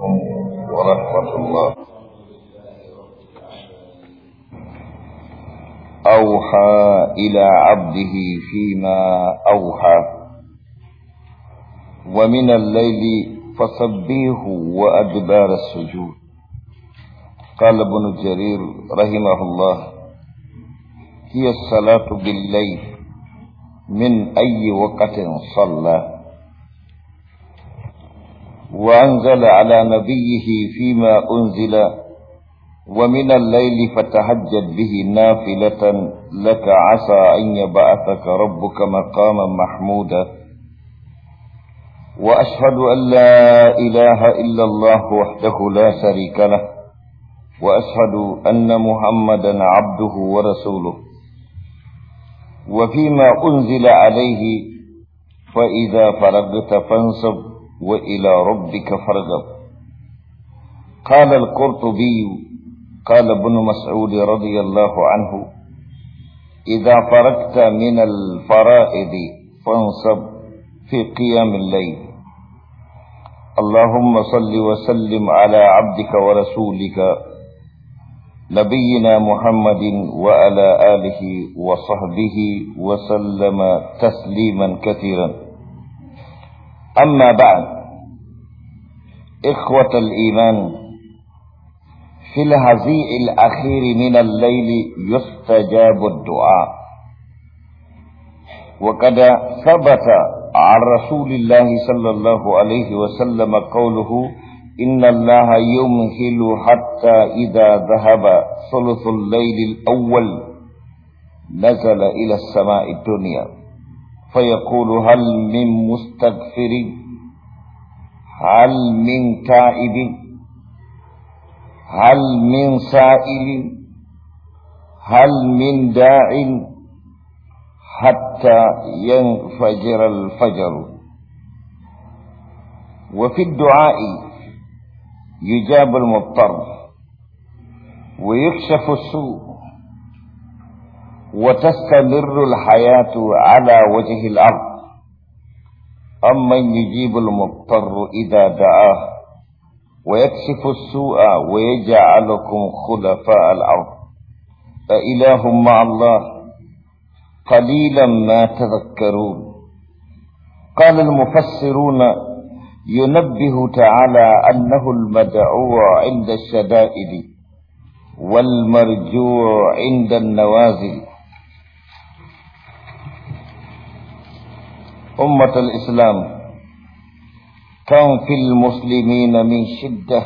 عليكم ورحمة الله أوحى إلى عبده فيما أوحى ومن الليل فسبيه وأدبار السجود قال ابن جرير رحمه الله هي الصلاة بالليل من أي وقت صلى وأنزل على نبيه فيما أنزل ومن الليل فتهجد به نافلة لك عسى أن يبعثك ربك مقاما محمودا وأشهد أن لا إله إلا الله وحده لا شريك له وأشهد أن محمدا عبده ورسوله وفيما أنزل عليه فإذا فرغت فانصب وإلى ربك فرغب قال القرطبي قال ابن مسعود رضي الله عنه إذا فرقت من الفرائض فانصب في قيام الليل اللهم صل وسلم على عبدك ورسولك نبينا محمد وعلى آله وصحبه وسلم تسليما كثيرا أما بعد إخوة الإيمان في الهزيء الأخير من الليل يستجاب الدعاء وقد ثبت عن رسول الله صلى الله عليه وسلم قوله إن الله يمهل حتى إذا ذهب ثلث الليل الأول نزل إلى السماء الدنيا فيقول هل من مستغفرين هل من تائب هل من سائل هل من داع حتى ينفجر الفجر وفي الدعاء يجاب المضطر ويكشف السوء وتستمر الحياة على وجه الأرض أمن يجيب المضطر إذا دعاه ويكشف السوء ويجعلكم خلفاء الأرض أإله مع الله قليلا ما تذكرون قال المفسرون ينبه تعالى أنه المدعو عند الشدائد والمرجوع عند النوازل أمة الإسلام كم في المسلمين من شدة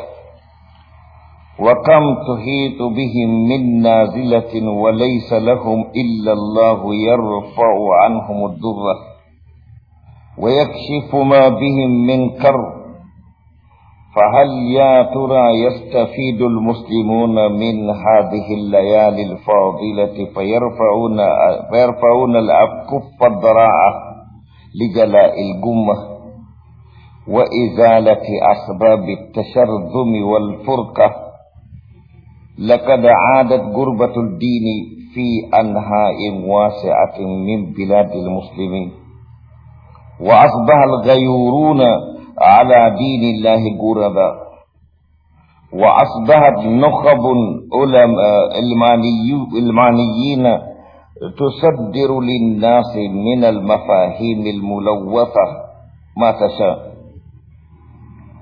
وكم تحيط بهم من نازلة وليس لهم إلا الله يرفع عنهم الدرة ويكشف ما بهم من كرب فهل يا ترى يستفيد المسلمون من هذه الليالي الفاضلة فيرفعون, فيرفعون الأكف الضراعة لجلاء الجمة وإزالة أسباب التشرذم والفرقة لقد عادت قربة الدين في أنهاء واسعة من بلاد المسلمين وأصبح الغيورون على دين الله قربا وأصبحت نخب علماء المانيين تصدر للناس من المفاهيم الملوثة ما تشاء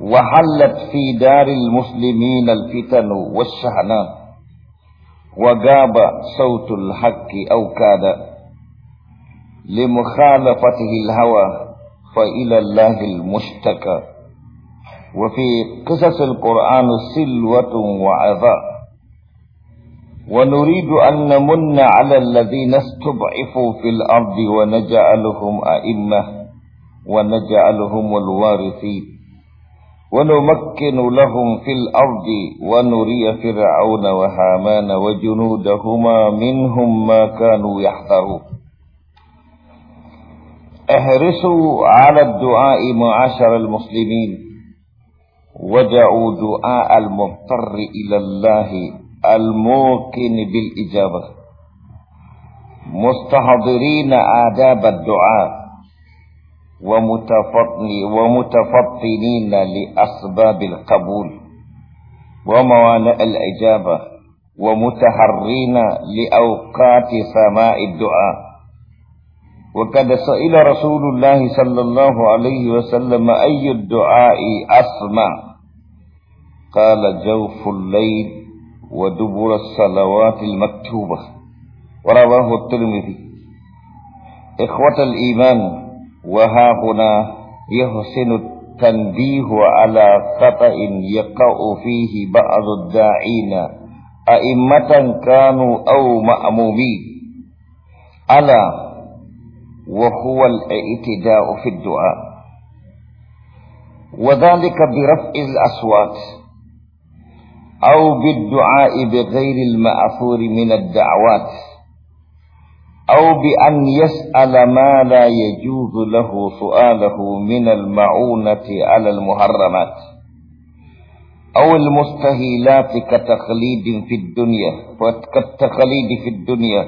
وحلت في دار المسلمين الفتن والشحناء وغاب صوت الحق أو كاد لمخالفته الهوى فإلى الله المشتكى وفي قصص القرآن سلوة وعذاب ونريد أن نمن على الذين استضعفوا في الأرض ونجعلهم أئمة ونجعلهم الوارثين ونمكن لهم في الأرض ونري فرعون وهامان وجنودهما منهم ما كانوا يحذرون احرصوا على الدعاء معاشر المسلمين ودعوا دعاء المضطر إلى الله الموقن بالإجابة مستحضرين آداب الدعاء ومتفطنين لأسباب القبول وموانع الإجابة ومتحرين لأوقات سماء الدعاء وقد سئل رسول الله صلى الله عليه وسلم أي الدعاء أسمع قال جوف الليل ودبر الصلوات المكتوبة ورواه الترمذي إخوة الإيمان وها هنا يحسن التنبيه على خطأ يقع فيه بعض الداعين أئمة كانوا أو مأمومين ألا وهو الاعتداء في الدعاء وذلك برفع الأصوات أو بالدعاء بغير المأثور من الدعوات أو بأن يسأل ما لا يجوز له سؤاله من المعونة على المحرمات أو المستهيلات كتخليد في الدنيا وكالتخليد في الدنيا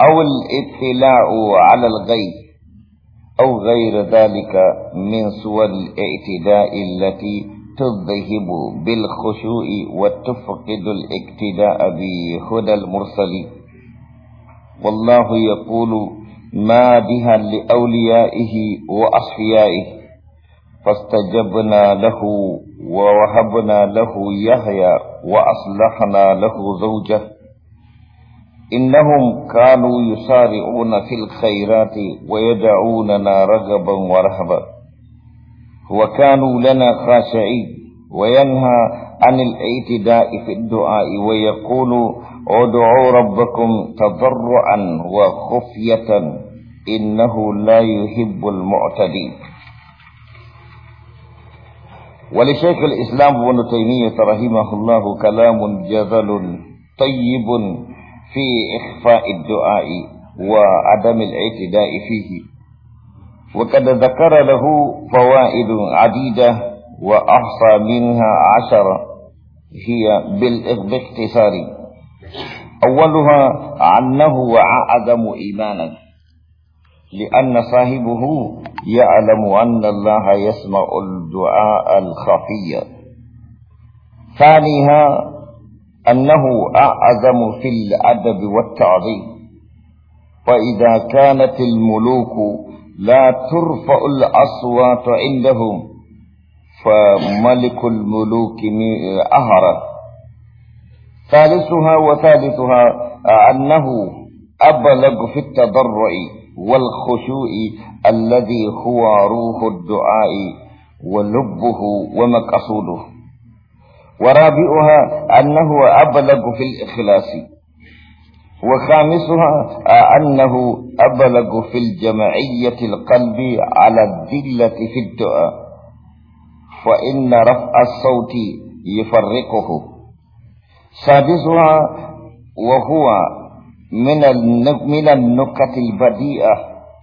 أو الاطلاع على الغيب أو غير ذلك من صور الاعتداء التي تذهب بالخشوع وتفقد الاقتداء بهدى المرسلين والله يقول ما بها لأوليائه وأصفيائه فاستجبنا له ووهبنا له يحيى وأصلحنا له زوجه إنهم كانوا يسارعون في الخيرات ويدعوننا رغبا ورهبا وكانوا لنا خاشعين وينهى عن الاعتداء في الدعاء ويقول ادعوا ربكم تضرعا وخفية إنه لا يحب المعتدين ولشيخ الإسلام ابن تيمية رحمه الله كلام جذل طيب في إخفاء الدعاء وعدم الاعتداء فيه وقد ذكر له فوائد عديدة وأحصى منها عشرة هي باختصار أولها عنه وأعظم إيمانا لأن صاحبه يعلم أن الله يسمع الدعاء الخفية ثانيها أنه أعظم في الأدب والتعظيم فإذا كانت الملوك لا ترفع الأصوات عندهم فملك الملوك أهر ثالثها وثالثها أنه أبلغ في التضرع والخشوع الذي هو روح الدعاء ولبه ومقصوده ورابعها أنه أبلغ في الإخلاص وخامسها أنه أبلغ في الجمعية القلب على الذلة في الدعاء فإن رفع الصوت يفرقه سادسها وهو من من النكت البديئة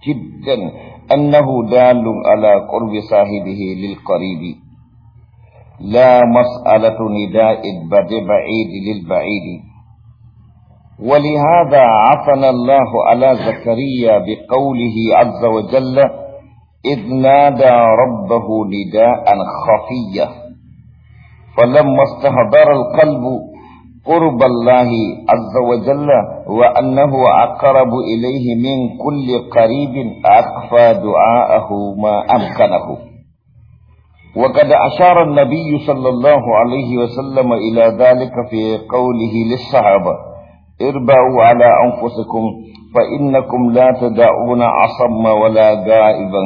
جدا أنه دال على قرب صاحبه للقريب لا مسألة نداء بعيد للبعيد ولهذا عفن الله على زكريا بقوله عز وجل إذ نادى ربه نداء خفيا فلما استهدر القلب قرب الله عز وجل وأنه أقرب إليه من كل قريب أخفى دعاءه ما أمكنه وقد أشار النبي صلى الله عليه وسلم إلى ذلك في قوله للصحابة اربعوا على أنفسكم فإنكم لا تدعون عصم ولا غائبا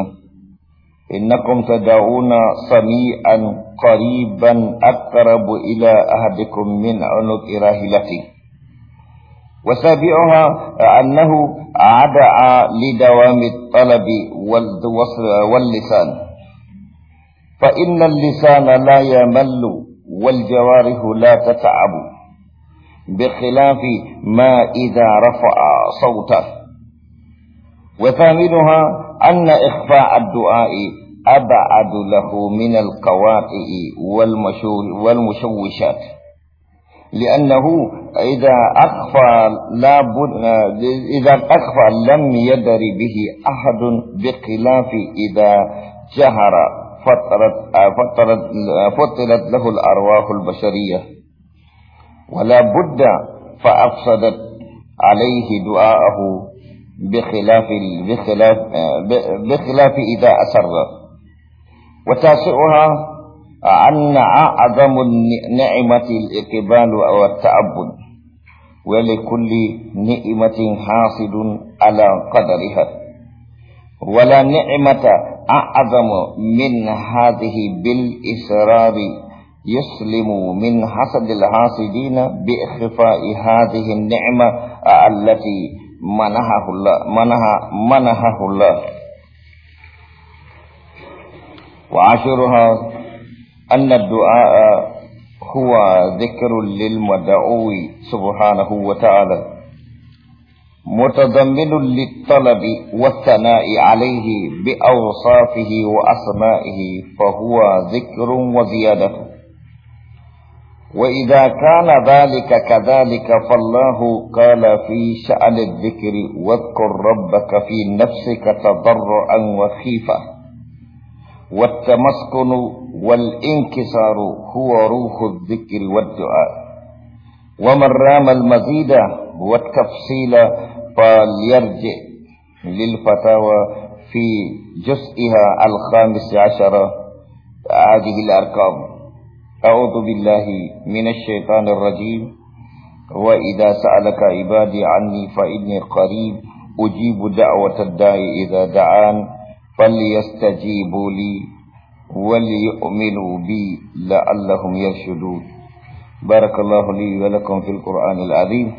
إنكم تدعون سميعا قريبا أقرب إلى أهدكم من عنق راهلته وسابعها أنه عدع لدوام الطلب واللسان فإن اللسان لا يمل والجوارح لا تتعب بخلاف ما إذا رفع صوته وثامنها أن إخفاء الدعاء أبعد له من القواطع والمشوشات لأنه إذا أخفى لا إذا أخفى لم يدر به أحد بخلاف إذا جهر فطرت فطرت فطرت له الأرواح البشرية ولا بد فأفسدت عليه دعاءه بخلاف بخلاف بخلاف إذا أسر وتاسعها أن أعظم النعمة الإقبال أو التعبد ولكل نعمة حاصد على قدرها ولا نعمة أعظم من هذه بالاسرار يسلم من حسد الحاسدين بإخفاء هذه النعمة التي منحه الله منح منحه الله وعشرها أن الدعاء هو ذكر للمدعو سبحانه وتعالى متضمن للطلب والثناء عليه بأوصافه وأسمائه فهو ذكر وزيادة وإذا كان ذلك كذلك فالله قال في شأن الذكر واذكر ربك في نفسك تضرعا وخيفة والتمسكن والانكسار هو روح الذكر والدعاء ومن رام المزيد والتفصيل فليرجع للفتاوى في جزئها الخامس عشر هذه الأرقام أعوذ بالله من الشيطان الرجيم وإذا سألك عبادي عني فإني قريب أجيب دعوة الداعي إذا دعان فليستجيبوا لي وليؤمنوا بي لعلهم يرشدون بارك الله لي ولكم في القرآن العظيم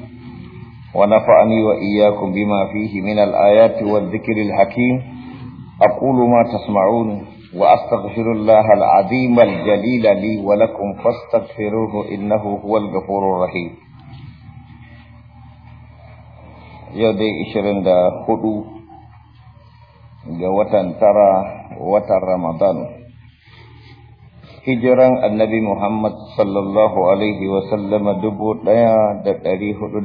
ونفعني وإياكم بما فيه من الآيات والذكر الحكيم أقول ما تسمعون واستغفر الله العظيم الجليل لي ولكم فاستغفروه انه هو الغفور الرحيم يودي 24 ga watan tara watan ramadan hijran annabi muhammad sallallahu alaihi wa da 1447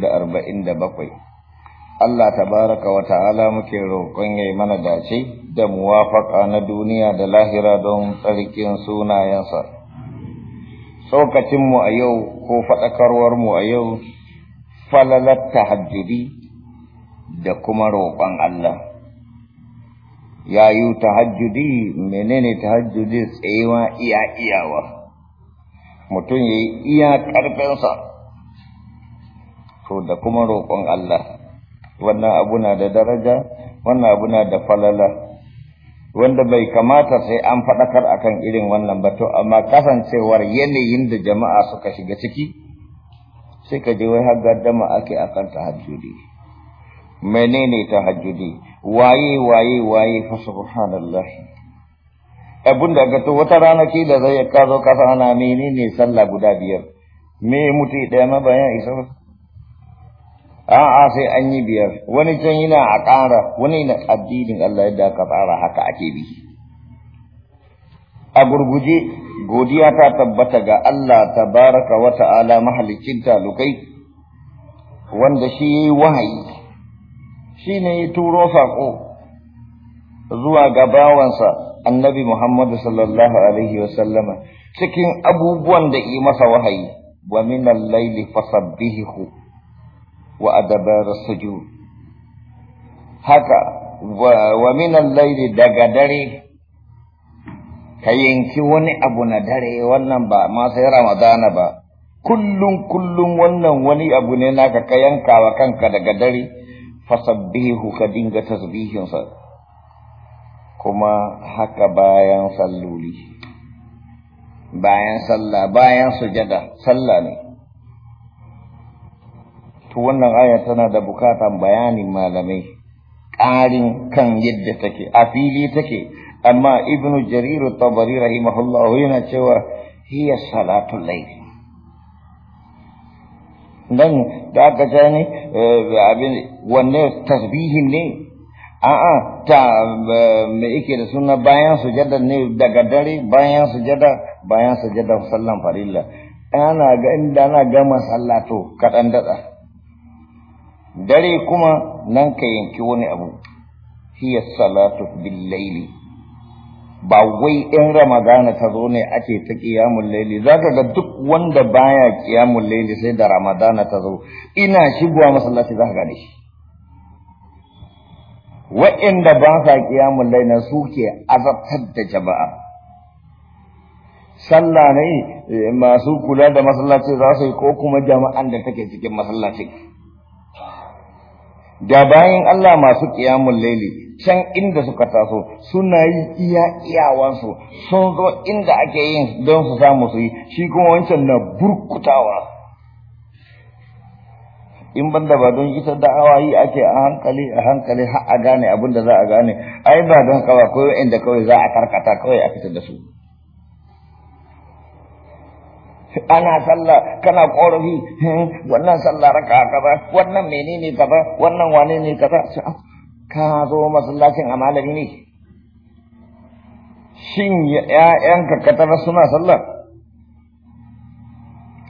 Allah tabaraka wa ta'ala muke roƙon yayi mana dace da muwafaka na duniya da lahira don tsarkin sunayensa. Sokacinmu a yau ko faɗakarwar mu a yau falalar tahajjudi da kuma roƙon Allah. Yayu tahajjudi menene tahajjudi tsayewa iya iyawa. Mutum yayi yi iya ƙarfinsa, to da kuma roƙon Allah. wannan abu na da daraja wannan abu na da falala wanda bai kamata sai an faɗakar akan irin wannan ba to amma kasancewar yanayin da jama'a suka shiga ciki sai ka je wai har gaddama ake akan tahajjudi menene tahajjudi waye waye waye fa subhanallah abun da ga to wata rana ke da zai ka zo ka sana menene sallah guda biyar me mutu ɗaya ma bayan isa a'a sai an yi biyar wani can yana a ƙara wani na addinin Allah yadda aka tsara haka ake bi a gurguje godiya ta tabbata ga Allah tabaraka wa ta'ala mahalicin talukai wanda shi ya yi wahayi shi ne ya turo saƙo. zuwa ga bawansa annabi Muhammadu sallallahu alaihi wa cikin abubuwan da yi masa wahayi wa minan laili layli fasabbihu وأدبار wa هكا ومن daga dare ka yanki wani abu na dare wannan ba masu yara ramadana ba kullum kullum wannan wani abu ne naka ka yanka wa kanka daga dare fasabbihu ka dinga tasbihinsa kuma haka bayan salloli bayan sallah bayan sujada sallah ne to wannan aya tana da bukatan bayanin malamai ƙarin kan yadda take a fili take amma ibnu jarir tabari rahimahullah yana cewa hiya salatul layl dan da aka ce ne eh, abin wanne tasbihin ne a'a ta me yake da suna bayan sujada ne daga dare bayan sujada bayan sujada sallan farilla ana ga inda ana gama sallato kaɗan daɗa dare kuma nan ka yanki wani abu hiya salatu bil laili ba wai in ramadana ta zo ne ake ta qiyamul laili zaka ga duk wanda baya qiyamul laili sai da ramadana ta zo ina shigowa masallaci zaka gane shi wa'inda ba sa qiyamul laili suke azabtar da jama'a sallah ne eh, masu kula da masallaci za su yi ko kuma jama'an da take cikin masallacin ga bayan Allah masu ƙiyamun laili can inda suka taso suna yi iya iyawansu sun zo inda ake yin don su samu su yi shi kuma wancan na burkutawa in ban da ba don ita da'awa yi ake a hankali a hankali har a gane abin da za a gane ai ba don kawai koyo inda kawai za a karkata kawai a fitar da su ana sallah kana korafi hmm, wannan sallah raka kaza wannan menene kaza wannan wane ne kaza ah, ka zo masallacin amalari ne shin ka katara suna sallah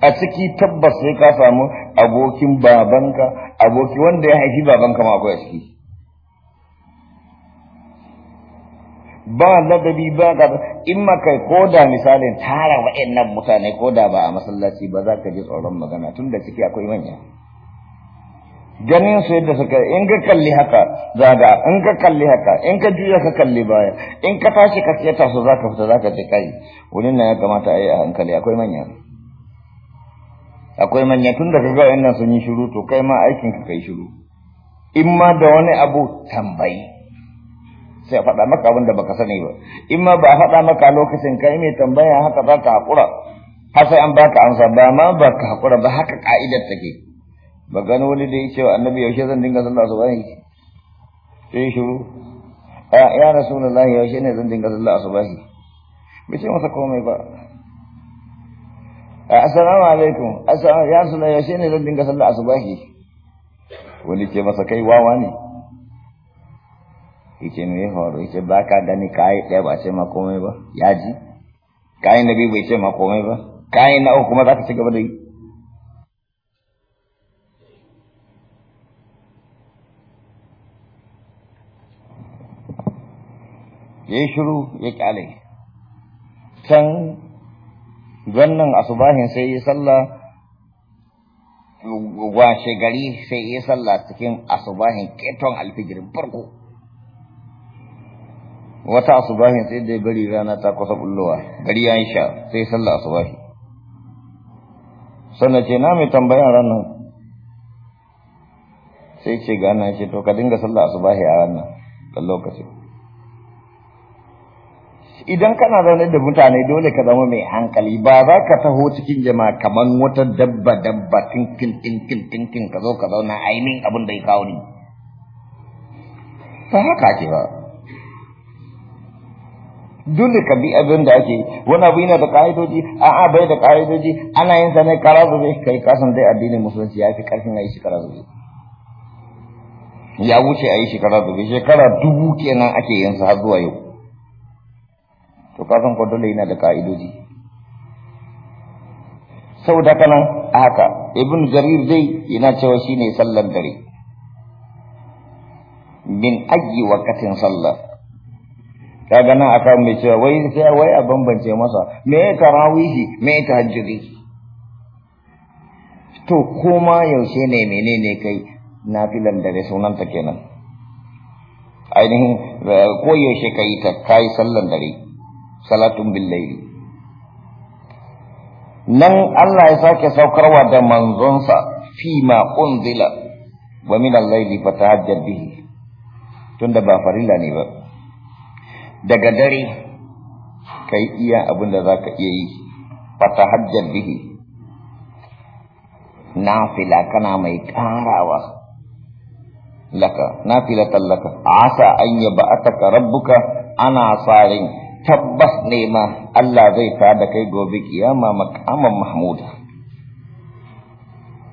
a ciki tabbas sai ka samu abokin babanka aboki wanda ya haifi babanka ma akwai a ciki ba ladabi ba ga in ma kai da misalin tara wa'annan mutane ko da ba a masallaci ba za ka ji tsoron magana tun da ciki akwai manya ganin su yadda suka in ka kalli haka zaga in ka kalli haka in ka juya ka kalli baya in ka tashi ka tsiyata su zaka fita zaka ce kai wurin nan ya kamata a yi a hankali akwai manya akwai manya tun da kaga wa'annan sun yi shiru to kai ma aikin ka kai shiru in ma da wani abu tambayi sai faɗa maka abin da baka sani ba in ma ba a faɗa maka lokacin kai mai tambaya haka za ka haƙura har sai an baka amsa ba ma ba ka haƙura ba haka ka'idar take ba gano wani da ya ce wa annabi yaushe zan dinga sallah asuba ne sai shiru ya rasulullahi yaushe ne zan dinga sallah asuba ne bai ce masa komai ba assalamu alaikum assalamu ya na yaushe ne zan dinga sallah asuba ne wani ce masa kai wawa ne yace me horo faru ba ka gani kayi ɗaya ba ce ma ba ya ji kayi na biyu bai ce ma ba kayi na uku kuma za ka ci gaba da yi ya yi shiru ya kyale can wannan asubahin sai yi sallah washe gari sai yi sallah cikin asubahin keton alfijirin farko wata asubahin sai da bari rana ta kusa bullowa gari ya sha sai sallah asubahi sannan ce na mai tambayan ranar sai ce gana ce to ka dinga sallah asubahi a ranar da lokaci idan kana zaune da mutane dole ka zama mai hankali ba za ka taho cikin jama'a kamar wata dabba dabba tinkin tinkin tinkin ka zo ka zauna ainihin abin da ya kawo ni ba haka ake ba dole ka bi abin da ake yi wani abu yana da ka'idoji a bai da ka'idoji ana yin sa ne da zai kai kasan dai addinin musulunci ya fi karfin a yi shi ya wuce a yi shekara dubu shekara dubu kenan ake yin sa zuwa yau to kasan ko dole yana da ka'idoji saboda nan a haka ibn jarir dai yana cewa shine sallar dare min ayi waqtin sallar. kaga nan akan mai cewa wai sai wai a bambance masa me tarawihi me tahajjudi to kuma yaushe ne menene kai nafilan sunan ta kenan ainihin eh, ko yaushe kai ta kai sallan dare salatun billahi nan Allah ya sake saukarwa da manzonsa fi ma unzila wa min al-layli fatahajjad bihi tunda ba farilla ne ba daga dare kai iya abin da zaka iya yi hajjar bihi nafila kana mai karawa laka fila tallaka asa an yab'ataka rabbuka ana sarin tabbas ne ma Allah zai tada kai gobe kiyama makaman mahmuda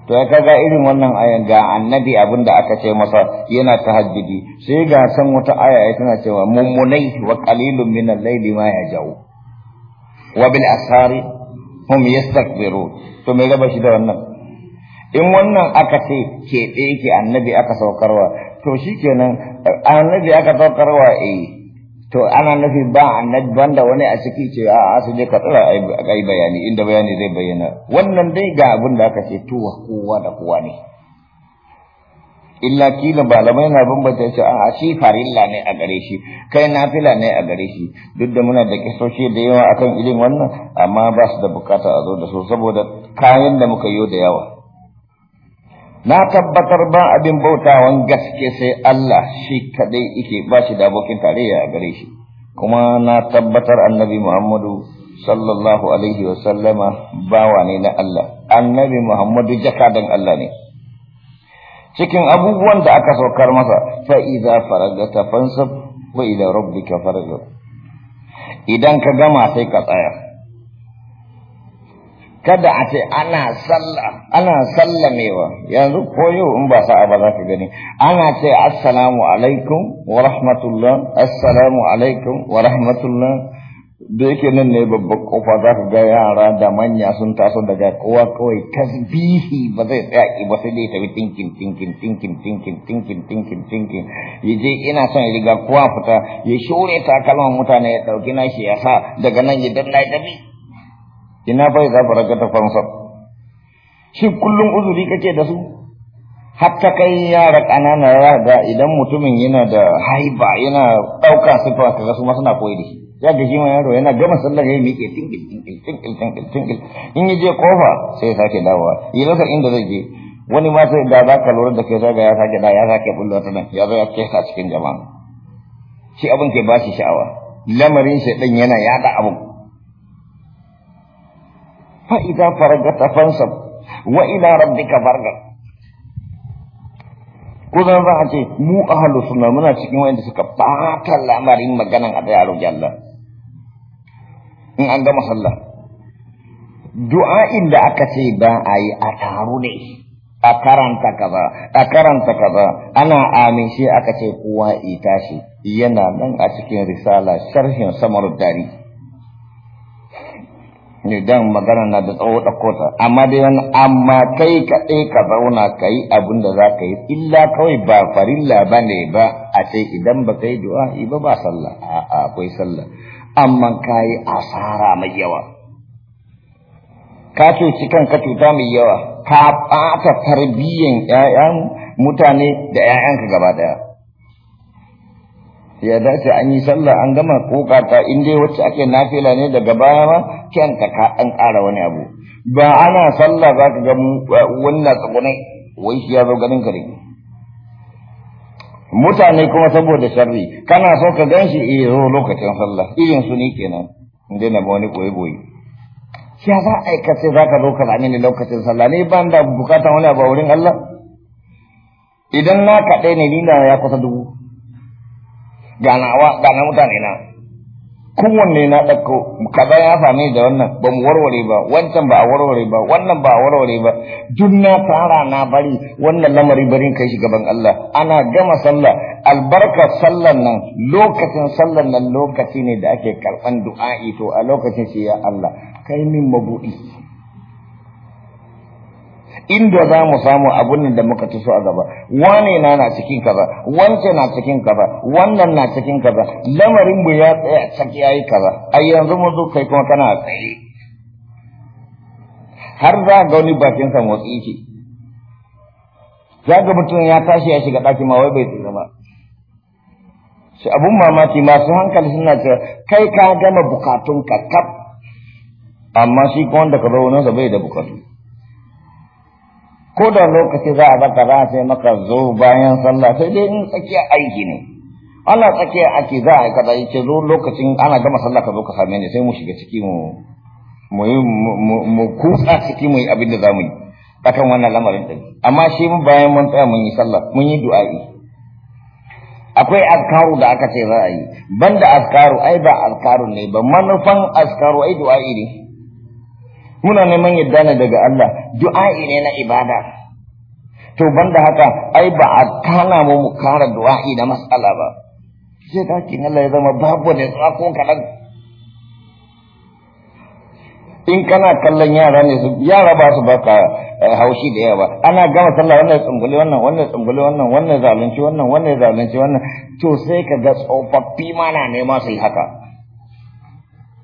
to kaga irin wannan ayan ga annabi abin da aka ce masa yana tahajjudi sai ga san wata aya tana cewa mummunai wa qalilun min al-layli ma yajau wa bil asari hum yastakbiru to me raba shi da wannan in wannan aka ce ke ɗaya ke annabi aka saukarwa to shikenan annabi aka saukarwa eh to ana nufi ba annabi banda wani a ciki ce a su je ka tsara ai bayani inda bayani zai bayyana wannan dai ga abin da aka ce tuwa kowa da kowa ne illa kila malamai na bambanta ce a shi farilla ne a gare shi kai nafila ne a gare shi duk da muna da kisoshi da yawa akan irin wannan amma ba su da bukata a zo da su saboda kayan da muka yi da yawa na tabbatar ba abin bautawan gaske sai Allah shi kadai yake ba shi da abokin tarayya a gare shi kuma na tabbatar annabi Muhammadu sallallahu alaihi wa bawa ne na Allah annabi Muhammadu jakadan Allah ne cikin abubuwan da aka saukar masa fa idza faragata fansab wa ila rabbika farghab idan ka gama sai ka tsaya kada a ce ana sallah ana sallamewa yanzu koyo in ba sa'a ba za ka gani ana ce assalamu alaikum wa rahmatullah assalamu alaikum wa rahmatullah da yake nan ne babban kofa za ka ga yara da manya sun taso daga kowa kawai tasbihi ba zai tsaya ba sai dai tafi tinkin tinkin tinkin tinkin tinkin tinkin tinkin ya je ina son ya riga kowa fita ya shore takalman mutane ya dauki nashi ya sa daga nan ya danna ya tafi ina fa za baraka ta fansa shi kullum uzuri kake da su hatta kai yara ƙanana raga idan mutumin yana da haiba yana ɗauka sifa kaga su ma suna koyi da shi ya ga shi ma yaro yana gama sallar yayi miƙe tingil tingil tingil tingil tingil in yi je kofa sai ya sake dawowa ya rasa inda zai je wani ma sai da za ka lura da kai zaga ya sake da ya sake bullo ta nan ya zo ya kesa cikin jama'a shi abin ke ba shi sha'awa lamarin shi din yana yada abu فإذا فرغت فانصب وإلى ربك فارغب kusan za a ce mu ahalu suna muna cikin wanda suka bata lamarin maganan a tsaye roƙi Allah in an gama sallah du'a'in da aka ce ba a a taru ne a karanta kaza a karanta kaza ana amin shi aka ce kowa ita shi yana nan a cikin risala sharhin samar dari ne dan magana na da tsawo da kota amma dai wani amma kai kaɗai ka zauna ka yi abin da za ka yi illa kawai ba farilla ba ne ba a ce idan ba ka yi du'a'i ba ba sallah a akwai sallah amma ka yi asara mai yawa ka cuci kanka cuta mai yawa ka ɓata tarbiyyan 'ya'yan mutane da 'ya'yanka gaba ɗaya ya dace an yi sallah an gama kata in dai wacce ake nafila ne daga baya ma kyan ka an ƙara wani abu ba ana sallah za ka ga wannan tsakuna wai shi ya zo ganin ka mutane kuma saboda sharri kana so ka gan shi iya eh, zo lokacin sallah irin su ne kenan in dai na ba wani koyi koyi ya za a kace za ka zo ka zane ni lokacin sallah ne ban da bukatan wani abu a wurin Allah idan na kaɗai ne ni na ya kusa dubu ganawa gana mutane na kowanne na ɗauko kaza ya same da wannan ba mu warware ba wancan ba a warware ba wannan ba a warware ba duk na tara na bari wannan lamari barin kai shi gaban Allah ana gama sallah albarka sallan nan lokacin sallan nan lokaci ne da ake karɓan du'a'i to a lokacin shi ya Allah kai min mabuɗi inda za mu samu abun da muka ci a gaba wane na na cikin kaza wance na cikin kaza wannan na cikin kaza lamarin mu ya tsaya tsaki yayi kaza A yanzu mu zo kai kuma kana tsaye har za ga wani bakin sa motsi yake za ga mutum ya tashi ya shiga ɗakin ma wai bai tsira ba shi abun mamaki masu hankali suna cewa kai ka gama bukatunka kaf amma shi kuma da ka zo nan sa bai da bukatun. ko da lokaci za a baka za sai maka zo bayan sallah sai dai in tsakiya aiki ne ana tsakiya aiki za a kaza yake zo lokacin ana gama sallah ka zo ka same ni sai mu shiga ciki mu mu ciki mu yi abin da zamu yi akan wannan lamarin din amma shi mun bayan mun tsaya mun yi sallah mun yi du'a'i akwai azkaru da aka ce za a yi banda azkaru ai ba azkaru ne ba manufan azkaru ai du'a'i ne muna neman yadda ne daga Allah du'a'i ne na ibada to banda haka ai ba a kana mu mu kara du'a'i da mas'ala ba sai dakin Allah ya zama babu ne tsako kadan in kana kallon yara ne su yara ba su baka eh, haushi da yawa ana gama sallah wannan tsungule wannan wannan tsungule wannan wannan zalunci wannan wannan zalunci wannan to sai ka ga tsofaffi ma na nema su haka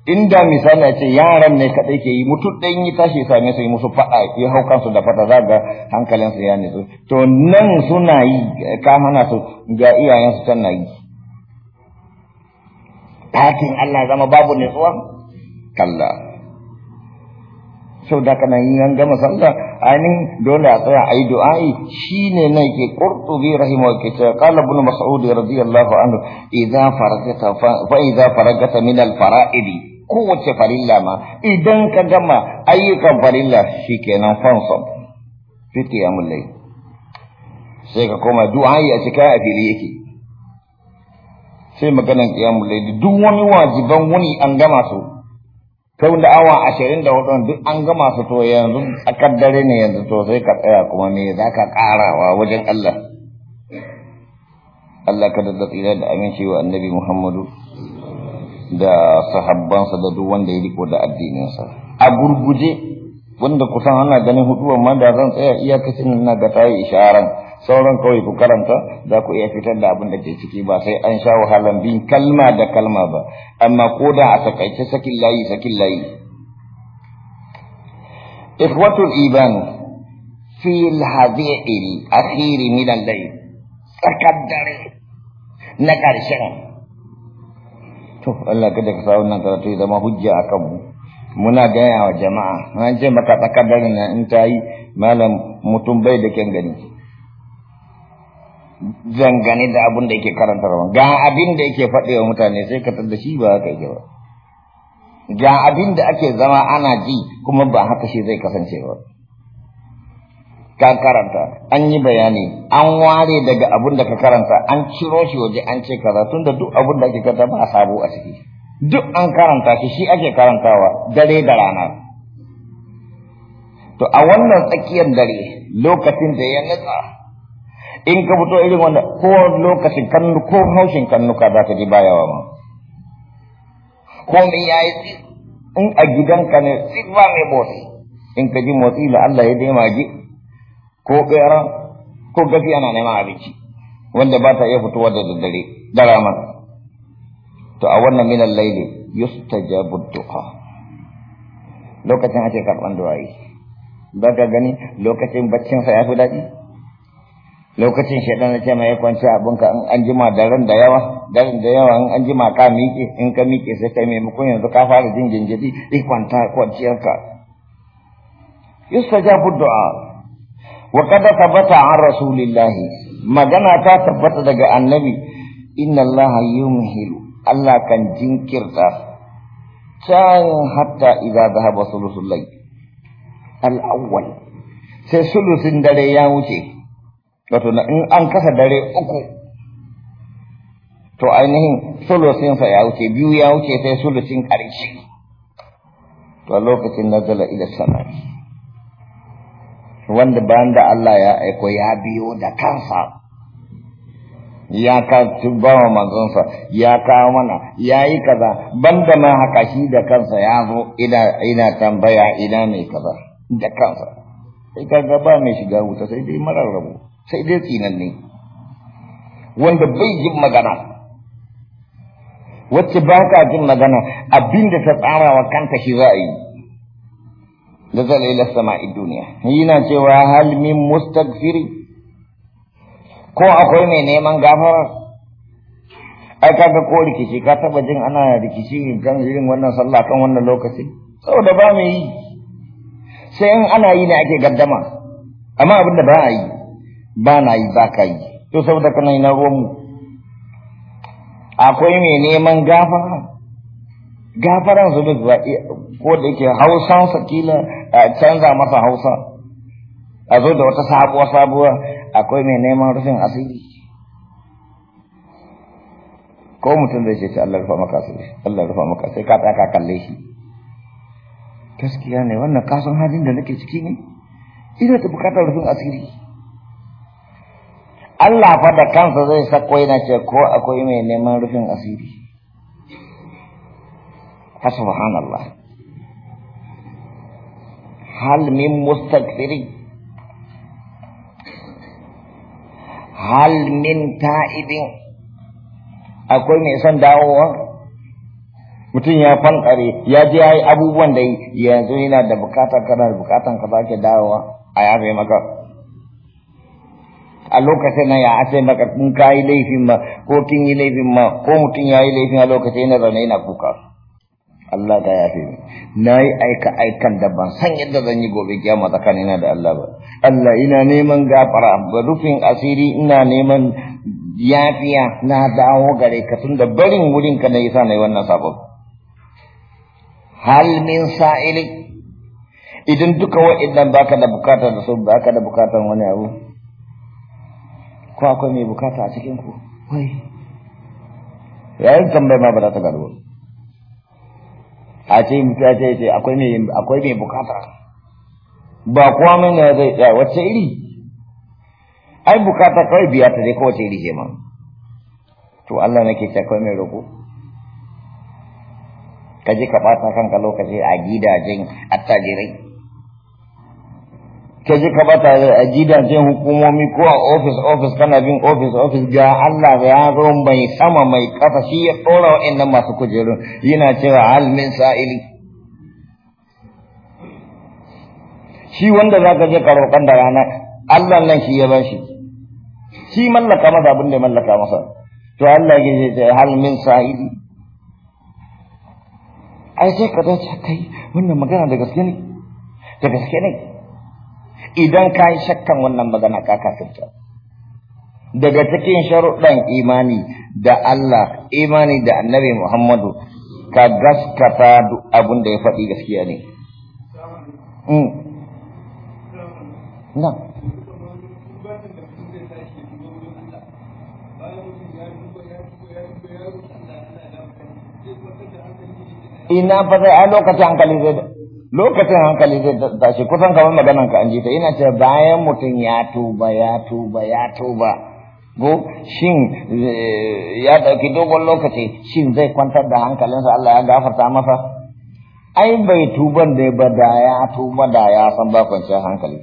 inda misali ce yaran ne kadai ke yi mutu dan yi tashi same su yi musu faɗa ya hau kansu da fada zaga hankalin su ya nitsu to nan suna yi ka hana su ga iyayensu su tana yi fatin Allah zama babu nitsuwa kalla sau da kana yin an gama sallah ainihin dole a tsaya a yi du'a'i shi ne na ke ƙurtubi wa ke ce ƙala bin masu'udu radiyallahu anhu idza faragata fa faragata min faraidi kowace farilla ma idan ka gama ayyukan farilla Shi shikenan fansab fi ya layl sai ka koma du'a ya cika a fili yake sai maganan ya layl duk wani wajiban wani an gama su sau da awa ashirin da hudu duk an gama su to yanzu tsakar dare ne yanzu to sai ka tsaya kuma me za ka karawa wajen Allah Allah ka da tsira da aminci wa annabi Muhammadu da sahabbansa da duk wanda ya riko da addininsa a gurguje wanda kusan ana ganin huduwar ma da zan tsaya iyakacin na ga tayi isharan sauran kawai ku karanta za ku iya fitar da abin da ke ciki ba sai an sha wahalan bin kalma da kalma ba amma ko da a takaice sakin layi sakin layi ikhwatul iban fi al-hadhi'il akhir min al-layl tsakar na karshen to Allah kada ka sa wannan karatu ya zama hujja a kanmu muna gaya wa jama'a an ce maka tsakadar na in ta yi malam mutum bai da kyan gani zangane da abin da yake karantarwa ga abin da yake faɗe wa mutane sai ka tada shi ba haka yake ba ga abin da ake zama ana ji kuma ba haka shi zai kasance ba ka karanta an yi bayani an ware daga abun da ka karanta an ciro shi waje an ce kaza tun da duk abun da ake karanta ba sabo a ciki duk an karanta shi shi ake karantawa dare da rana to a wannan tsakiyar dare lokacin da ya nutsa in ka fito irin wanda ko lokacin kannu ko haushin kannuka za ka ji bayawa ma ko ya yi in a gidanka ne sifa mai motsi in ka ji motsi la Allah ya ma ji ko ƙera ko gafi ana neman abinci wanda ba ta iya fitowa da daddare da rama to a wannan minan laili yustajabu du'a lokacin ake karɓan du'a'i za ka gani lokacin sa ya fi daɗi lokacin shaidan na ce mai ya kwanci abinka in an jima daren da yawa daren da yawa in an jima ka miƙe in ka miƙe sai kai maimakon yanzu ka fara jin jinjiri i kwanta kwanciyarka yustajabu du'a wa ثبت عن an الله magana ta tabbata daga annabi inna الله يمهل allah kan jinkirta ta hatta idza dhahaba thuluthul layl sai sulusin dare ya wuce wato in an kasa dare uku to ainihin sulusin sa ya wuce biyu ya wuce sai sulusin ƙarshe to lokacin zala ila wanda bayan da Allah ya aiko ya biyo da kansa ya ka wa manzonsa ya kawo mana ya yi kaza banda ma haka shi da kansa ya zo ina tambaya ina mai kaza da kansa sai kaga ba mai shiga wuta sai dai marar rabu sai dai tsinanne wanda bai jin magana wacce ba ka jin magana abinda ta tsara wa kanta shi za a yi nazala ila sama'i duniya yana cewa hal min mustaghfiri ko akwai mai neman gafara ai ga ko rikici ka taba jin ana rikici kan irin wannan sallah kan wannan lokaci saboda ba mu yi sai in ana yi ne ake gaddama amma abin da ba a yi ba na yi ba ka yi to saboda kana ina ruwan akwai mai neman gafara gafaran ne ko da yake hausansa sakila a canza masa hausa a zo da wata sabuwa sabuwa akwai mai neman rufin asiri ko mutum zai ce Allah rufa maka asiri Allah rufa maka sai ka tsaka kalle shi gaskiya ne wannan kasan halin da nake ciki ne ina ta bukatar rufin asiri Allah fa da kansa zai sako yana ce ko akwai mai neman rufin asiri fa subhanallah hal min mustakfirin hal min ta'ibin akwai mai son dawowa mutum ya fankare ya je ya yi abubuwan da yanzu yana da bukata kana da bukatan ka sake dawowa a yafe maka a lokacin nan ya ace maka kun kayi laifin ma ko kin yi laifin ma ko mutum ya yi laifin a lokacin yana zaune yana kuka Allah ta yafe ni na yi aika aikan da ban san yadda zan yi gobe kiyama tsakanina da Allah ba Allah ina neman gafara ba rufin asiri ina neman yafiya na dawo gare ka tun da barin wurin ka na yi sa na yi wannan sabon hal min sa'ili idan duka wa'annan baka da bukata da su baka da bukatan wani abu ko akwai mai bukata a cikin ku wai yayin tambayar ma ba za ta gado a ce mutu ya ce akwai mai akwai mai bukata ba kuwa mai na zai tsaya wacce iri ai bukata kawai biya ta dai kawace iri jema ma to Allah nake ce kawai mai roƙo ka je ka ɓata kanka lokaci a gidajen attajirai ka je ka bata a gidajen hukumomi ko a ofis ofis kana bin ofis ofis ga Allah ya zo mai sama mai kafa shi ya tsora wa'annan masu kujerun yana cewa halmin sa'ili shi wanda za ka je ka roƙon da rana Allah nan shi ya bashi shi mallaka masa abin da mallaka masa to Allah ya ce ce halmin sa'ili ai sai ka dace kai wannan magana da gaske ne da gaske ne idan ka yi shakkan wannan magana ka kafirta daga cikin sharuɗan imani da Allah imani da annabi Muhammadu ka gaskata duk abin da ya faɗi gaskiya ne mm. ina fa sai a lokacin hankali lokacin hankali zai tashi kusan kamar maganan ka an ji ta ina ce bayan mutum ya tuba ya tuba ya tuba go shin eh, ya dauki dogon lokaci shin zai kwantar da hankalinsa Allah ya gafarta masa ai bai tuban da ba da ya tuba da ya san ba kwanciyar hankali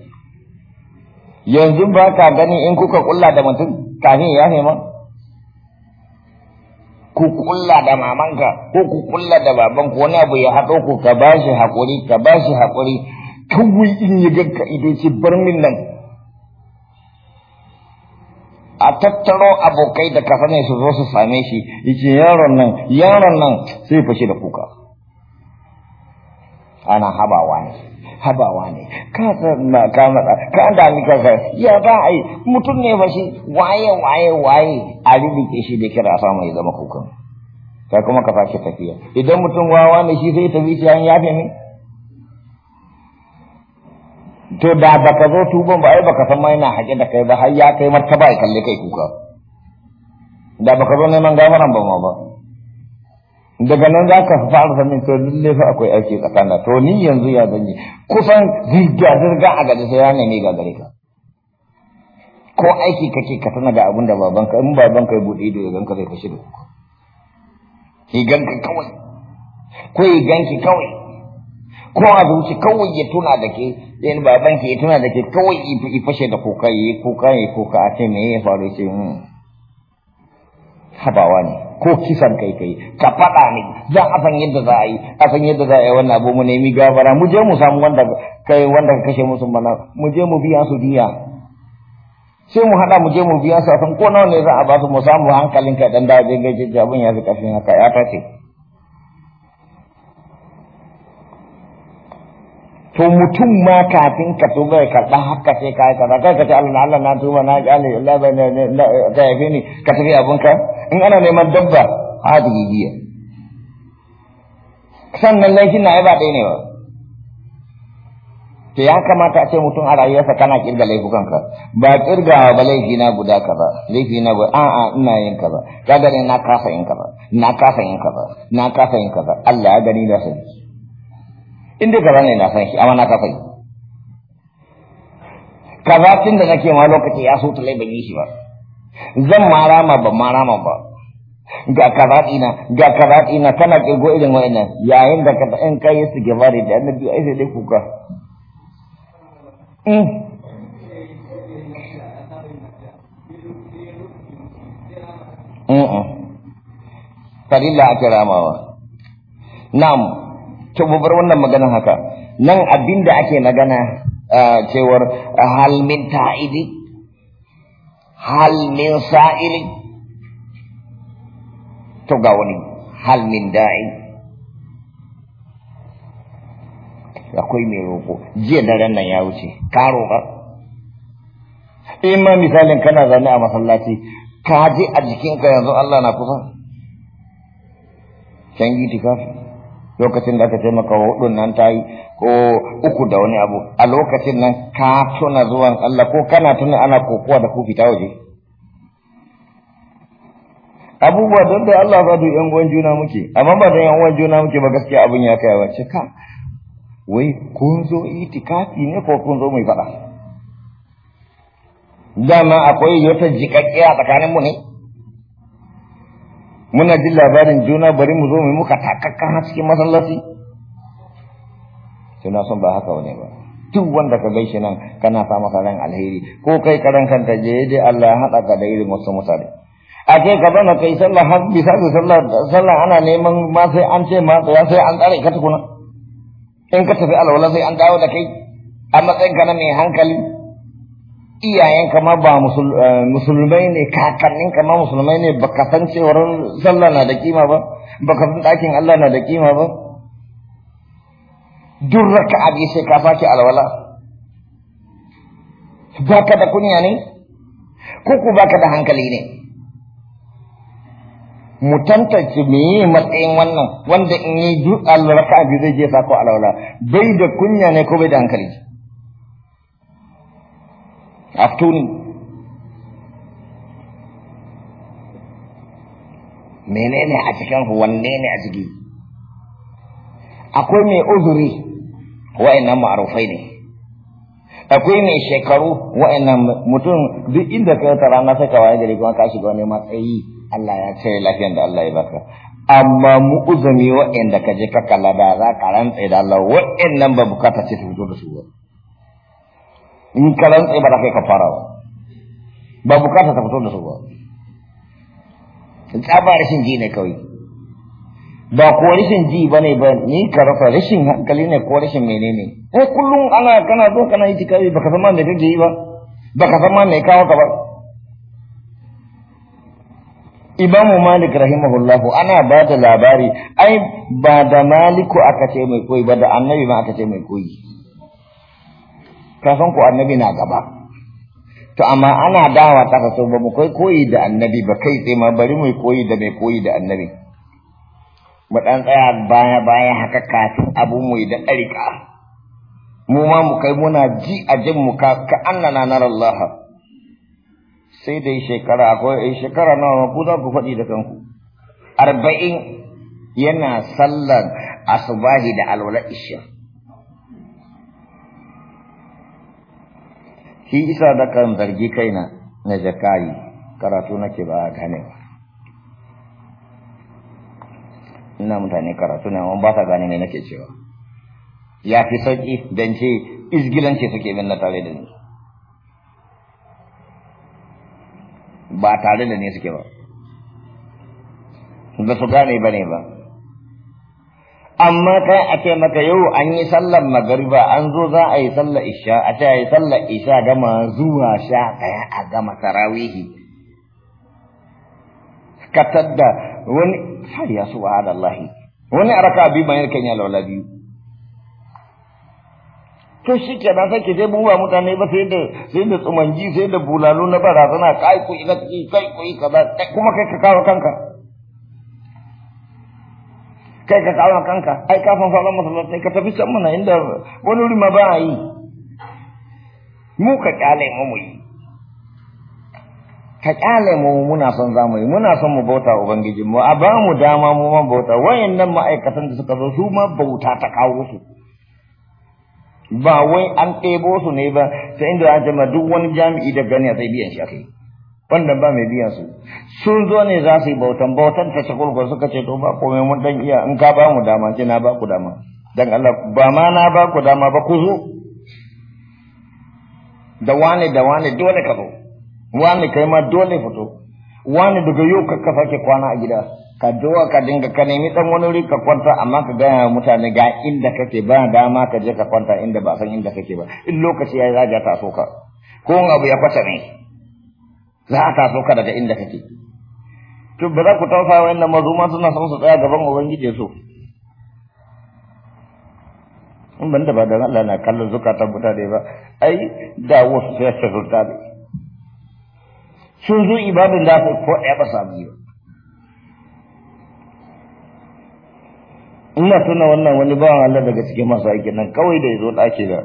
yanzu ba ka gani in kuka kulla da mutum kafin ya nema ku kulla da mamanka ko ku kulla da babanku wani abu ya haɗo ku ka ba shi haƙuri ka ba shi haƙuri kawai in yi ganka idan ce bar min nan a tattaro abokai da ka ne su zo su same shi yace yaron nan yaron nan sai fashe da kuka ana habawa ne habawa ne ka na ka matsa ka an da ni ka kai ya ba ai mutum ne ba shi waye waye waye a rubuce shi da kira sa mai zama kukan ka kuma ka fashe tafiya idan mutum wawa ne shi sai tafi shi an yafe ne to da ba ka zo tuban ba ai baka san mai na haƙe da kai ba har ya kai martaba ya kalle kai kuka da ba ka zo neman gafaran ba ma ba daga nan za ka fara sanin to lalle fa akwai aiki tsakana to ni yanzu ya zanyi kusan zirga zirga a gaji sai yana ne ga gare ka ko aiki kake ka tana da abin da baban in babanka ya bude ido ya ganka zai fashi da kuka ki ganka kawai ko ya ganki kawai ko a zuci kawai ya tuna da ke yin baban ya tuna da ke kawai ya fashe da kuka ya yi kuka ya yi kuka a ce me ya faru ce hmm. habawa ne ko kisan kai kai ka faɗa ne za a san yadda za a yi a san yadda za a yi wannan abu mu nemi gafara mu je mu samu wanda kai wanda ka kashe musu mana mu je mu biya su diya sai mu haɗa mu je mu biya su a san ko nawa ne za a ba su mu samu hankalin kai dan da zai ga jabin ya fi ƙarfin haka ya tace to mutum ma kafin ka so bai karɓa haka sai ka yi kaza kai ka ce Allah Allah na tuba na ga Allah Allah bai ka yafe ni ka tafi ka in ana neman dabba hadihi biya sannan laifin na ba dai ne ba to ya kamata a ce mutum a rayuwarsa kana kirga ka ba kirga ba laifi na guda ka ba laifi na guda a a ina yin ka ba ka gani na kasa yin ka ba na kasa yin ka ba na kasa yin ka ba Allah ya gani da sani in dai gaba ne na san shi amma na kafa yi kaza tun da nake ma lokaci ya so talai ban yi shi ba zan ma rama ban ma rama ba ga kaza dina ga kaza dina kana kirgo irin wa'annan yayin da ka in kai su gibari da annabi ai sai dai kuka mm. Mm-mm. Farilla ake ramawa. Na'am. to mu bar wannan magana haka nan abinda ake magana cewar hal min ta'idi hal min sa'ili to ga wani hal min da'i akwai mai roƙo jiya ran nan ya wuce ka roƙa in ma misalin kana zaune a masallaci ka ji a jikinka yanzu Allah na kusa can yi tikafi lokacin da aka ce maka hudun nan ta yi ko uku da wani abu a lokacin nan ka tuna zuwan Allah ko kana tuna ana kokowa da ku fita waje abubuwa don da Allah ba yan uwan juna muke amma ba da yan uwan juna muke ba gaskiya abin ya kai wace ka wai kun zo itikafi ne ko kun zo mai fada dama akwai wata jikakkiya tsakanin mu ne muna jin labarin juna bari mu zo mu muka takakka cikin masallaci na son ba haka wani ba duk wanda ka gaishe nan kana sa masa ran alheri ko kai karan kanta je je Allah ya hada ka da irin wasu mutane a kai ka bana kai sallah har bisa da sallah sallah ana neman ma sai an ce ma tsaya sai an tsare ka tukuna in ka tafi alwala sai an dawo da kai a matsayin ka na mai hankali iyayen kama ba eh, musulmai ne kakannin kama musulmai ne baka san cewar sallah na da kima ba baka san ɗakin Allah na da kima ba duk raka abi sai ka sake alwala baka da kunya ne ko ku baka da hankali ne mu tantance me matsayin wannan wanda in yi duk alwala ka abi zai je sako alwala bai da kunya ne ko bai da hankali aftuni menene a cikin wanne ne a ciki akwai mai uzuri wa'annan ma'arufai ne akwai mai shekaru wa'annan mutum duk inda ka tara na saka wani gari kuma ka shiga wani matsayi Allah ya ce lafiyan da Allah ya baka amma mu uzumi wa'anda ka je ka kalla da za ka rantsa da Allah wa'annan ba bukata ce su fito da su ba in ka rantse ba za ka yi kafara ba ba bukata ta fito da su ba tsaba ji ne kawai ba ko ji ba ne ba ni karafa rasa hankali ne ko rashin menene eh kullum ana kana zo kana yi tikari baka san ma me kake yi ba baka san ma me kawo ka ba Imamu Malik rahimahullahu ana ba da labari ai ba da Maliku aka ce mai koyi ba da Annabi ma aka ce mai koyi ka ku annabi na gaba to amma ana dawa ta kaso ba mu kai koyi da annabi ba kai tsaye ma bari mu koyi da mai koyi da annabi mu dan tsaya baya baya haka kafin abu mu da ɗarika mu ma mu kai muna ji a jin mu ka ka annana narallaha sai dai shekara akwai eh, shekara nawa ku za ku faɗi da kanku arba'in yana sallar asubahi da alwala isha shi isa da kan zargi kaina na jakari karatu nake ba ganewa ina mutane karatu ne amma ba sa gane me nake cewa ya fi sauki dan ce izgilanci suke min na tare da ni ba tare da ni suke ba ba su gane ba ne ba amma kai a ce maka yau an yi sallar magariba an zo za a yi sallar isha a ce a yi sallar isha gama zuwa sha kaya a gama tarawihi ka tadda wani sai ya subhanallahi wani araka bi mai kan ya laula biyu to shi ke na sai ke je buwa mutane ba sai da sai da tsumanji sai da bulalu na barazana kai ku ina kai ku kaza kuma kai ka kawo kanka kai ka kawo kanka ai ka san sauran kai ka tafi can mana inda wani wuri ba a yi mu ka kyale mu mu yi ka kyale mu muna son za mu yi muna son mu bauta ubangiji mu a ba mu dama mu ma bauta wayannan ma'aikatan da suka zo su ma bauta ta kawo su ba wai an ɗebo su ne ba sai inda an jama duk wani jami'i da gani a sai biyan shi akai wanda ba mai biyan su sun zo ne za su yi bautan bautan ta shakulkur suka ce to ba komai mun dan iya in ka ba mu dama ce na ba ku dama dan Allah ba ma na ba ku dama ba ku zo da wani da wani dole ka zo wani kai ma dole fito wani daga yau ka kafa ke kwana a gida ka doa ka dinga ka nemi dan wani wuri ka kwanta amma ka ga mutane ga inda kake ba dama ka je ka kwanta inda ba san inda kake ba in lokaci ya zaga ta so ka ko abu ya kwata ne za a taso ka daga inda kake to ba za ku tausa wayannan mazuma suna son su tsaya gaban ubangiji so in ban da ba da Allah na kallon buta mutane ba ai da wasu sai su sulta ne sun zo ibadun da ko ɗaya ba sa biyu ina tuna wannan wani bawan Allah daga cikin masu aikin nan kawai da ya zo ɗaki da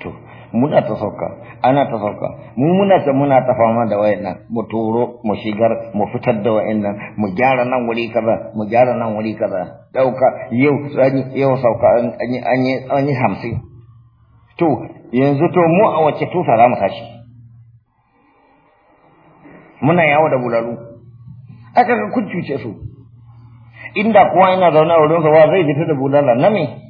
to muna ta sauka ana ta sauka mu muna ta muna ta fama da wayannan mu turo mu shigar mu fitar da wayannan mu gyara nan wuri kaza mu gyara nan wuri kaza dauka yau yau sauka an yi an yi hamsin to yanzu to mu a wace tufa za mu tashi muna yawo da bulalu aka ga kun su inda kowa yana zaune a wurin sa wa zai fita da bulala na me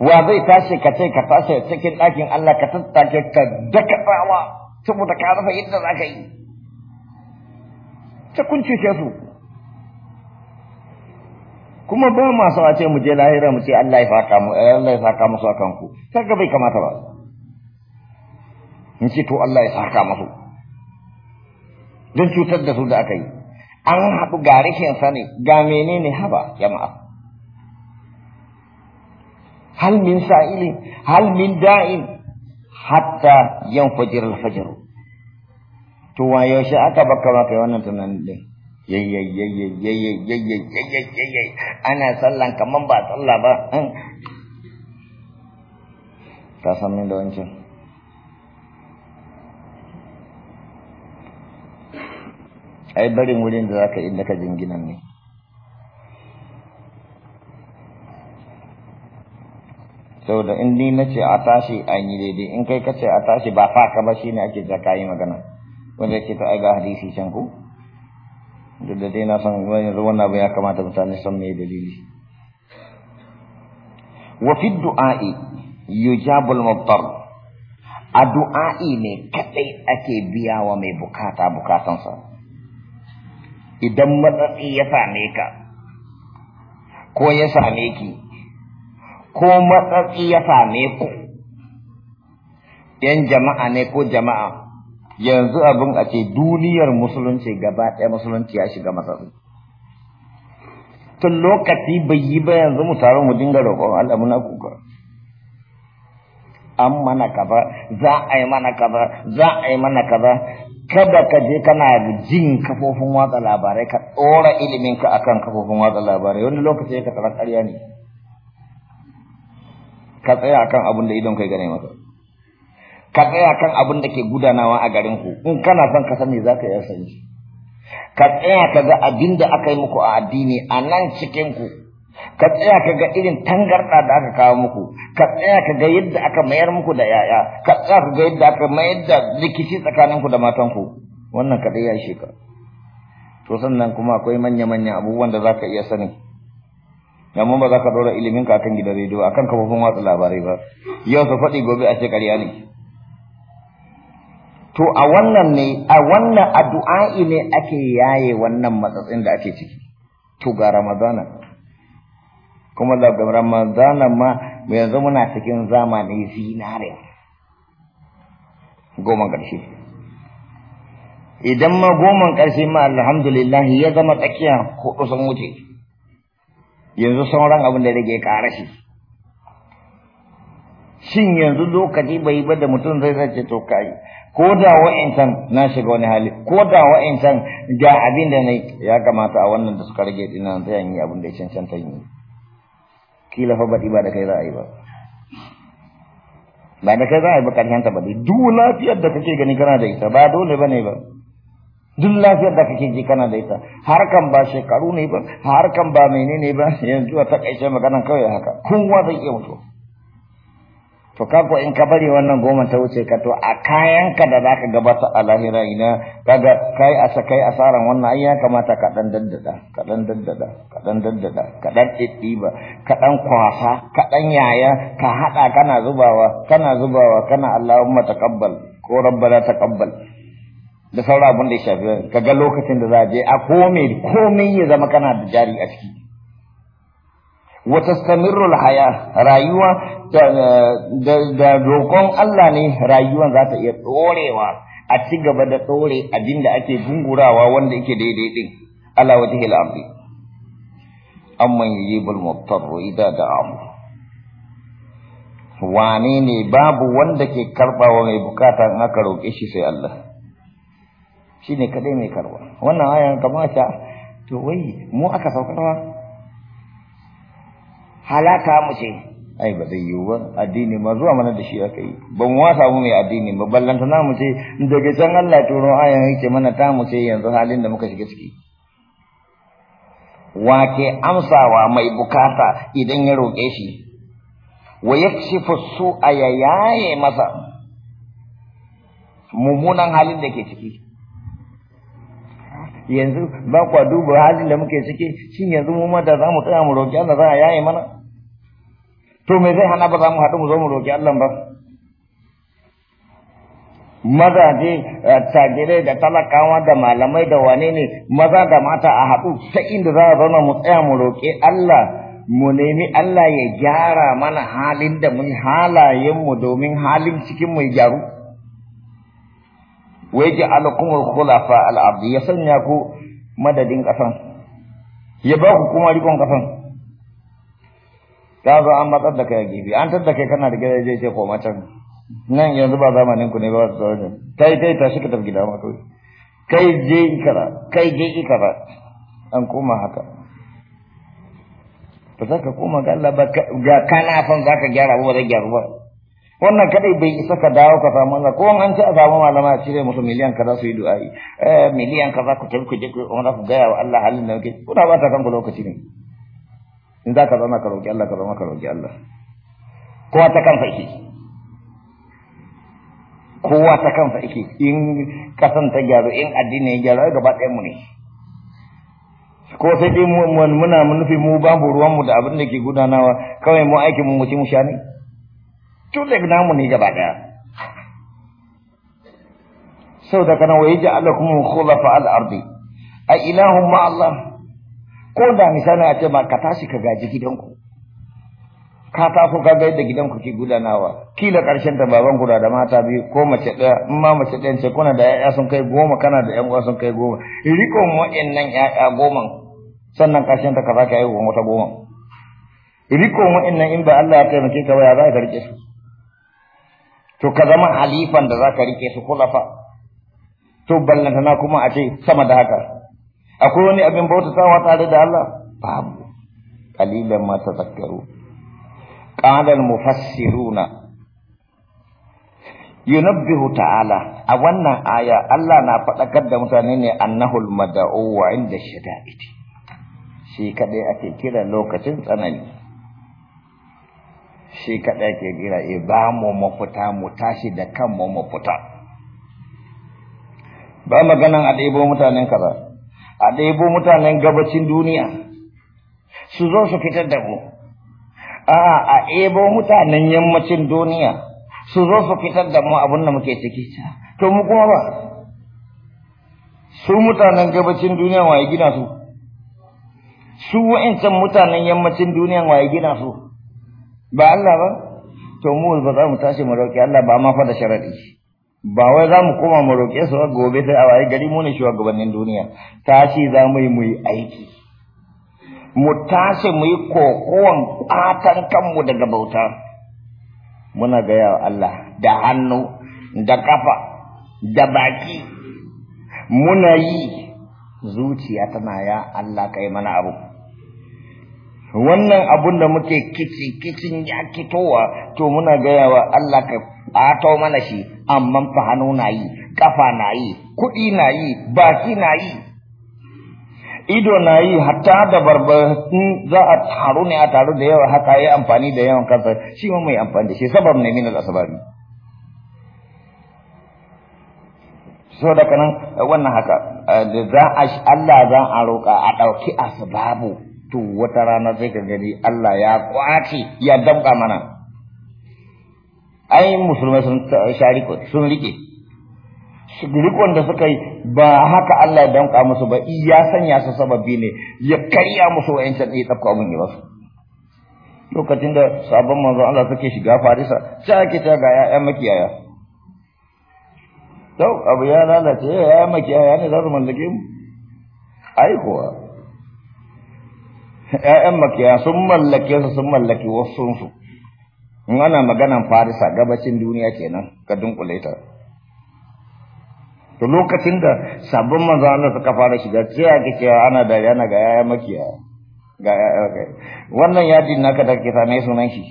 wa zai tashi ka ce ka tashi cikin ɗakin Allah ka tattake ka daka tsawa saboda ka rufe yadda za ka yi ta kunci cuce su kuma ba masu a ce mu je lahira mu ce Allah ya saka mu eh, Allah ya saka musu akan ku ta bai kamata ba in ce to Allah ya saka musu don cutar da su da aka yi an haɗu ga rashin sani ga menene haba jama'a هل من سائل هل من داء حتى ينفجر الفجر تو yayi yayi yayi yayi yayi yayi yayi ana sallan kaman ba salla ba ta san min da wancan ai barin wurin da zaka inda ka jinginan ne saboda in ni na ce a tashi an yi daidai in kai kace a tashi ba fa ka ba ne ake zaka kayi magana wanda yake ta ai ga hadisi can ku duk da dai na san yanzu wannan ya kamata mutane san me dalili wa fi du'a'i yujabu al-mubtar du'a'i ne kadai ake biya wa mai bukata bukatansa idan matsatsi ya same ka ko ya same ki ko matsatsi ya same ku yan jama'a ne ko jama'a yanzu abin a ce duniyar musulunci gaba ɗaya musulunci ya shiga matsatsi tun lokaci bai yi ba yanzu mu taru mu dinga roƙon Allah na kuka an mana kaza za a yi mana kaza za a yi mana kaza kada ka je kana jin kafofin watsa labarai ka ɗora ilimin ka akan kafofin watsa labarai wani lokaci ka tsara ƙarya ne ka tsaya kan abin da idon kai gane maka ka tsaya kan abin da ke gudanawa a garin ku in kana son ka sani za ka yi sani ka tsaya ka ga abin da aka yi muku a addini a nan cikin ku ka tsaya ka ga irin tangarɗa da aka kawo muku ka tsaya ka ga yadda aka mayar muku da yaya ka tsaya ka ga yadda aka mayar da rikici ku da matan ku. wannan kaɗai ya shi ka to sannan kuma akwai manya-manyan abubuwan da za ka iya sani amma ba za ka ɗora ilimin ka akan gidan rediyo akan kafofin watsa labarai ba yau su faɗi gobe a ce ƙarya ne to a wannan ne a wannan addu'a'i ne ake yaye wannan matsatsin da ake ciki to ga ramadana kuma da ramadana ma yanzu muna cikin zamanin zinare goma ƙarshe idan ma goman ƙarshe ma alhamdulillah ya zama tsakiya ko sun wuce yanzu sauran abin da rage kare shi shin yanzu lokaci bai ba da mutum zai sace to kai ko da wa'incan na shiga wani hali ko da wa'incan ga abin da nai ya kamata a wannan da suka rage dina zai an yi abin da ya cancanta yi kila fa baɗi ba da kai za yi ba ba da kai za yi ba ƙarshen ta ba duk lafiyar da kake gani kana da ita ba dole ba ne ba duk lafiyar da kake ji kana da ita harkan ba shekaru ne ba harkan ba menene ba yanzu a takaice maganan kawai haka kowa zai iya mutu to ka ko in ka bari wannan goma ta wuce ka to a ka da zaka gabata a lahira ina kaga kai a kai asaran wannan ai ya kamata ka dan daddada ka dan daddada ka dan daddada ka dan ba ka dan kwasa ka dan yaya ka hada kana zubawa kana zubawa kana Allahumma taqabbal ko rabbana taqabbal da sauran abin da ya shafi ga lokacin da za a je a komai komai ya zama kana da jari a ciki wata stamirul haya rayuwa da roƙon Allah ne rayuwan za ta iya ɗorewa a ci gaba da ɗore abin da ake gungurawa wanda yake daidai ɗin Allah Amma yi yi yujibul mubtarru da amu wane ne babu wanda ke wa mai bukata in aka roƙe shi sai Allah shi ne kaɗai mai karwa wannan ayan kamata to wai mu aka saukarwa halaka mu ce ai ba zai yiwu ba addini ma zuwa mana da shi aka yi ban wasa mu mai addini ba ballanta na mu ce daga can Allah turo ayan yake mana ta mu ce yanzu halin da muka shiga ciki wake amsawa mai bukata idan ya roƙe shi wa yakshifu su ya yaye masa mummunan halin da ke ciki yanzu ba kwa duba halin da muke ciki shi yanzu mu ma da za mu tsaya mu roƙi Allah za a yaye mana to me zai hana ba za mu haɗu mu zo mu roƙi Allah ba Maza mazaje tagirai da talakawa da malamai da wane ne maza da mata a haɗu ta inda za a zauna mu tsaya mu roƙi Allah mu nemi Allah ya gyara mana halin da mun halayenmu domin halin cikin mu gyaru. waje alkumul khulafa al'abdi ya sanya ku madadin kasan ya ba ku kuma rikon kasan ka zo an matsar da kai gefe an tattar kai kana da gida zai ce koma can nan yanzu ba zamanin ku ne ba su zaune kai kai tashi ka tafi gida ma kawai kai je ikara kai je ikara an koma haka ba za ka koma ga Allah ba ga kana fan za ka gyara ba zai gyaru ba wannan kadai bai isa ka dawo ka samu ko an ci a samu malama a cire musu miliyan kaza su yi du'a'i eh, miliyan kaza ku tafi ku je ku ona ku gaya wa Allah halin da kake kuna ba ta kanku lokaci ne in za ka zama ka roki Allah ka zama ka roki Allah kowa ta kansa yake kowa ta kansa yake in kasan ta gyaru in addini ya gyaru gaba ɗayan mu ne ko sai dai mu muna nufi mu babu ruwan mu da abin da ke gudanawa kawai mu aikin mu mu ci mu sha ne tun daga namu ne gaba daya sau da kana waye ji Allah kuma khulafa al-ardi a ilahun ma Allah ko da misali a ce ma ka tashi ka gaji gidanku ka taso ka ga yadda gidanku ke gudanawa kila karshen ta baban ku da mata biyu ko mace ɗaya in ma mace ɗaya ce kuna da ƴaƴa sun kai goma kana da ƴan uwa sun kai goma rikon wa'annan ƴaƴa goma sannan karshen ta ka za ka yi wata goma rikon wa'annan in ba Allah ya taimake ka ba ya za ka rike su to ka zama halifan da za ka rike su kulafa to ballantana kuma a ce sama da haka akwai wani abin bauta bautatawa tare da Allah babu qalilan ma ta qala al-mufassiruna yunabbihu ta'ala a wannan aya Allah na faɗakar da mutane ne annahul mada'u wa inda shada'id shi kadai ake kira lokacin tsanani shi kaɗai ke jira e ba mu mafuta mu tashi da kanmu mafuta ba maganan a ɗebo mutanen kaza a ɗebo mutanen gabacin duniya su zo su fitar da mu a a ɗebo mutanen yammacin duniya su zo su fitar da mu abin da muke ciki ta, to mu kuma ba su mutanen gabacin duniya waye gina su su wa'incan mutanen yammacin duniya waye gina su ba Allah ba to mu ba za mu tashi mu roƙi Allah ba ma fa da sharadi ba wai za mu koma mu roƙe su gobe sai a waye gari mu ne shugabannin duniya tashi za mu yi mu yi aiki mu tashi mu yi kokowan ƙatan kanmu daga bauta muna gaya wa Allah da hannu da kafa da baki muna yi zuciya tana ya Allah kai mana abu wannan abun da muke kici-kici kicin ya kitowa to muna gayawa Allah ka ato mana shi amma fa hannu na yi kafa na yi kuɗi na yi baki na yi ido na yi hatta da barbarin za a taru ne a taru da yawa haka yi amfani da yawan kansa shi ma mai amfani da shi sabab ne min al-asbabi so da kanan wannan haka da za a Allah za a roƙa a ɗauki asbabu to wata rana sai ka gani Allah ya kwace ya damka mana ai musulmai sun ko sun rike rikon da suka yi ba haka Allah ya damka musu ba iya sanya su sababi ne ya karya musu wayancan ya tsafka abin ya basu lokacin da sabon manzo Allah suke shiga Farisa sai ake ta ga ƴaƴan makiyaya to abu ya lalace ya makiyaya ne za su mallake mu ai yayan makiya sun mallake su sun mallaki wasunsu in ana maganan farisa gabacin duniya kenan ka dunkule ta to lokacin da sabon manzo Allah suka fara shiga sai ake cewa ana da yana ga yaya makiya ga yaya kai wannan yadi naka da ke sunan shi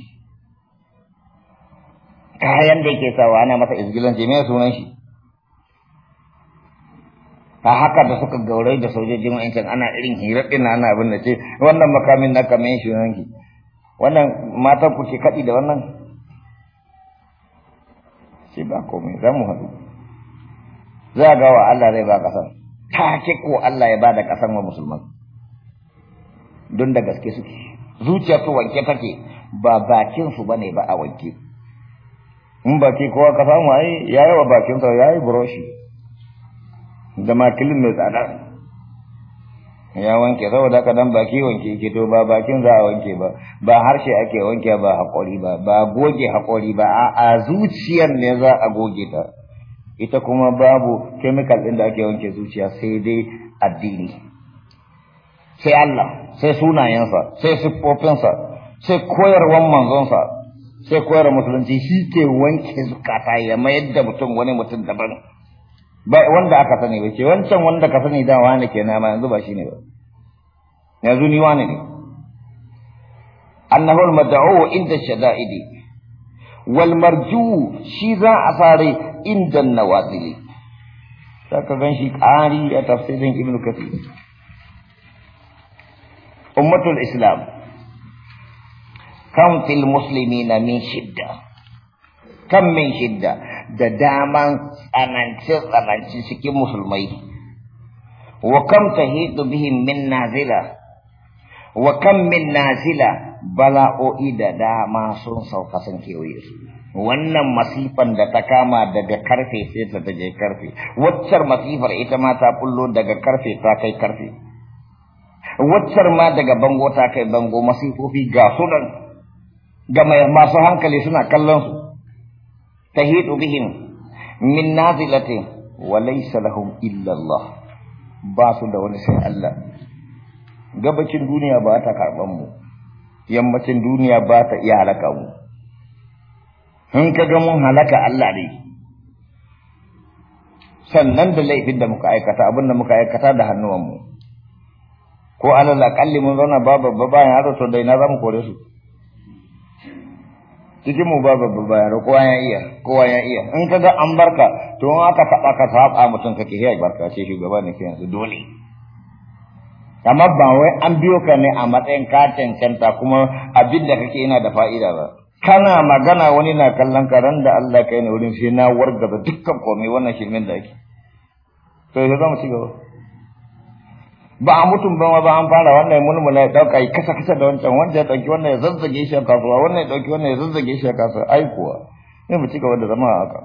kayan da yake sawa ana masa izgilan je me sunan shi a haka da suka gaurai da sojojin wa'ancan ana irin hirar ɗin ana abin da ce wannan makamin na kamar shi yanki wannan matan ku ke kaɗi da wannan shi ba komai za mu haɗu za ga wa Allah zai ba ƙasar ta ke ko Allah ya ba da ƙasar wa musulman don da gaske suke zuciya su wanke take ba bakin su bane ba a wanke in baki kowa ka samu ai yayi wa bakin sa yayi buroshi da makilin mai tsada ya wanke saboda haka dan baki wanke yake to ba bakin za a wanke ba ba harshe ake wanke ba haƙori ba ba goge haƙori ba a zuciyar ne za a goge ta ita kuma babu chemical ɗin da ake wanke zuciya sai dai addini sai Allah sai sunayensa sai siffofinsa sai koyarwan manzonsa sai koyar musulunci shi ke wanke zukata ya mayar da mutum wani mutum daban ba wanda aka sani ba ce wancan wanda ka sani da wani ke nama yanzu ba shine ba yanzu ni wani ne annahu al-mad'u inda shada'idi wal marju shi za a sare inda nawazili ka gan shi ƙari a tafsirin ibnu kathir ummatul islam kam fil muslimina min shidda kam min shidda da daman tsananci-tsananci cikin musulmai wa kam tahidu bihim min nazila wa kam min nazila bala'o'i da dama sun sauka sun kewaye su wannan masifan da ta kama daga karfe sai ta daga karfe waccar masifar ita ma ta bullo daga karfe ta kai karfe waccar ma daga bango ta kai bango masifofi ga sunan ga masu hankali suna kallon su تهيد بهم من نازلة وليس لهم إلا الله باسو da wani sai Allah gabacin duniya ba ta karban mu yammacin duniya ba ta iya halaka mu in ka ga mun halaka Allah ne sannan da laifin da muka aikata abin da muka aikata da hannuwan mu. ko alal akalli mun zauna babu bayan hada sau dai na za mu kore su cikin mu babu bayar kowa ya iya kowa ya iya in ka ga an barka to in aka taba ka saba mutum kake sai barka ce shugaba ne ke yanzu dole amma ba wai an biyo ka ne a matsayin ka cancanta kuma abin da kake yana da fa'ida ba kana magana wani na kallon ka ran da Allah kai ne wurin sai na wargaza dukkan komai wannan shirmin da ake to yanzu za mu ci gaba ba a mutum ba ma ba an fara wannan mulmula ya dauka ya kasa kasa da wancan wanda ya dauki wannan ya zazzage shi a kasuwa wannan ya dauki wannan ya zazzage shi a kasuwa ai kuwa ne mu cigaba da zama haka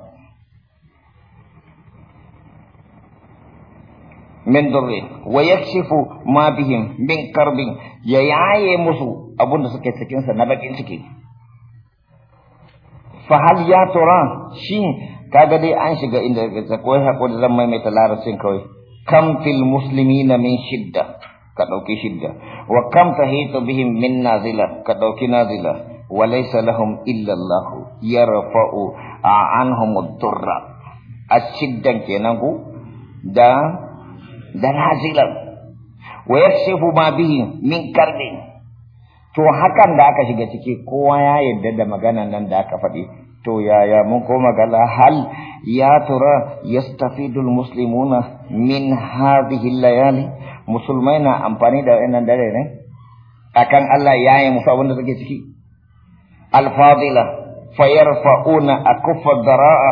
min durri wa yakshifu ma bihim min karbin ya yaye musu abinda suke cikin sa na bakin ciki fa hal ya tura shi kaga dai an shiga inda ya ko hakuri zan maimaita larabcin kawai kam fil muslimina min shidda ka dauki shidda wa kam tahitu bihim min nazila ka dauki nazila wa laysa lahum illa Allah yarfa'u anhum ad-durra ashiddan kenan ku da da nazila wa yakshifu ma bihi min karbin to hakan da aka shiga ciki kowa ya yarda da maganan nan da aka faɗi to yaya mun koma ga hal ya tura yastafidul muslimuna min hadhihi layali musulmai na amfani da wannan dare ne akan Allah ya yi musu abin da suke ciki alfadila fayarfa'una akuffa dara'a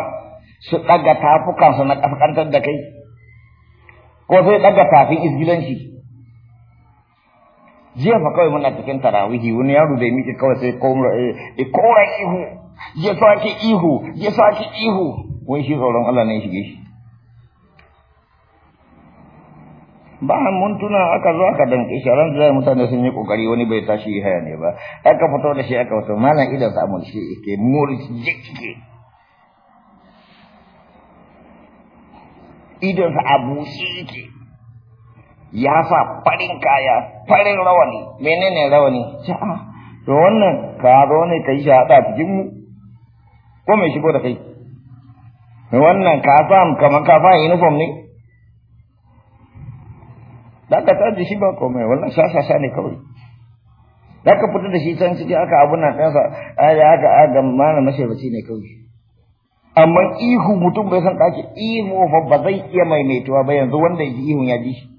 su daga tafukan su na kafkantar da kai ko sai daga tafin izgilanci jiya fa kawai muna cikin tarawihi wani yaro da ya miƙe kawai sai kora eh, ihu ya sake ihu ya sake ihu wai shi tsoron Allah ne shige shi Ba mun tuna aka zo aka danke shi ran zai mutane sun yi kokari wani bai tashi haya ne ba aka fito da shi aka fito malam idan sa mun shi yake muris jike idan sa abu shi yake ya sa farin kaya farin rawani menene rawani to wannan ka zo ne kai shi hada cikin mu ko mai shigo da kai wannan kafan kamar kafan uniform ne da ta tsaji shi ba komai wannan sasasa ne kawai da ka da shi can ciki aka abun nan ɗansa ayi aka aga mana mashabaci ne kawai amma ihu mutum bai san ɗaki ihu ba zai iya maimaituwa ba yanzu wanda ya ihun ya ji shi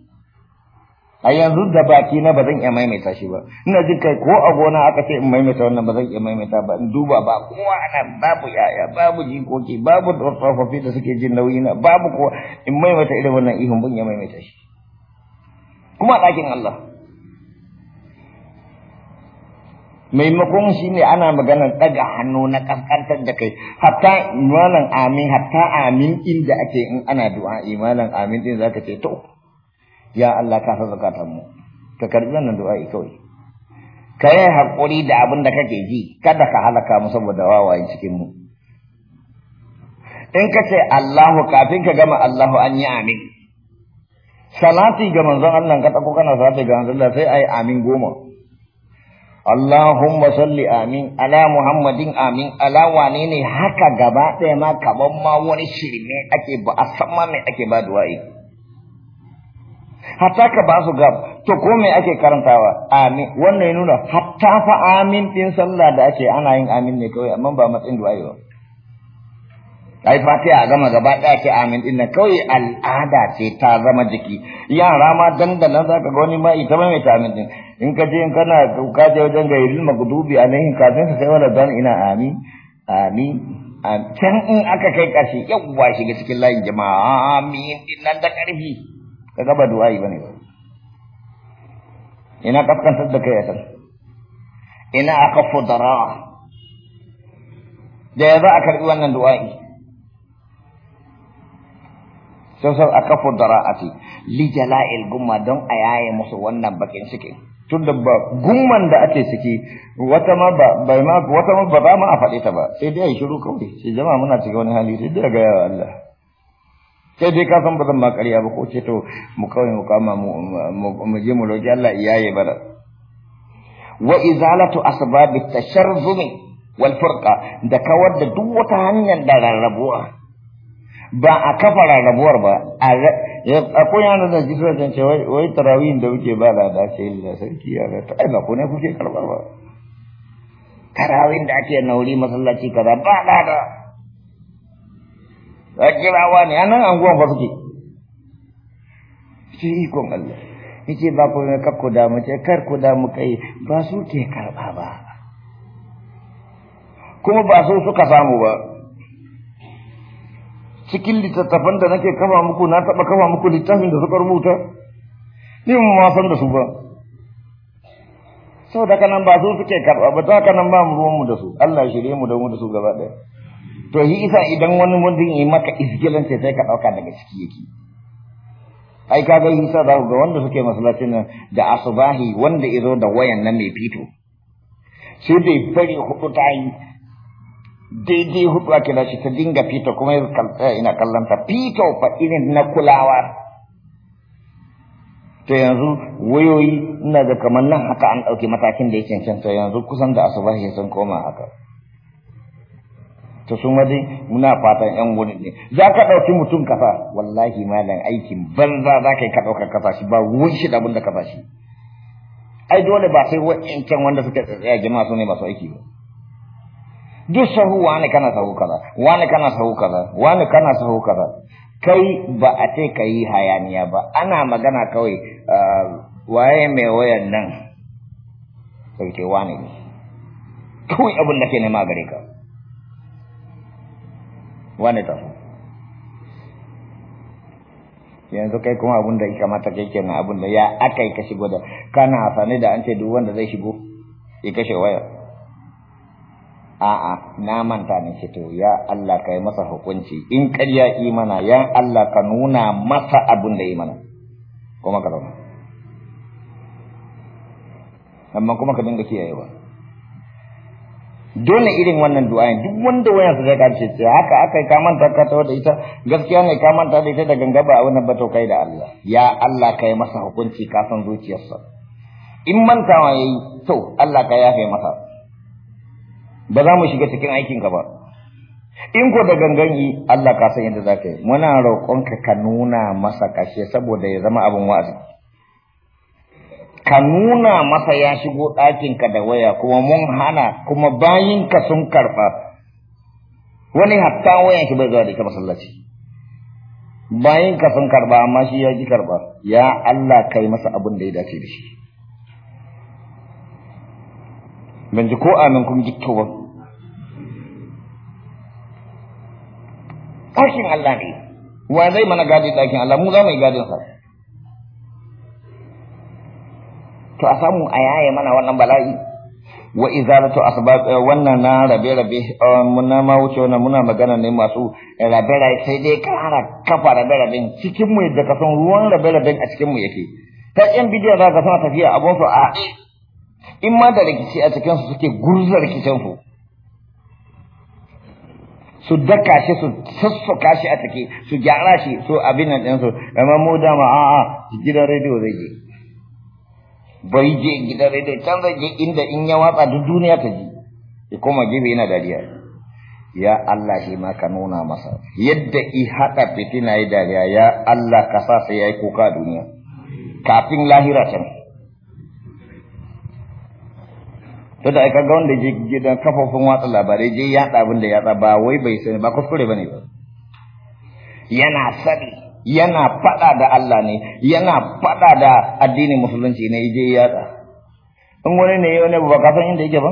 a yanzu da baki na ba zan iya maimaita shi ba ina jin kai ko a gona aka ce in maimaita wannan ba zan iya maimaita ba in duba ba kowa ana babu yaya babu jikoki babu tsofaffi da suke jin nauyi na babu ko in maimaita irin wannan ihun ban ya maimaita shi kuma a ɗakin Allah maimakon shi ne ana maganar ɗaga hannu na ƙasƙantar da kai hatta imanin amin hatta amin inda ake in ana du'a imanin amin din zaka ce to ya Allah ka san ta mu ka karbi wannan du'a kawai ka yi haƙuri da abin da kake ji kada ka halaka mu saboda wawayen cikin mu in ka ce Allahu kafin ka gama Allahu an yi amin salati ga manzon Allah ka tako kana salati ga manzon Allah sai ai amin goma Allahumma salli amin ala Muhammadin amin ala wane ne haka gaba ɗaya ma kaman ma wani shirme ake ba a san ma ake ba duwa'i hatta ka ba su gab to ko me ake karantawa amin wannan ya nuna hatta fa amin din sallah da ake ana yin amin ne kawai amma ba matsin du'a'i ba ai fatiha a gama gaba ɗaya ce amin din nan kawai al'ada ce ta zama jiki yara ma dandanan za ka ga wani ma ita mai ta amin din in ka je in kana ka je wajen gairil magdubi nan, kafin ka sai wala dan ina amin amin can in aka kai ƙarshe yawwa shiga cikin layin jama'a amin din nan da ƙarfi kaga ba du'a'i bane ba ina kafkan da kai a ina aka fudara da ya za a karɓi wannan du'a'i sun san aka fudara a ce li jala'il gumma don a yaye musu wannan bakin suke tun da ba gumman da ake ciki wata ma ba ba ma za mu a faɗe ta ba sai dai a yi shiru kawai sai jama'a muna cikin wani hali sai dai gaya wa Allah sai dai ka san ba zan ma ƙarya ba ko ce to mu kawai mu kama mu je mu roki Allah iyaye bara wa izalatu asbab at-tasharzumi wal furqa da kawar da duk wata hanyar da rarrabuwa ba a kafa rarrabuwar ba akwai yana da jisu da ce wai tarawihin da muke ba da da ce da sarki ya ta ai ba ko ne kuke karbar ba tarawihin da ake nauri masallaci kaza ba da da a kirawa ne a nan anguwan ba suke ce ikon Allah yace ba ku ne kar ku damu ce kar ku damu kai ba su ke karɓa ba kuma ba su suka samu ba cikin littattafan da nake kama muku na taɓa kama muku littafin da suka rubuta ni ma san da su ba sau da kanan ba su suke karɓa ba ta kanan ba mu ruwan mu da su Allah shirye mu da mu da su gaba ɗaya to yi isa idan wani mutum yi maka isgilance sai ka ɗauka daga ciki yake ai ka ga isa za ku ga wanda suke masallacin nan da asubahi wanda izo da wayan nan mai fito sai bai bari hudu ta yi daidai hudu ake da shi ta dinga fito kuma ya eh, ina kallon ta fito fa irin na kulawa to yanzu wayoyi ina da kamar nan haka an ɗauki matakin da ya cancanta yanzu kusan da asubahi sun koma haka to su ma dai muna fatan yan gudun ne za ka ɗauki mutum kasa wallahi malam aikin banza za ka yi ka ɗaukar kasa shi ba wun shi abin da kasa shi ai dole ba sai wa'incan wanda suka tsaya jama'a su ne masu aiki ba duk sahu wani kana sahu kaza wani kana sahu kaza wani kana sahu kaza kai ba a ce ka yi hayaniya ba ana magana kawai ah, waye mai wayan nan sauke wani. ne kawai abin da ke nema gare ka wanita. yanzu kai kuma abun da ika mata kai kenan abun da ya aka yi shigo da kana sane da an ce duk wanda zai shigo ya kashe wayar a'a na manta ne ce to ya Allah ka yi masa hukunci in ƙarya imana ya Allah ka nuna masa abun da imana kuma ka zama amma kuma ka dinga kiyayewa dole irin wannan du'ayin duk wanda waya su zaka ce ce haka aka ka manta ka tawo da ita gaskiya ne ka manta da ita da gangaba a wannan bato kai da Allah ya Allah kai masa hukunci ka san zuciyarsa in mantawa yayi to Allah ka yafe masa ba za mu shiga cikin aikin ka ba in ko da gangan Allah ka san yadda zaka yi muna roƙonka ka nuna masa kashe saboda ya zama abin wa'azi ka nuna masa ya shigo ɗakinka da waya kuma mun hana kuma bayinka sun karɓa wani hatta waya shi bai zuwa da ita masallaci bayinka sun karɓa amma shi ya ji karɓa ya Allah kai masa abin da ya dace da shi ban ji ko amin kun ji ba ɗakin Allah ne wa zai mana gadi ɗakin Allah mu za mu yi gadin sa to a samu a yaye mana wannan bala'i wa izalatu asbab eh, wannan na rabe rabe eh, muna ma wuce wannan muna magana ne masu rabe rabe sai dai kara kafa rabe raben cikin mu da kasan ruwan rabe raben a cikin mu yake ta yan bidiyo za ka san tafiya abun su a in ma da rikici a cikin su suke gurza rikicin su su daka shi su sassoka shi a take su gyara shi su abin nan su amma mu dama a'a gidan rediyo zai je bai je gidan rediyo can zai je inda in ya watsa duk duniya ta ji ya koma gibe yana dariya ya Allah shi ma ka nuna masa yadda i haɗa fitina ya dariya ya Allah ka sa sai ya yi kuka a duniya kafin lahira can to da aka ga wanda je gidan kafofin watsa labarai je ya abin da ya ba wai bai sani ba kuskure ne ba yana sani yana faɗa da Allah ne yana faɗa da addinin musulunci ne je ya ta in wani ne yau ne ba ka san inda yake ba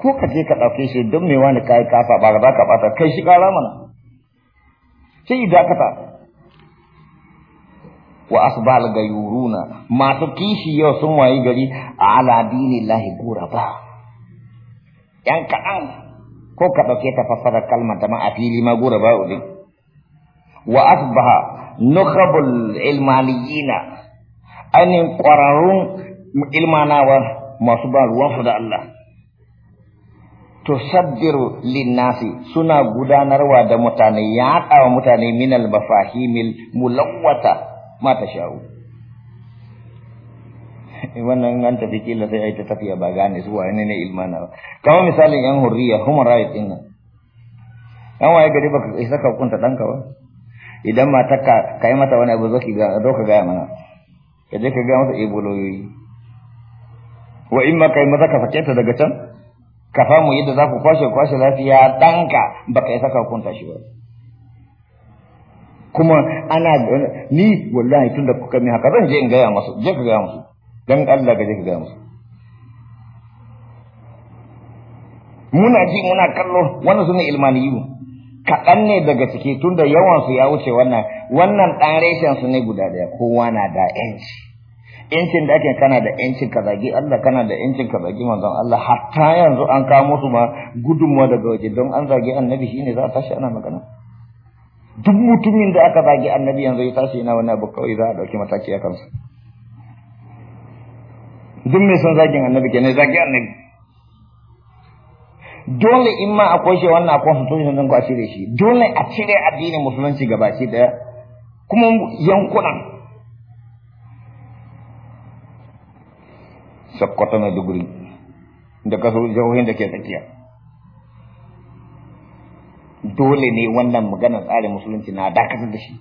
ko ka je ka ɗauke shi don me wani kai ka fa ba za ka ɓata kai shi ƙara mana sai dakata wa asbal gayuruna masu kishi yau sun wayi gari ala gura guraba yan kaɗan ko ka ɗauke ta fassarar kalmar ta ma a fili ma guraba ɗin وأصبح نخب العلمانيين أن قررون علمانا ومصبع الوانفد الله تصدر للناس سنة قدان روى دمتانيات أو متاني من المفاهيم الملوثة ما تشاءون wannan an tafi kila sai ai ta tafiya ba gane su wane ne ilmana ba kamar misalin yan hurriya human rights din nan yan waye gari baka isa ka kunta danka ba idan matarka ka yi mata wani abu zaki ga zo ka gaya mana ka je ka gaya masa iboloyoyi eh, wa in ma ka yi ka fake ta daga can ka famu yadda za ku kwashe kwashe lafiya danka ba ka yi saka hukunta shi ba kuma ana ni wallahi tun da kuka min haka zan je in gaya masu je ka gaya musu dan Allah ka je ka gaya musu muna ji muna kallo wannan sunan ilmaniyu kaɗan ne daga ciki tun da yawansu ya wuce wannan wannan ɗan su ne guda ɗaya kowa na da ƴanci ƴancin da ake kana da ƴancin ka zagi Allah kana da ƴancin ka zagi manzon Allah hatta yanzu an kawo musu ma gudunmuwa daga waje don an zagi annabi shine za a tashi ana magana duk mutumin da aka zagi annabi yanzu ya tashi yana wani abu kawai za a ɗauki mataki a kansa duk mai son zagin annabi kenan zagi annabi dole in ma akwai shi wannan constitution ne nan a da shi dole a cire addinin musulunci gaba shi daya kuma yankunan sakkwato na duguri da kaso jihohin da ke tsakiya dole ne wannan magana tsarin musulunci na dakatar da shi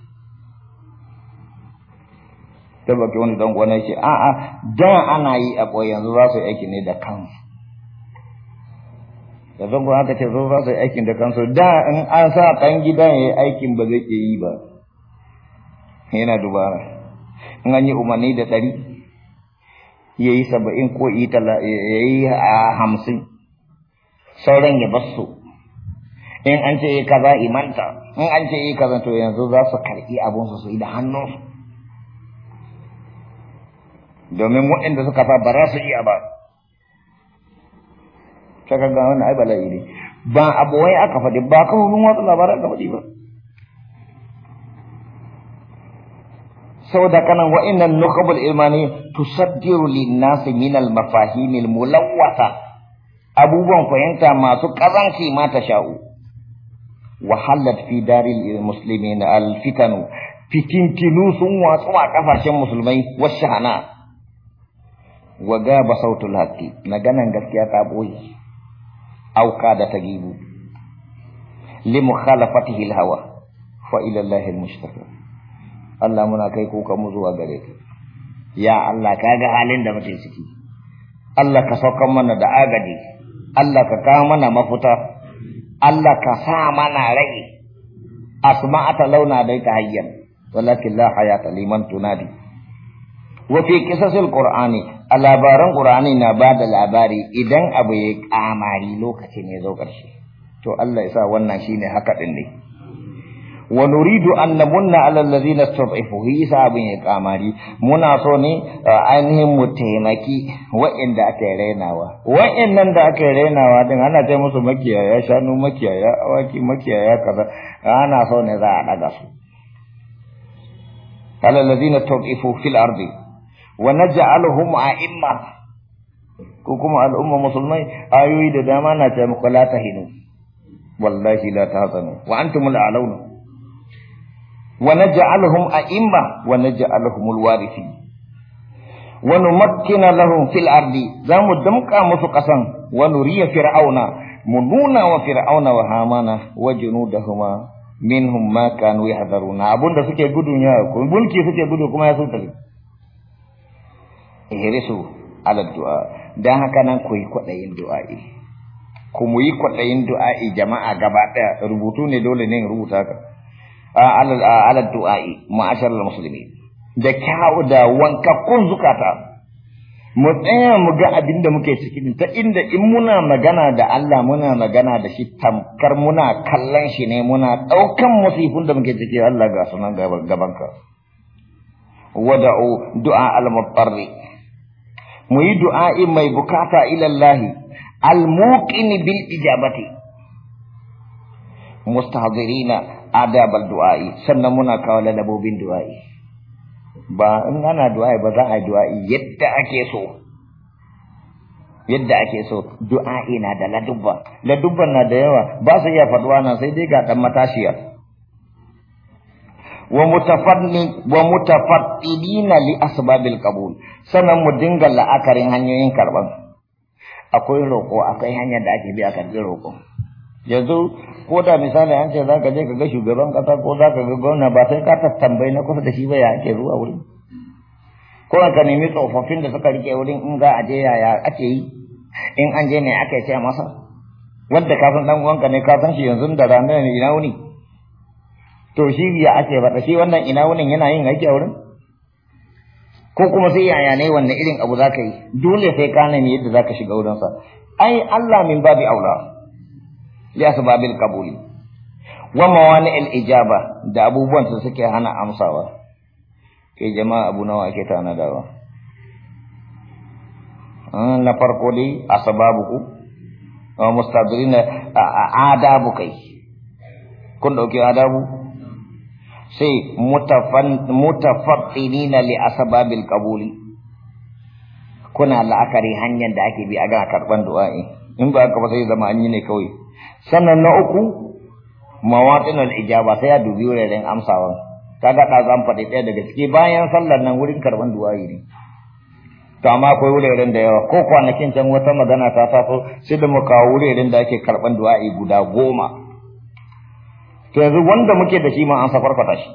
tabbaki wani dan gwana ce a'a da ana yi a yanzu za su yi aiki ne da kansu da zango aka ce zo za su yi aikin da kansu da in an sa ɗan gidan ya yi aikin ba zai ke yi ba yana dubara in an yi umarni da ɗari ya yi saba'in ko ya yi a hamsin sauran ya bar su in an ce yi kaza imanta in an ce yi kaza to yanzu za su karɓi abun su su yi da hannu. domin waɗanda suka fa ba za su iya ba saka ga wannan ai bala'i ne ba abu wai aka faɗi ba kafofin watsa labarai aka faɗi ba saboda kana wa'annan nuqabul imani tu lin-nasi min al-mafahimil mulawwata abubuwan fahimta masu kazanci ma ta sha'u wahallat fi daril muslimin al-fitanu fitintinu sun watsu a kafashen musulmai washahana wa gaba sautul haqqi maganan gaskiya ta boye auka da tagibu li mukhalafatihi al-hawa fa ila Allah al-mustafa Allah muna kai kuka mu zuwa gare ya Allah kaga halin da muke ciki Allah ka saukar mana da agadi Allah ka kawo mana mafuta Allah ka sa mana rai asma'ata launa dai la hayata liman tunadi wafi kisasul qur'ani a labaran qur'ani na ba da labari idan abu ya kamari lokaci ne zo ƙarshe to Allah ya sa wannan shine haka din ne wa nuridu an namunna ala allazina istad'ifu isa abin ya kamari muna so ne ainihin mu taimaki wa'inda aka yi rainawa wa'innan da aka yi rainawa din ana ta musu makiyaya shanu makiyaya awaki makiyaya kaza ana so ne za a daga su ala allazina istad'ifu fil ardi wa naj'aluhum a'imma ko kuma al'umma musulmai ayoyi da dama na ce muku la tahinu wallahi la tahzanu wa antum al'alawna wa naj'aluhum a'imma wa naj'aluhum al-warithin wa numakkina lahum fil ardi zamu damka musu kasan wa nuriya fir'auna mu nuna wa fir'auna wa hamana wa junudahuma minhum ma kanu yahzaruna abunda suke gudun ya mulki suke gudu kuma ya sun tafi ihrisu ala du'a dan haka nan ku yi kwadayin du'a'i ku mu yi kwadayin du'a'i jama'a gaba daya rubutu ne dole ne rubuta ka ala ala du'a'i ma'ashar muslimin da kyau da wanka kun zukata mu tsaya mu ga abin da muke cikin ta inda in muna magana da Allah muna magana da shi tamkar muna kallon shi ne muna ɗaukan musifin da muke ciki Allah ga sunan ka wada'u du'a al-mutarri mu yi du'a'i mai bukata ilallahi al-muqini bil ijabati mustahdirina adabal du'a'i sannan muna kawo ladabobin du'a'i ba in ana du'a'i ba za a yi du'a'i yadda ake so yadda ake so du'a'i na da ladubba ladubban na da yawa ba su iya faduwa na sai dai ga dan matashiyar wa mutafaddilina li asbabil qabul sanan mu dinga la'akarin hanyoyin karban akwai roko akwai hanyar da ake bi a karbi roko yanzu ko da misali an ce zaka je ka ga shugaban kasa ko zaka ga gwamna ba sai ka tambayi na kusa da shi ba ya ake zuwa wurin ko ka nemi tsofaffin da suka rike wurin in ga a je ya ake yi in an je ne aka ce masa wanda ka san dan uwanka ne ka san shi yanzu da ranar ne ina wuni to shi biya ake faɗa shi wannan ina wannan yana yin aiki a wurin ko kuma sai yaya ne wannan irin abu za ka yi dole sai ka nemi yadda za ka shiga wurinsa ai Allah min babi aula ya asbabil qabuli wa mawani al ijaba da abubuwan su suke hana amsawa ke jama'a abu nawa ake tana dawa hmm, na farko dai asbabuku wa mustadrina adabu kai kun dauke adabu sai mutafattinina li asbabil qabuli kuna la'akari hanyar da ake bi a ga karban du'a'i in ba haka ba sai zama an yi ne kawai sannan na uku mawatinul ijaba sai ya dubi wuraren amsawan kaga da zan faɗi ɗaya daga ciki bayan sallar nan wurin karban du'a'i ne to amma akwai wuraren da yawa ko kwanakin can wata magana ta taso sai da mu kawo wuraren da ake karban du'a'i guda goma to yanzu wanda muke da shi ma an safarfata shi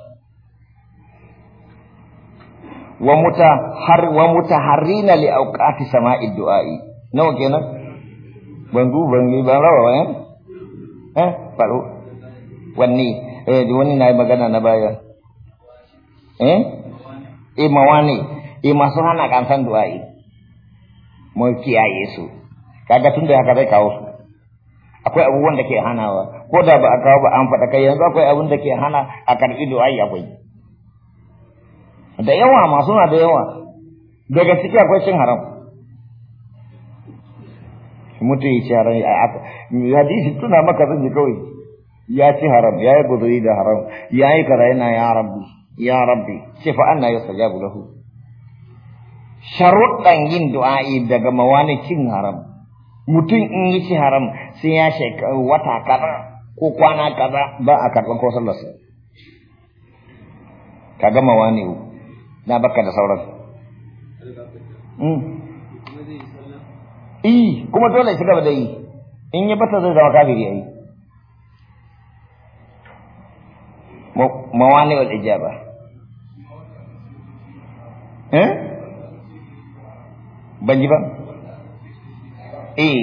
wa muta har wa muta harina li awqati sama'id du'a'i nawa kenan ban du ban yi ban rawa wayan eh faro wanni eh, eh di wani na magana na baya eh e eh, mawani e eh, masu hana kan san du'a'i mu kiyaye su kaga tunda haka zai kawo su akwai abubuwan da ke hanawa ko da ba a kawo ba an faɗa kai yanzu akwai abin da ke hana a karɓi du'ai akwai da yawa masu na da yawa daga ciki akwai cin haram mutum ya ci haram hadisi tuna maka zan kawai ya ci haram ya yi guduri da haram ya yi kara yana ya rabbi ya rabbi ce fa anna da lahu sharuɗɗan yin du'a'i daga mawani cin haram mutum in yi shi haram sai ya shekaru wata kaza ko kwana kaza ba a karɓar ko sallarsa ka gama wani na baka da sauran Eh kuma dole shi gaba da yi in yi bata zai zama kafiri yayi mawani wal ijaba eh ban ji ba eh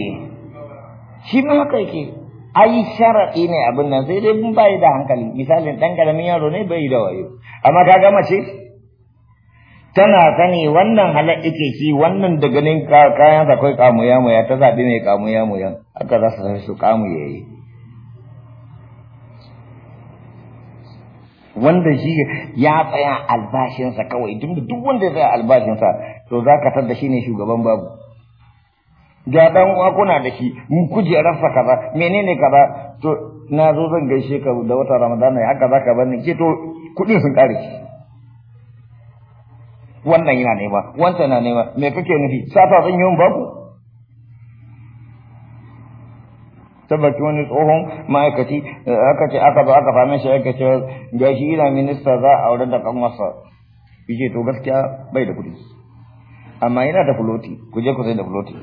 shi ma haka yake ai sharaɗi ne abin nan sai dai mun bayi da hankali misalin ɗan ƙaramin yaro ne bai da wayo amma ka gama ce tana sani wannan halar yake shi, wannan da ganin kayan sa kai kamuya muya ta zaɓi mai kamuya muya haka za su su kamu yayi wanda shi ya tsaya albashinsa kawai duk wanda ya tsaya albashinsa to za ka tar da shi ne shugaban babu ga dan uwa kuna da shi mun kuje rafa kaza menene kaza to na zo zan gaishe ka da wata ramadana ya haka zaka bani ke to kudin sun kare wannan yana nema wancan na nema me kake nufi safa zan yi mun ku? tabbaci wani tsohon ma'aikaci eh, aka ce aka zo aka fame shi aka ce ga shi ina minista za a aure da wasa yace to gaskiya bai da kudi amma yana da fuloti ku je ku sai da fuloti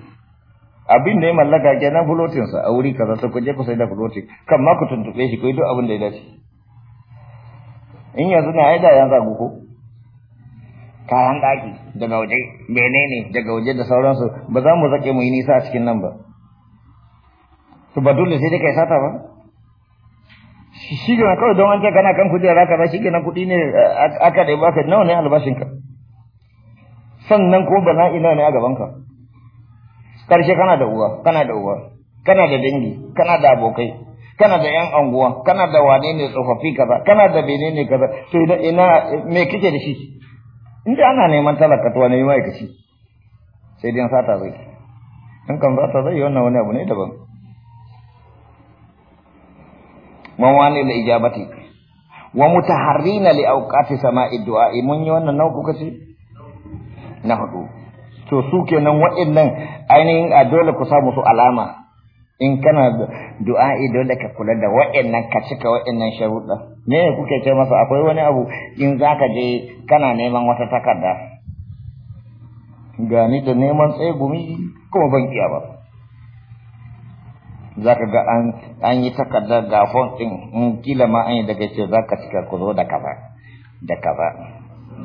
abin da ya mallaka kenan fulotin sa a wuri kaza sai ku je ku sai da fulotin kan ma ku tuntube shi ku yi duk abin da ya dace in yanzu na aida yan zagu ko kayan daki daga waje menene daga waje da sauransu ba za mu zake mu yi nisa a cikin nan ba to ba dole sai dai kai sata ba shi ga kawai don an ce kana kan kujera kaza shi gina kuɗi ne eh, aka ɗaya baka nawa ne albashinka sannan ko bana ina ne a gabanka karshe kana da uwa kana da uwa kana da dangi kana da abokai kana da yan anguwa kana da wane ne tsofaffi kaza kana da bene ne kaza to ina ina me kike da shi inda ana neman talaka to ne mai ma'aikaci sai dai sata zai in kan sata zai wannan wani abu ne daban man wani da ijabati wa mutaharrina li awqati sama'i du'a mun yi wannan nau'u kuka na hudu to su kenan wa'annan ainihin a dole ku samu su alama in kana du'a'i dole ka kula da wa'annan ka cika wa'annan sharuɗa me kuke ce masa akwai wani abu in zaka je kana neman wata takarda gani da neman tsegumi kuma ban iya ba zaka ga an yi takarda ga font din in kila ma an yi daga ce zaka cika ku zo da kaza da kaza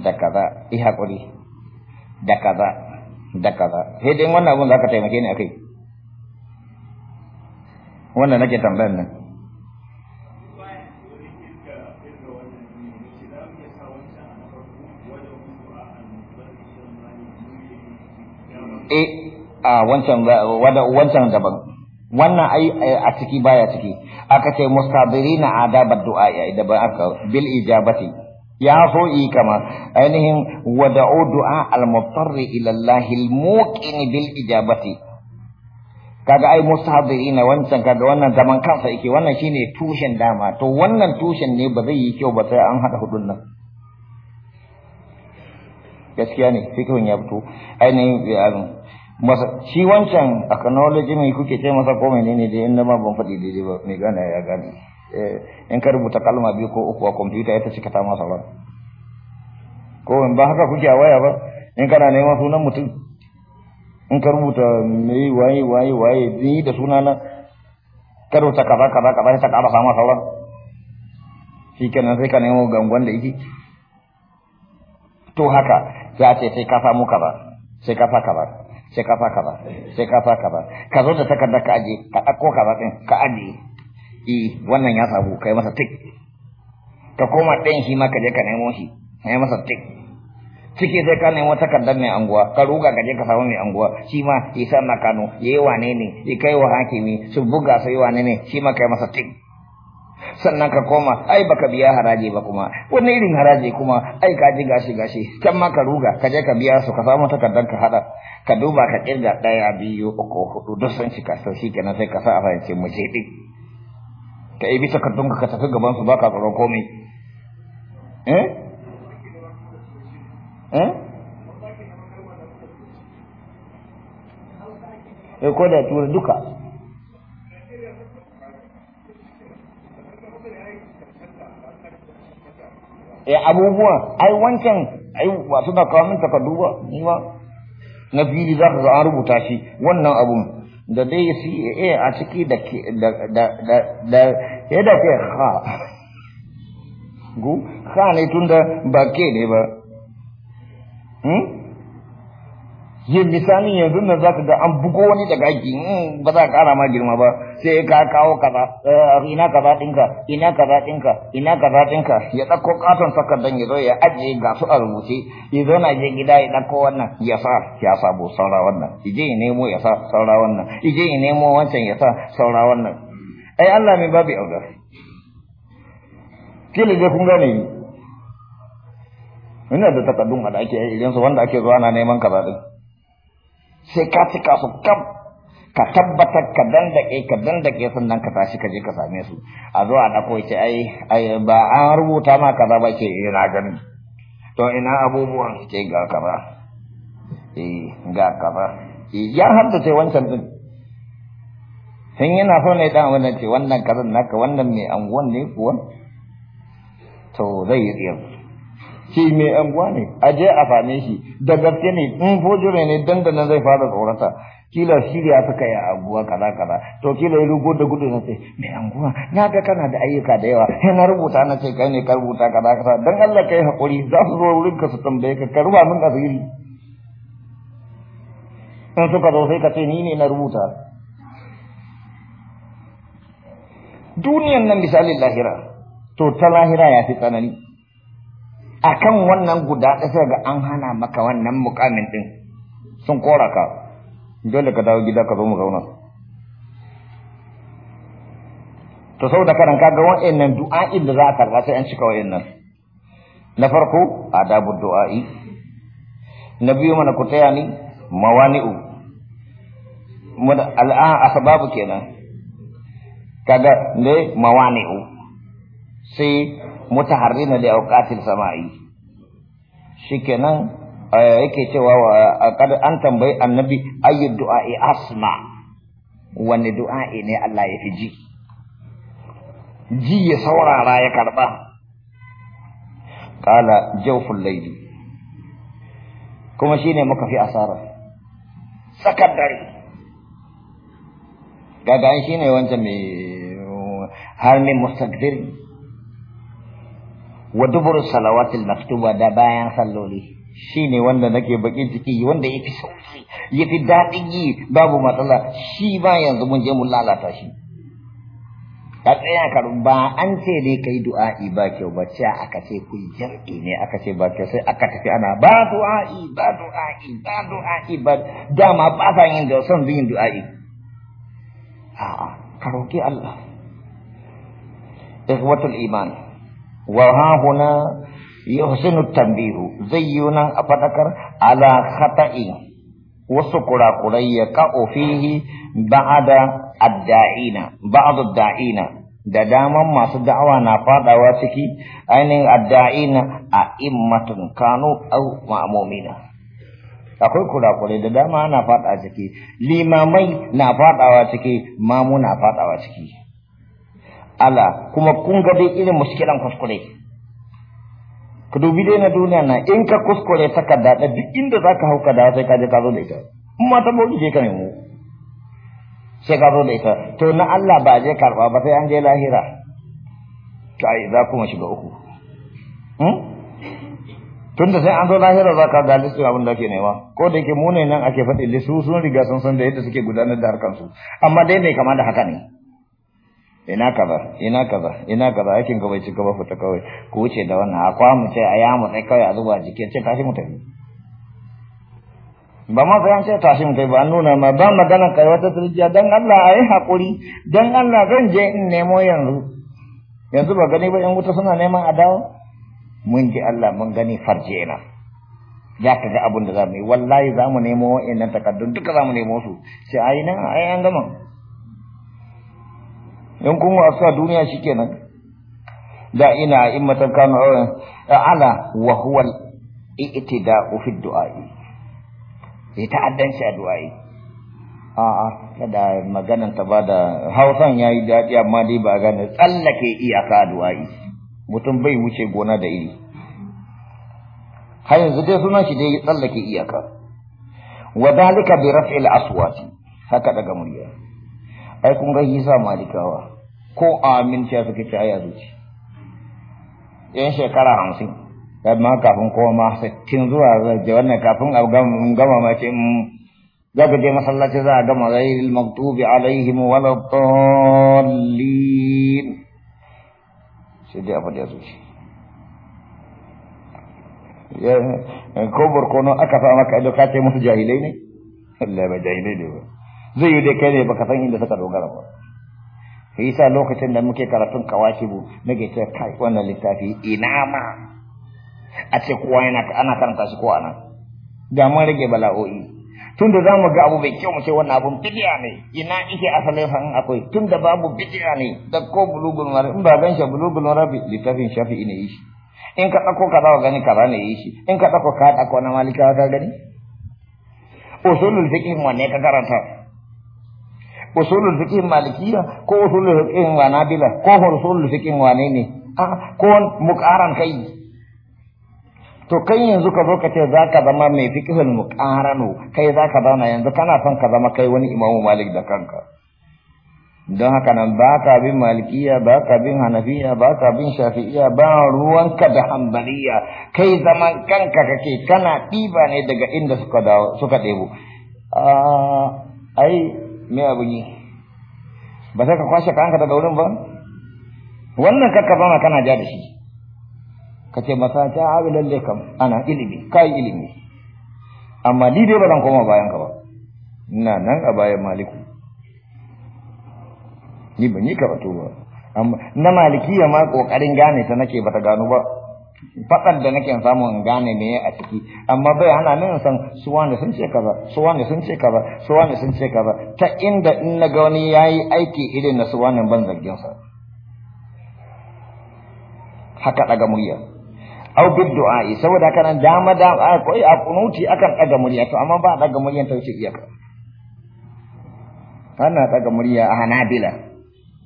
da kaza i hakuri da kaza da kaza sai dai wannan abun zaka taimake ni akai wannan nake tambayar nan eh a wancan wada wancan daban wannan ai a ciki baya ciki aka ce mustabirina adabat du'a ya idan ba aka bil ijabati ya so yi kama ainihin wada'u du'a al-mutarri ila Allah al-muqin bil ijabati kaga ai na wancan kaga wannan zaman kansa yake wannan shine tushen dama to wannan tushen ne ba zai yi kyau ba sai an hada hudun nan gaskiya ne fikihun ya fito ainihin um, masa shi wancan acknowledgement kuke ce masa ko menene dai inda ma ban faɗi daidai ba me gane ya gane Eh, in ka rubuta kalma biyu ko uku a kwamfuta ita cika ta masa ba ko in ba haka kuke a waya ba in kana neman sunan mutum in ka rubuta mai waye waye waye ni da sunana ka rubuta kaza kaza kaza ta ƙara sama sauran shi kenan sai ka nemo gangon da yake to haka ya ce sai ka samu kaza sai ka fa kaza sai ka fa kaza sai ka fa kaza ka zo da takardar ka aje ka ɗauko kaza ɗin ka aje i e, wannan ya sabu kai masa tik ka koma ɗan shi ma ka je ka nemo shi kai masa tik ciki sai ka nemo takardar mai anguwa ka ruga ka je ka samu mai anguwa shi ma ya sa na kano ya yi wane ne ya kai wa hakimi su buga su yi wane ne shi ma kai masa tik sannan ka koma ai baka biya haraji ba kuma wani irin haraji kuma ai ka ji gashi gashi can ma ka ruga ka je ka biya su ka samu takardar ka hada ka duba ka kirga daya biyu uku hudu duk sun cika sau shi kenan sai ka sa a fahimci mu je ɗin ka bisa takardunka ka tafi gaban su baka tsoron komai eh eh, eh ko da tura duka eh abubuwa ai wancan ai wasu da kawo min takardu ba ni ba na fili za ka ga an rubuta shi wannan abun da dai CAA a ciki da ya da ke ha gu ha ne tun da ba ke ne ba hmm? yin misalin yanzu nan za ka ga an bugo wani daga aiki hmm, ba za ka kara ma girma ba sai ka kawo kaza eh, ina kaza ɗinka ina kaza ɗinka ina kaza ɗinka ya ɗauko katon takardan ya zo ya ajiye ga su a rubuce ya zo na je gida ya ɗauko wannan ya sa ya sabo saura wannan ije ya nemo ya sa saura wannan ije ya nemo wancan ya sa saura wannan ai Allah mai babu audar kila dai kun gane ina da takardun a da ake idan su wanda ake zuwa na neman kaza ɗin sai ka cika su kam ka tabbatar ka dandake ka dandake sannan ka tashi ka je ka same su a zo a dako ce ai ba an rubuta ma kaza ba ke ina eh, gani to ina abubuwan ce ga kaza eh ga kaza eh, ya haddace wancan din sun yana so ne dan wannan ce wannan kazan naka wannan mai anguwan ne kuwa to zai yi tsiyar shi mai anguwa ne a je a same shi da gaske ne in mai ne dandana zai fara tsorata kila shirya kai a anguwa kaza kaza to kila ya rugo da gudu na ce mai anguwa na ga kana da ayyuka da yawa sai na rubuta na ce kai ne ka rubuta kaza kaza dan Allah kai hakuri za su zo wurin ka su tambaye ka ka ruba min asiri in suka zo sai ka ce ni ne na rubuta duniyan nan misalin lahira to ta lahira ya fi tsanani a kan wannan guda ɗaya ga an hana maka wannan mukamin ɗin sun kora ka dole ka dawo gida ka zo mu zauna to sau da karan kaga wa'annan du'a'i da za a karɓa sai an cika wa'annan na farko adabu du'a'i na biyu mana ku taya ni mawani'u al'an asbabu kenan kaga ne mawani'u sai mutaharrina da awqatil sama'i kenan eh, yake cewa Kada an tambayi annabi du'a du'a'i asma wani du'a'i ne Allah ya fi ji ji ya saurara ya karba kala jawful layli kuma shine muka fi asara sakar dare shi shine wancan mai har mai mustaqbiri wa dubur salawatil maktuba da bayan salloli shine wanda nake bakin ciki wanda yafi sauki yafi dadin yi babu matsala shi ba yanzu mun je mun lalata shi ka tsaya ka ba an ce dai kai du'a'i ba kyau ba ce aka ce ku jar'i ne aka ce ba kyau sai aka tafi ana ba du'a'i ba du'a'i ba du'a'i ba dama ba sa yin da son yin du'a'i a'a ka roki Allah ikhwatul iman wa hahuna yuhsinu tanbihu zayyunan afadakar ala khata'i wasu kurakurai ya ka'o fihi ba'ada adda'ina ba'adu da'ina da daman masu da'awa na fadawa ciki ainihin adda'ina a immatun kanu au ma'amomina akwai kurakurai da dama na fada ciki limamai na fadawa ciki mamu na fadawa ciki ala kuma kun ga dai irin muskilan kuskure ka dubi dai na duniya na in ka kuskure takarda da duk inda za ka hauka da sai ka je ka zo da ita in ma ta bauki sai ka nemo sai ka zo da ita to na Allah ba je karba ba sai an je lahira to yi za kuma shiga uku hmm? tun da sai an zo lahira za ka ga lissu abin da ake nema ko da yake mu ne nan ake faɗi lissu sun riga sun san da yadda suke gudanar da harkar amma dai mai kama da haka ne ina kaza ina kaza ina kaza aikin ka bai ci gaba fita kawai ku wuce da wannan akwa mu ce a yamu sai kawai a zuba jikin ce tashi mu tafi ba ma bayan ce tashi mu tafi ba nuna ma ba magana kai wata turjiya dan Allah ayi hakuri dan Allah zan je in nemo yanzu yanzu ba gani ba yan wuta suna neman a dawo mun ji Allah mun gani farje ina ya ka ga abin da za mu yi wallahi za mu nemo wa'annan takaddun duka za mu nemo su sai ayi nan ai an gama in kun wasu a duniya kenan. da ina immatan kanu eh, eh, ala wa huwa al-i'tida'u fi du'a'i Ya ta'addanci a du'a'i a'a kada maganan ta bada Hausan yayi dadi amma dai ba gane tsallake iyaka a du'a'i mutum bai wuce gona da iri har yanzu dai sunan shi dai tsallake iyaka wa dalika bi raf'il aswati haka daga murya ai kun ga hisa malikawa ko a aminciya suke ci a zuci yan shekara hamsin ma kafin kowa ma sittin zuwa zai wannan kafin a gama ma ce za ka je masallaci za a gama zai maktubi alaihim wala tallin sai dai a faɗi a zuci ko barkono aka fa maka ido ka ce musu jahilai ne Allah ba jahilai ne ba zai yi dai kai ne baka san inda suka dogara ba sai yasa lokacin da muke karatun kawakibu nake ce kai wannan littafi ina ma a ce kowa yana ana karanta shi ko ana da mun rage bala'o'i tun da zamu ga abu mai kyau mu ce wannan abun bid'a ne ina yake asalin san akwai tun da babu bid'a ne da ko bulugul mara in ba ganshi bulugul mara littafin shafi'i ne shi in ka dako ka dawo gani kaza ne shi in ka dako ka dako na malika ka gani usulul fiqh wanne ka karanta usul fikih malikiya ko usul fikih wanabila ko usul fikih wane a ko mukaran kai to kai yanzu ka zo ka ce za ka zama mai fiqhul mukaranu kai za ka zauna yanzu kana son ka zama kai wani imamu malik da kanka don haka nan ba ka bin malikiya ba ka bin hanafiya ba ka bin shafi'iya ba ruwanka da hambaliya kai zaman kanka kake kana ɗiba ne daga inda suka dawo suka ɗebo ai me abun yi ba sai ka kwashe kanka daga wurin ba wannan karka ma kana ja da shi ka ce masa ta abu lalle kam ana ilimi kai ilimi amma ni dai ba zan koma bayan ka ba ina nan a bayan maliku ni ban yi karatu ba amma na malikiya ma kokarin gane ta nake bata gano ba faɗar da nake samu in gane ne a ciki amma bai hana min in san su wanda sun ce kaza su wanda sun ce kaza su wanda sun ce kaza ta inda in na ga wani yayi aiki irin na su wannan ban zargin sa haka daga murya au bid du'a'i saboda haka nan dama da akwai a kunuti akan daga murya to amma ba daga muryan ta wuce iyaka kana daga murya a hanabila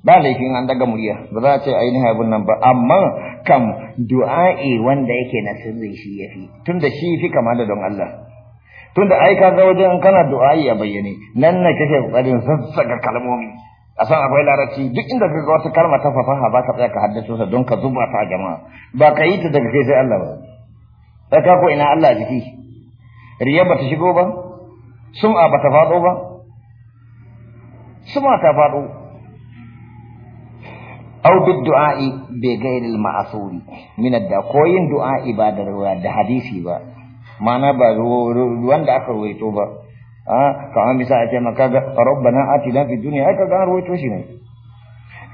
ba laifin an daga murya ba za a ce ainihin abin nan ba amma kam du'a'i wanda yake na sirri shi ya fi tun da shi fi kama da don Allah tun da ai kaga wajen kana du'a'i a bayyane nan na kake kokarin sassaka kalmomi a san akwai larabci duk inda ka ga wata kalma ta fasaha ba ka tsaya ka haddace ta don ka zuba ta a jama'a ba ka yi ta daga kai sai Allah ba sai ka ko ina Allah jiki riya ba ta shigo ba sum'a ba ta faɗo ba sum'a ta faɗo أو بالدعاء بغير المعصور من الدعاء كوين دعاء بعد الرواية حديثي با معنى با روان دا أكا رويتو با كما مثال أتيما كاغا ربنا آتنا في الدنيا أكا غان رويتو شنو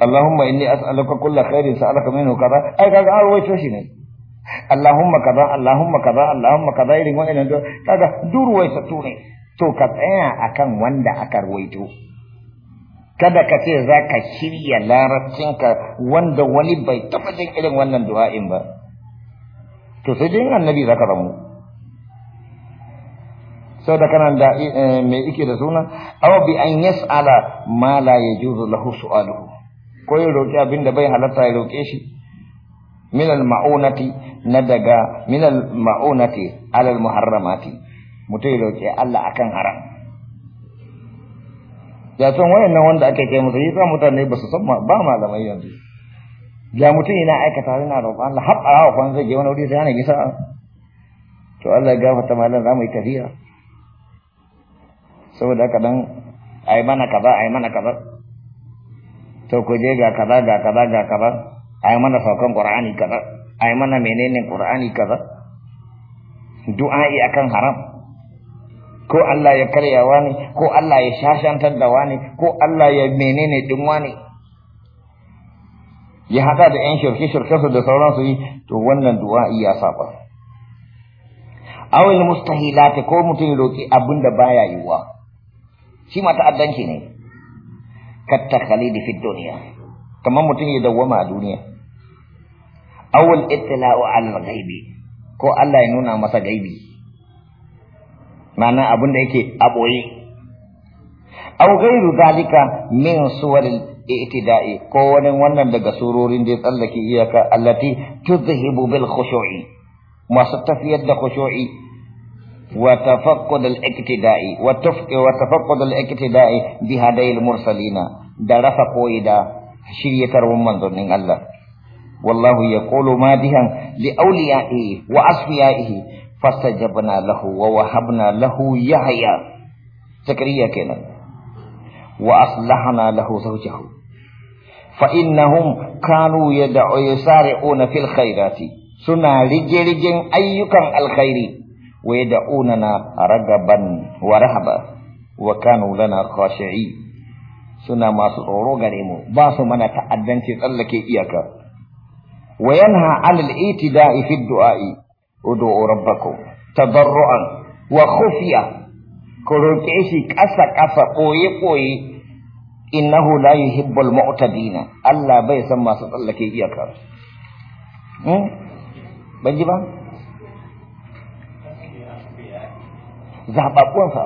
اللهم إني أسألك كل خير سألك منه كذا أكا غان رويتو شنو اللهم كذا اللهم كذا اللهم كذا إلي وإلي كاغا دور ويستوني تو كتايا أكا واندا أكا رويتو kada ka ce za ka shirya larabcinka wanda wani bai taɓa jin irin wannan du'a'in ba to sai dai annabi za ka ramu sau da kanan da eh, eh, mai ike da suna aw bi an yas'ala ma la yajuzu lahu su'aluhu ko ya roƙi abin bai halatta ya roƙe shi min al na daga min al alal muharramati mutum ya roƙi Allah akan haram ya san wayannan wanda ake kai musu yasa mutane ba su san ba malamai yanzu ga mutum yana aikata yana roƙon Allah har arawa kwan zai je wani wuri sai ana gisa to Allah ya gafarta malam za mu yi tafiya saboda haka dan ai mana kaza ai mana kaza to ku je ga kaza ga kaza ga kaza ai mana saukan qur'ani kaza ai mana menene qur'ani kaza du'a'i akan haram ko Allah ya karya wani ko Allah ya shashantar da wani ko Allah ya menene din wani ya hada da yan shirke shirke su da sauransu yi to wannan du'a iya saba awil mustahilati ko mutum ya roki abin da baya yiwa shi ma ta'addanci ne katta khalidi fi duniya kamar mutum ya dawwama a duniya awil ittila'u al ghaibi ko Allah ya nuna masa gaibi ma'ana abin da yake a ɓoye au gairu zalika min suwaril itida'i ko wani wannan daga surorin da ya tsallake iyaka allati tuzhibu bil khushu'i masu tafiyar da khushu'i wa tafaqqud al iktida'i wa tafqi wa tafaqqud al iktida'i bi hadayil mursalina da rafa koyi da shiryatarwar manzonin Allah wallahu yaqulu madihan li awliya'ihi wa asfiya'ihi فاستجبنا له ووهبنا له يحيى زكريا كنا وأصلحنا له زوجه فإنهم كانوا يدعو يسارعون في الخيرات سنا رجي أيكم الخير ويدعوننا رغبا ورهبا وكانوا لنا خاشعين سنا ما سرورو غريمو باسو منا تأدنتي تلك إياك وينهى عن الاعتداء في الدعاء ud'u rabbakum tadarruan wa khufiya ku roƙe shi ƙasa ƙasa koye koye innahu la yuhibbul mu'tadina Allah bai san masu tsallake iyaka hmm ban ji ba zababbuwan fa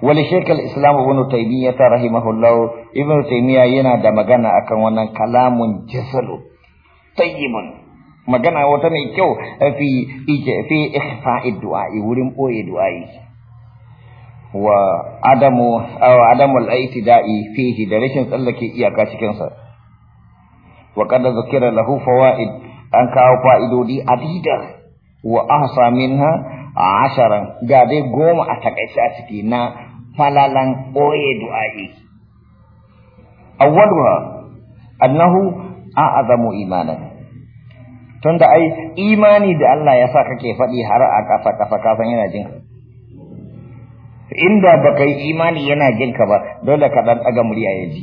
ولشيخ الإسلام ابن تيمية رحمه الله ابن تيمية ينا دا مغانا أكن وانا كلام جسل طيب magana wata mai kyau fi fi ikhfa'i du'a'i wurin boye du'a'i wa adamu aw adamu al-aitida'i fihi da rashin tsallake iyaka cikin sa wa qad zukira lahu fawaid an kawo fa'idodi adida wa ahsa minha asharan ga dai goma a takaice a ciki na falalan boye du'a'i awwaluha annahu a'zamu imanan tunda ai imani da Allah ya sa kake faɗi har a kafa kafa kafa yana jin inda baka yi imani yana jin ka ba dole ka dan daga murya ya ji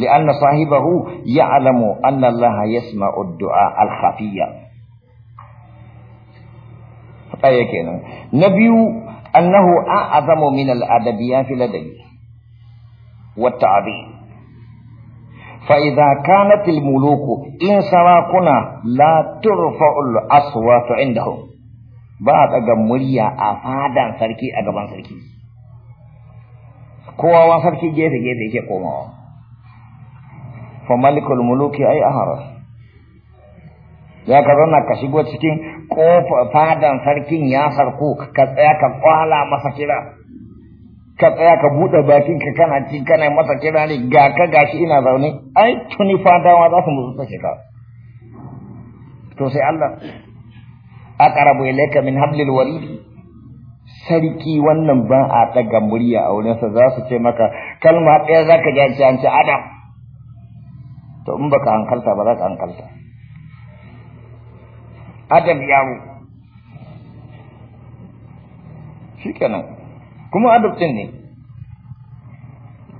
li'anna sahibahu ya'lamu anna Allah yasma'u ad-du'a al-khafiyya ɗaya kenan na biyu annahu a'azamu min al-adabiyya fil wa ta'abi فإذا كانت الملوك إن سراكنا لا ترفع الأصوات عندهم بعد جمهورية أفادا سركي أجبان سركي كوا سركي جيد جيد جيد كوا فملك الملوك أي أهرس ya ka zauna ka shigo cikin kofa fadan sarkin ya sarku ka tsaya ka kwala masa kira ka tsaya ka buɗe bakinka kana ci kana masa kira ne ga ka gashi ina zaune ai tuni fadawa za su mutu take ka to sai Allah aqrabu ilayka min hablil warid sarki wannan ba a daga murya a wurinsa za su ce maka kalma ɗaya za ka ji an ce adam to in baka hankalta ba za ka hankalta adam yawo shikenan kuma adoptin ne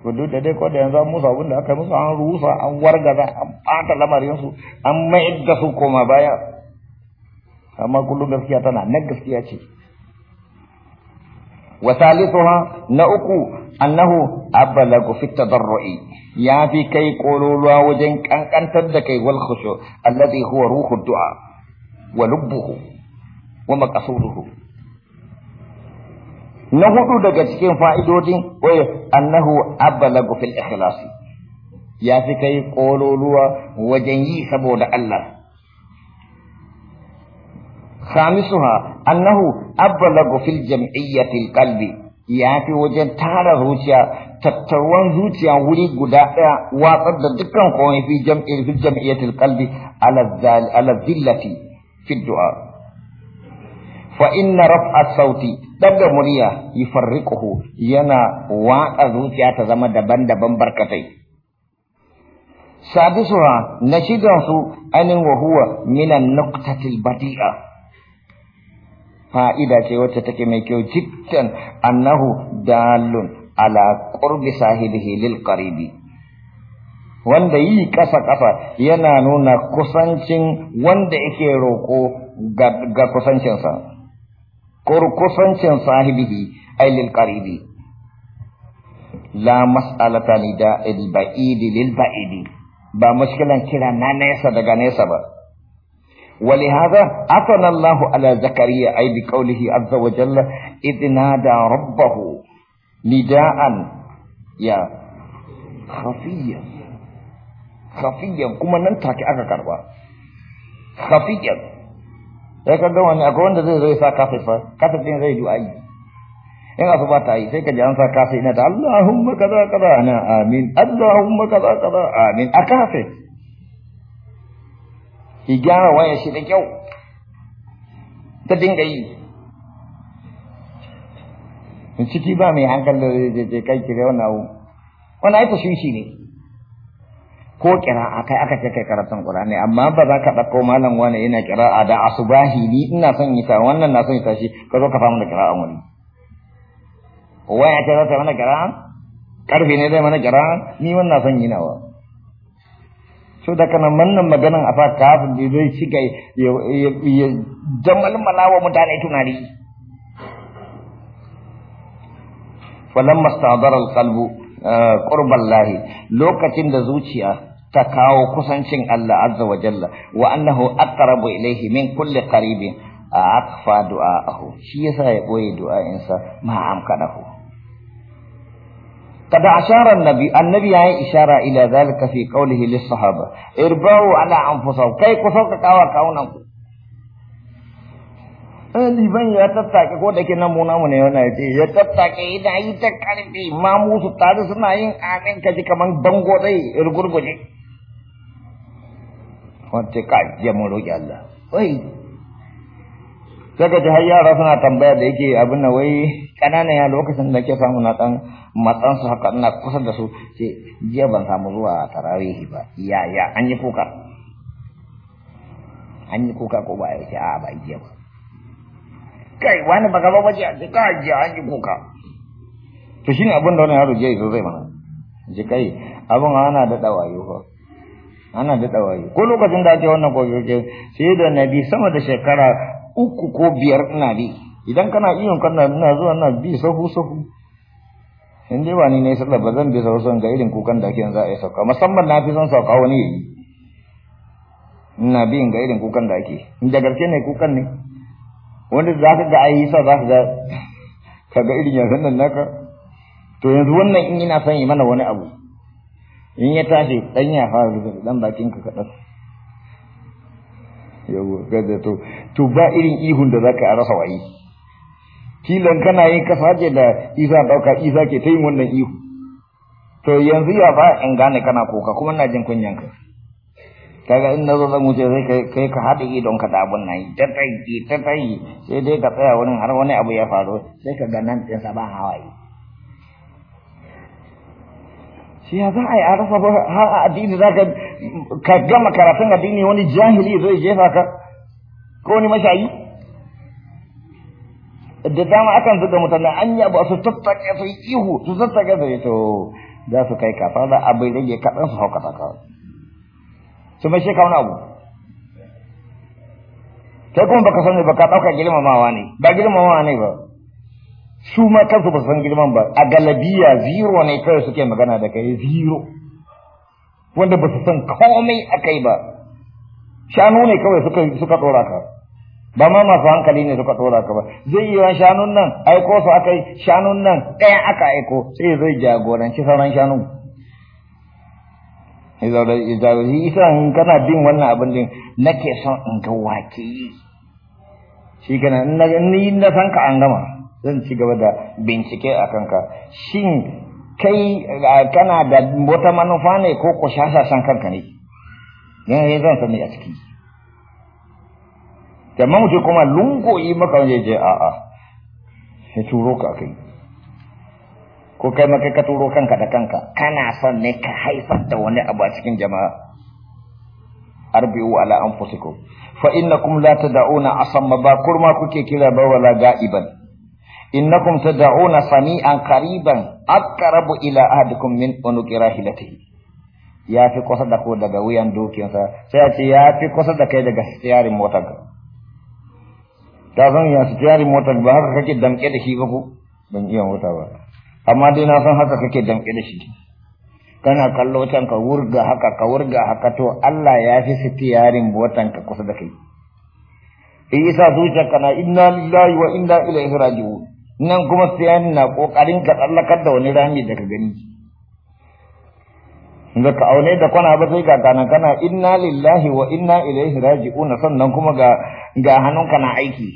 duk da dai ko da yanzu musu abin aka musu an rusa an wargaza an ɓata lamarinsu an mayar da su koma baya amma kullum gaskiya tana nan gaskiya ce وثالثها نأكو ya fi kai التضرع wajen ƙanƙantar da قولوا لا وجن كان كان تدكي والخشوع الذي هو wa الدعاء ولبه ومقصوده na hudu daga cikin fa'idodin wai annahu abalagu fil ikhlasi ya fi kai kololuwa wajen yi saboda Allah khamisuha annahu abalagu fil jam'iyyati qalbi ya fi wajen tara zuciya tattarwan zuciya wuri guda ɗaya watsar da dukkan komai fi jam'iyyati qalbi ala zillati fi du'a fa inna raf'a sauti daga murya yi yufarriquhu yana waƙa zuciya ta zama daban-daban barkatai na nashidan su anin wa huwa minan nuqtatil badi'a fa'ida ce wacce take mai kyau jiddan annahu dalun ala qurbi sahibihi lil qaribi wanda yi kasa kafa yana nuna kusancin wanda yake roƙo ga kusancinsa kurkusancin sahibihi ay lil qaribi la mas'alata li da'il ba'id lil ba'idi ba mushkilan kira na nesa daga nesa ba ولهذا أثنى الله على زكريا أي بقوله عز وجل إذ نادى ربه نداء يا خفيا خفيا كما ننتهك أكا كربا خفيا sai ka ga wani akwai wanda zai zo ya sa kafin fa kafin din zai du'a yi in asuba ta yi sai ka ji an sa kafin ina da Allahumma kaza kaza ana amin Allahumma kaza kaza amin a kafin ki gyara waya shi da kyau ta dinga yi in ciki ba mai hankali da zai je kai kire wannan wani aika shi tashwishi ne ko kira'a kai aka ce kai karatun Qur'ani amma ba za ka dauko malam wani yana kira'a da asubahi ni ina son yi ta wannan na son yi ta shi ka zo ka mun da kira'a wani waya ta za ta mana kira'a karfe ne zai mana kira'a ni wannan son yi nawa so da kana wannan maganan a fa kafin da zai shiga ya jamal malawa mutane tunani falamma stadara alqalbu eh, lahi lokacin da zuciya ta kawo kusancin Allah azza wa jalla wa annahu aqrabu ilayhi min kulli qaribin aqfa du'aahu shi yasa ya boye du'a'insa ma amkanahu قد أشار النبي النبي أي إشارة إلى ذلك في قوله للصحابة اربعوا على أنفسهم كي كسوك كوا كونكم liban ya tattake ko da ke nan mu namu ne wannan ya tattake ina yi ta karfi ma musu suna yin amin kaji kaman bango dai wacce k'a je mu roƙi Allah wai saka ta har yara suna tambaya da yake abin da wai ƙananan ya lokacin da ke samu na ɗan matsan su haka ina kusa da su ce jiya ban samu zuwa tarawihi ba ya ya an yi kuka an yi kuka ko ba ya ce a ba jiya ba kai wani baka ba waje a ce kai jiya an yi kuka to shine abin da wani yaro jiya zo zai mana ji kai abin ana da dawayo fa ana da tsawaye ko lokacin da ake wannan kokokin sai da na bi sama da shekara uku ko biyar ina bi idan kana iyon kana ina zuwa na bi sahu sahu in dai ba ni ne sallah ba zan bi sahu sahu ga irin kukan da ake yanzu a yi sauka musamman na fi son sauka wani yi ina bi ga irin kukan da ake in da gaske ne kukan ne wanda za ka ga ayi sa za ka ga ka ga irin yanzu nan naka to yanzu wannan in ina son yi mana wani abu in ya tashi dan ya fara rubuta dan bakin ka kadan ga da to to ba irin ihun da zaka rasa wayi kilan kana yin kafaje da isa dauka isa ke ta yin wannan ihu to yanzu ya ba in gane kana koka kuma ina jin kunyan ka kaga in nazo zan wuce sai kai kai ka haɗe don ka da abun nan ta tai ta tai sai dai ka tsaya wurin har wani abu ya faru sai ka ga nan sa ba hawaye shi ya za a yi a rasa ba har a addini za ka ka gama karatun addini wani jahili zai jefa ka ko wani mashayi da dama akan zuga mutane anya ba su tattaka su ihu su tattaka su to za su kai kafa da abin rage kaɗan su haukata kawai su mai shekawun abu kai kuma baka sani ba ka ɗauka girmamawa ne ba girmamawa ne ba su ma kansu ba san girman ba a galabiya zero ne kawai suke magana da kai zero wanda ba su san komai a kai ba shanu ne kawai suka suka tsora ka ba ma masu hankali ne suka tsora ka ba zai yi wa shanun nan aiko su aka yi shanun nan ɗaya aka aiko sai zai jagoranci sauran shanu isa in kana bin wannan abin din nake son in ga wake shi kana in na san ka an gama zan ci gaba da bincike a kanka shin kai kana da wata manufa ne ko ko shasashen kanka ne yanayi zan sani a ciki Da mutum kuma lungo yi maka wani je a a ya turo ka kai ko kai maka ka turo kanka da kanka kana son ne ka haifar da wani abu a cikin jama'a arbiu ala anfusikum fa innakum la tad'una asamma ba kurma kuke kira ba wala ga'iban innakum tad'una sami'an qariban aqrabu ila ahadikum min unuki rahilatihi ya fi kusa da ku daga wuyan dukiyarsa sai a ce ya fi kusa da kai daga siyarin motar ka san ya siyarin motar ba haka kake damke da shi ba ko? ban iya mota ba amma dai na san haka kake damke da shi kana kallo can ka wurga haka ka wurga haka to Allah ya fi sitiyarin motar ka kusa da kai isa zuciyarka na inna lillahi wa inna ilaihi raji'un nan kuma siyani na kokarin ka tsallakar da wani rami da ka gani da ka aune da kwana ba sai ga kana kana inna lillahi wa inna ilaihi raji'un sannan kuma ga ga hannunka na aiki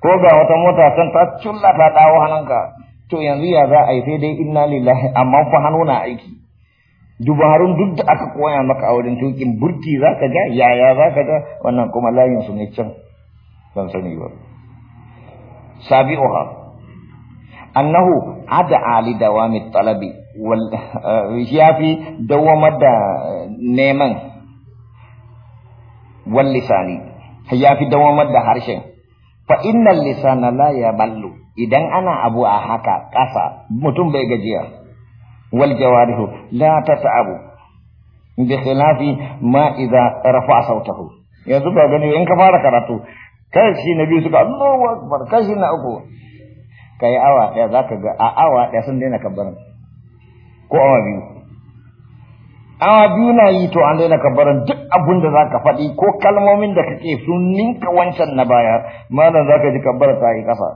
ko ga wata mota san ta culla ta dawo hannunka to yanzu ya za a yi sai dai inna lillahi amma fa hannu na aiki dubarun duk da aka koya maka a wurin tukin burki zaka ga yaya zaka ga wannan kuma layin su ne can ban sani ba sabi'uha annahu ada ali dawami talabi ya fi dawamar da neman wal ya fi dawamar da harshen fa innal lisana la ballu idan ana abu a haka ƙasa mutum bai gajiya wal jawarihu la tata'abu bi khilafi ma idza rafa sautahu yanzu ba gani in ka fara karatu kai shi na biyu suka Allahu akbar kai shi na uku ka yi awa ɗaya za ka ga a awa ɗaya sun daina kabbaran ko awa biyu awa biyu na yi to an daina kabbaran duk abin da za ka faɗi ko kalmomin da kake sun ninka wancan na baya malam za ka ji kabbar ta yi ƙasa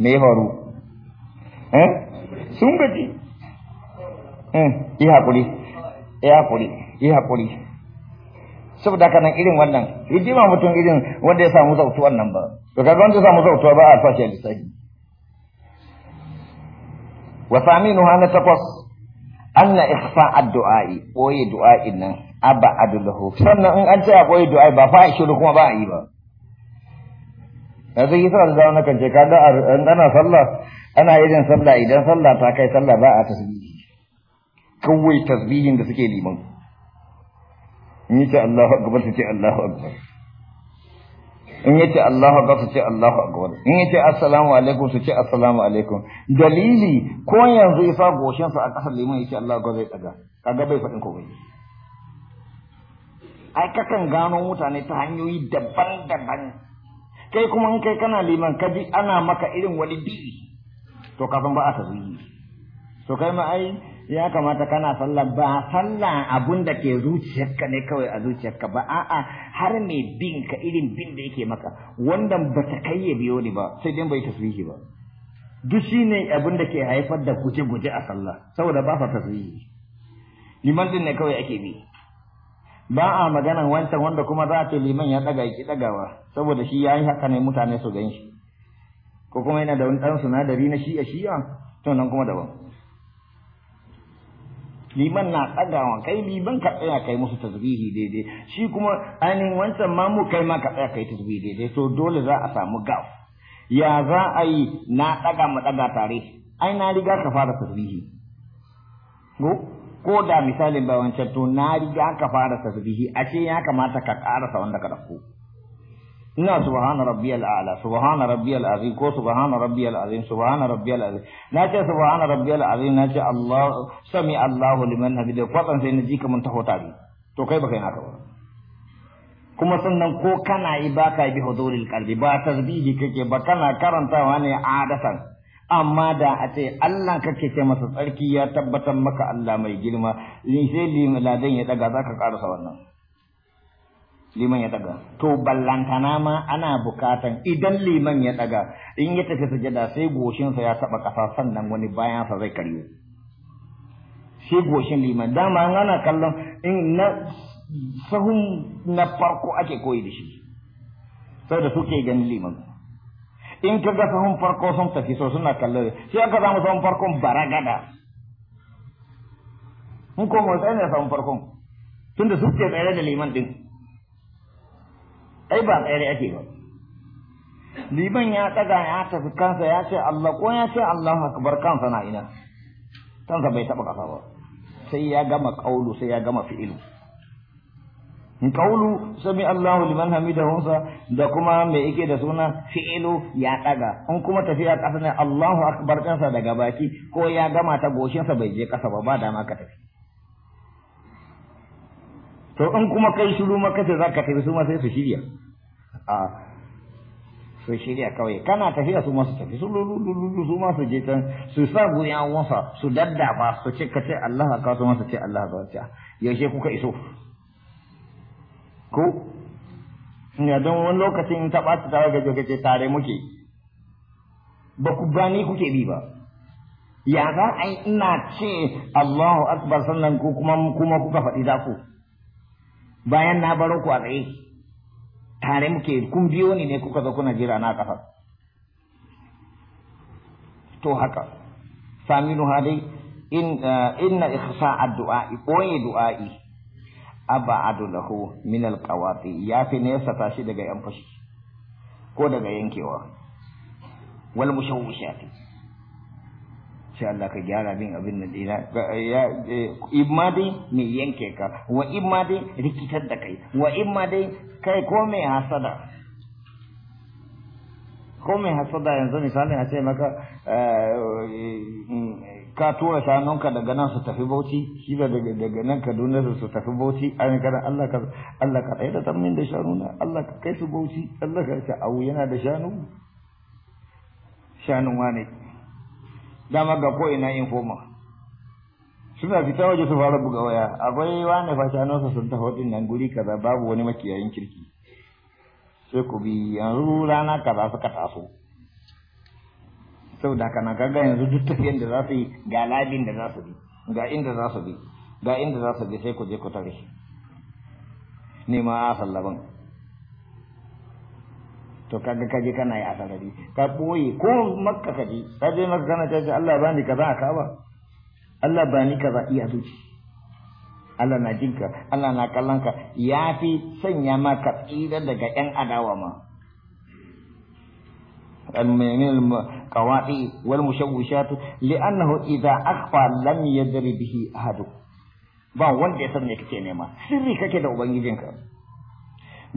me faru eh? sun gaji eh, yi haƙuri yi haƙuri yi haƙuri saboda haka nan irin wannan rigima mutum irin wanda ya samu zautuwan nan ba to kaga wanda ya samu zautuwa ba a alfashi lissafi wa saminuha Hana takwas anna ikhfa addu'a'i boye du'a'in nan aba adulahu sannan in an ce a boye du'a'i ba fa shiru kuma ba a yi ba yanzu yi sallar zama nakan ce kaga an ana sallah ana yin sallah idan sallah ta kai sallah ba a tasbihi kawai tasbihin da suke liman ni ce Allahu akbar ce Allahu akbar in yace Allahu akbar su ce Allahu akbar in yace assalamu alaikum su ce assalamu alaikum dalili ko yanzu isa goshin sa a kasar liman yace Allahu akbar zai daga kaga bai fadin komai ai kakan gano mutane ta hanyoyi daban-daban kai kuma in kai kana liman ka ji ana maka irin wani bi to kafin ba a tabi to kai ma ai ya kamata kana sallah ba sallah abun da ke zuciyarka ne kawai a zuciyarka ba a'a har mai bin ka irin bin da yake maka wanda ba ta kai ya biyo ni ba sai dai bai tasbihi ba duk shine abun da ke haifar da guje-guje a sallah saboda ba fa tasbihi liman din ne kawai ake bi ba a maganan wancan wanda kuma za ta liman ya daga ki dagawa saboda shi yayi haka ne mutane su gan shi ko kuma yana da wani dan sinadari na a shi'a to nan kuma daban liman na tsagawa kai liman ka tsaya kai musu tasbihi daidai shi kuma ainihin wancan mamu kai ma ka tsaya kai tasbihi daidai to dole za a samu gaf ya za a yi na tsaga mu tsaga tare ai na riga ka fara tasbihi ko da misalin ba wancan to na riga ka fara tasbihi a ce ya kamata ka ƙarasa wanda ka dauko ina subhana rabbiyal a'la subhana rabbiyal azim ko subhana rabbiyal azim subhana rabbiyal azim na ce subhana rabbiyal azim na ce Allah sami Allahu liman hamida kwatsan sai na ji kaman taho tare to kai baka yi haka ba kuma sannan ko kana yi ba ka bi huduril qalbi ba tasbihi kake ba kana karantawa ne adatan amma da a ce Allah kake ce masa tsarki ya tabbatar maka Allah mai girma ni sai limadan ya daga zaka karasa wannan liman ya daga to ballantana ma ana bukatan idan liman ya daga in ya tafi sujada sai goshin sa ya taba kasa sannan wani bayan sa zai karyo sai goshin liman dama ana kallon in na sahun na farko ake koyi da shi sai da suke ganin liman in ka ga sahun farko sun tafi so suna kallo sai aka samu sahun farkon baragada mun ko mu sai ne sahun farkon tunda suke tsere da liman din ai ba tsere ake ba liman ya daga ya tafi kansa ya ce Allah ko ya ce Allah akbar kansa na ina kansa bai taba kasa ba sai ya gama kaulu sai ya gama fi'ilu in kaulu sami Allah liman hunsa da kuma mai yake da suna fi'ilu ya daga in kuma tafiya kasa ne Allahu akbar kansa daga baki ko ya gama ta goshinsa bai je kasa ba ba dama ka tafi to in kuma kai shiru maka sai zaka tafi su ma sai su shirya a su shirya kawai kana tafiya su masu tafi su lulululu su masu je can su sa guya wasa su dadda ba su ce ka ce Allah ka su masu ce Allah ka ce yaushe kuka iso ko ya don wani lokacin ta ɓata tare ga jokace tare muke ba ku gani kuke bi ba ya za a yi ina ce Allahu akbar sannan ku kuma kuma kuka faɗi za ku bayan na baro ku a tsaye tare muke kun biyo ni ne kuka zo kuna jira na kafa to haka saminu hadai in eh, inna ikhsa addu'a koyi du'a'i abadu lahu min alqawati ya fi nesa tashi daga yan fashi ko daga yankewa wal mushawwishati sai Allah ka gyara bin abin da dina ya eh, imma dai mai yanke ka wa imma dai rikitar da kai wa imma dai kai ko mai hasada ko mai hasada yanzu misali a ce maka eh, mm, ka tura shanunka daga nan su tafi bauchi shi da daga nan kaduna su tafi bauchi an kada Allah ka Allah ka tsaye da tammin da shanuna Allah ka kai su bauchi Allah ka ce awu yana da shanu shanun wane dama ga ko ina koma suna fita waje su fara buga waya akwai wani fashanonsa sun taho din nan guri kaza babu wani makiyayin kirki sai ku bi yanzu rana kaza suka taso sau da kana kaga yanzu duk tafiyan da za su yi ga labin da za su bi ga inda za su bi ga inda za su bi sai ku je ku tare nema a sallaban to kaga kaje kana yi asarari ka boye ko makka kaje kaje makka kana ta ce Allah bani kaza a kaba Allah bani kaza iya zuci Allah na jinka Allah na kallonka ya fi sanya maka tsira daga yan adawa ma المؤمنين القواطي والمشوشات لأنه إذا أخفى لم يدري به أحد ba wanda ya san me kake nema sirri kake da ubangijinka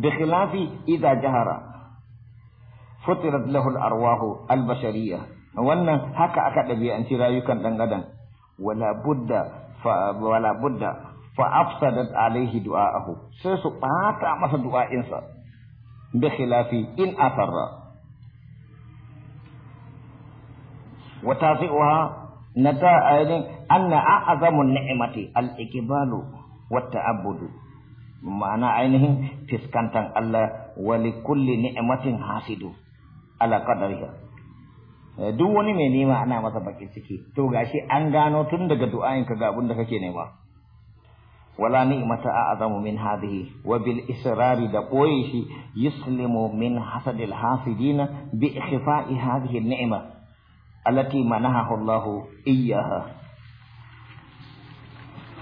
bi khilafi idza jahara futirat lahul arwahu al-bashariyah wannan haka aka dabi'anci rayukan dan adam wala budda fa wala budda fa afsadat alaihi du'aahu sai su bata masa du'a'insa bi khilafi in asarra wa tafi'uha nata ayin anna a'zamu ni'mati al-iqbalu wa ta'abbudu ma'ana ainihin fiskantan Allah wa likulli ni'matin hasidu ala qadariha eh, duk wani mai nema ana masa bakin ciki to gashi an gano tun daga du'ayin ka ga abin da kake nema wala ni'mata a'zamu min hadhihi wa bil israri da koyi shi yuslimu min hasadil hasidina bi ikhfa'i hadhihi ni'ma allati manaha Allah iyyaha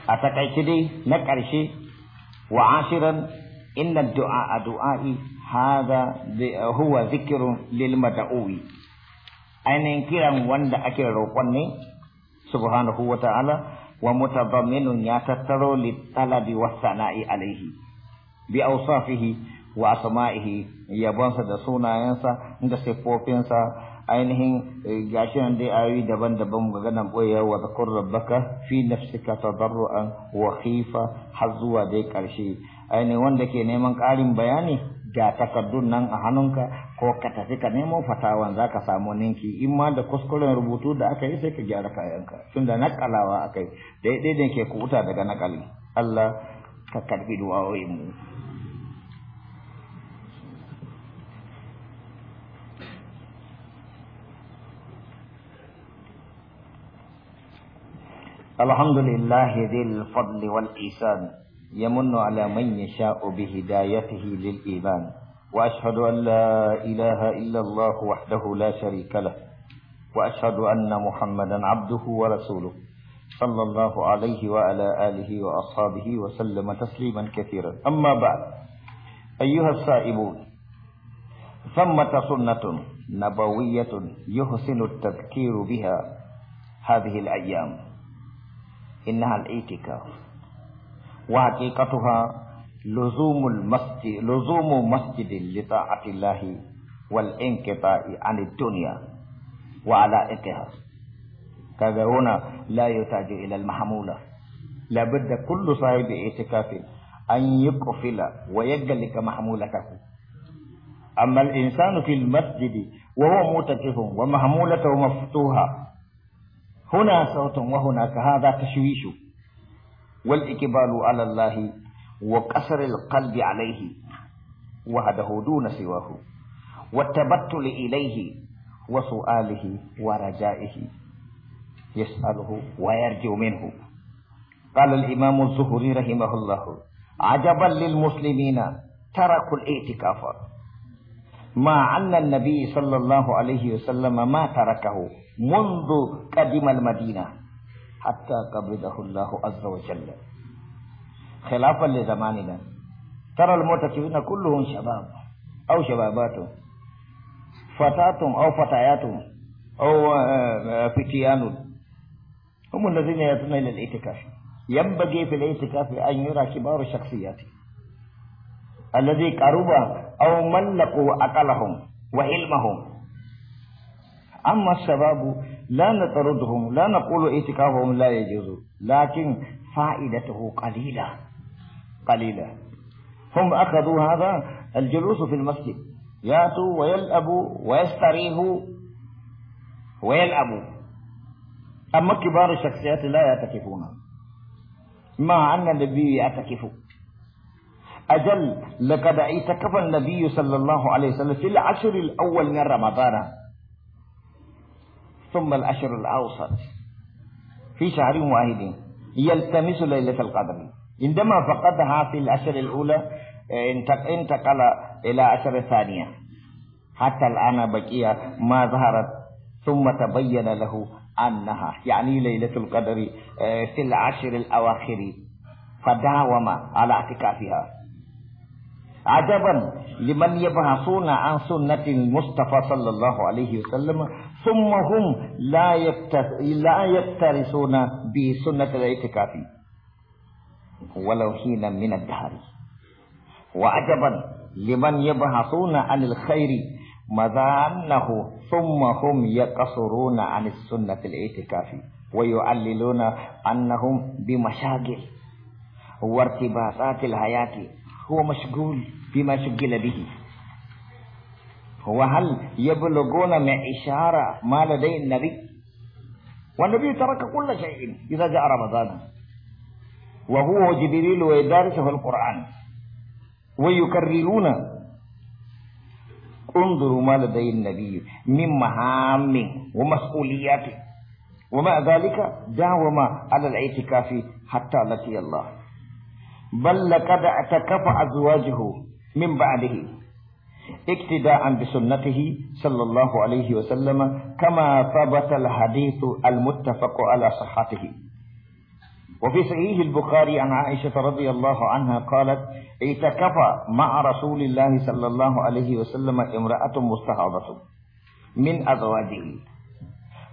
a takaice dai na ƙarshe wa ashiran inna du'a du'a'i هذا هو ذكر للمدعوي أين كيران واندا أكير روقني سبحانه وتعالى ومتضمن يتتر للطلب والثناء عليه بأوصافه وأسمائه يبانس دسونا da sunayensa ainihin gashi ainihin dai ayoyi daban-daban maganan boyewa wa zakur rabbaka fi nafsika tadarruan wa khifa har zuwa dai karshe ainihin wanda ke neman ƙarin bayani ga takardun nan a hannunka ko ka tafi ka nemo fatawan za ka samu ninki in ma da kuskuren rubutu da aka yi sai ka gyara kayanka tunda nakalawa aka yi daidai da ke kuta daga nakali Allah ka karbi duwawoyin mu الحمد لله ذي الفضل والإيسان يمن على من يشاء بهدايته للإيمان وأشهد أن لا إله إلا الله وحده لا شريك له وأشهد أن محمدا عبده ورسوله صلى الله عليه وعلى آله وأصحابه وسلم تسليما كثيرا أما بعد أيها السائبون ثمة سنة نبوية يحسن التذكير بها هذه الأيام إنها الاعتكاف وحقيقتها لزوم المسجد لزوم مسجد لطاعة الله والانقطاع عن الدنيا وعلى إكها كذا هنا لا يحتاج إلى المحمولة لابد كل صاحب اعتكاف أن يقفل ويجلك محمولته أما الإنسان في المسجد وهو متكف ومحمولته مفتوحة هنا صوت وهناك هذا تشويش والإقبال على الله وقصر القلب عليه وهده دون سواه والتبتل إليه وسؤاله ورجائه يسأله ويرجو منه قال الإمام الزهري رحمه الله عجبا للمسلمين تركوا الاعتكاف ما أن النبي صلى الله عليه وسلم ما تركه منذ قدم المدينة حتى قبضه الله عز وجل خلافا لزماننا ترى المعتكفين كلهم شباب أو شبابات فتاة أو فتيات أو آه، آه، فتيان هم الذين يأتون إلى الاعتكاف ينبغي في الاعتكاف أن يرى كبار الشخصيات الذي قرب أو ملقوا عقلهم وعلمهم أما الشباب لا نطردهم لا نقول اعتكافهم لا يجوز لكن فائدته قليلة قليلة هم أخذوا هذا الجلوس في المسجد يأتوا ويلأبوا ويستريحوا ويلأبوا أما كبار الشخصيات لا يعتكفون ما أن النبي يعتكف أجل لقد اعتكف النبي صلى الله عليه وسلم في العشر الأول من رمضان ثم الأشر الأوسط في شهر واحد يلتمس ليلة القدر عندما فقدها في الأشر الأولى آه، انتقل إلى أشر الثانية حتى الآن بقي ما ظهرت ثم تبين له أنها يعني ليلة القدر آه، في العشر الأواخر فداوم على اعتكافها عجبا لمن يبحثون عن سنة المصطفى صلى الله عليه وسلم ثم هم لا لا يكترثون بسنة الاعتكاف ولو حين من الدهر وعجبا لمن يبحثون عن الخير ماذا أنه ثم هم يقصرون عن السنة الاعتكاف ويعللون أنهم بمشاغل وارتباطات الحياة هو مشغول بما شغل به وهل يبلغون من إشارة ما لدي النبي والنبي ترك كل شيء إذا جاء رمضان وهو جبريل ويدارسه القرآن ويكررون انظروا ما لدي النبي من مهام ومسؤوليات ومع ذلك داوم على الاعتكاف حتى لقي الله بل لقد اعتكف أزواجه من بعده اقتداء بسنته صلى الله عليه وسلم كما ثبت الحديث المتفق على صحته وفي صحيح البخاري عن عائشة رضي الله عنها قالت اعتكف مع رسول الله صلى الله عليه وسلم امرأة مستحاضة من أزواجه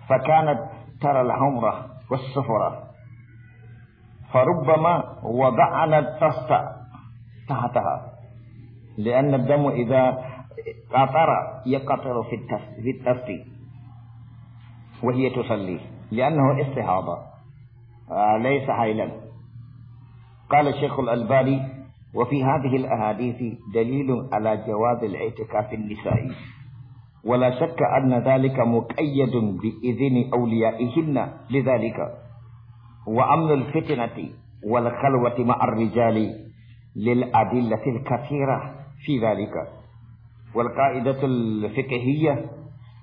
فكانت ترى الحمرة والصفرة فربما وضعنا الفصل تحتها لأن الدم إذا قطر يقطر في التفتي وهي تصلي لأنه استحاضة آه، ليس حيلا قال الشيخ الألباني وفي هذه الأحاديث دليل على جواز الاعتكاف النسائي ولا شك أن ذلك مقيد بإذن أوليائهن لذلك وأمن الفتنة والخلوة مع الرجال للأدلة الكثيرة في ذلك والقاعدة الفقهية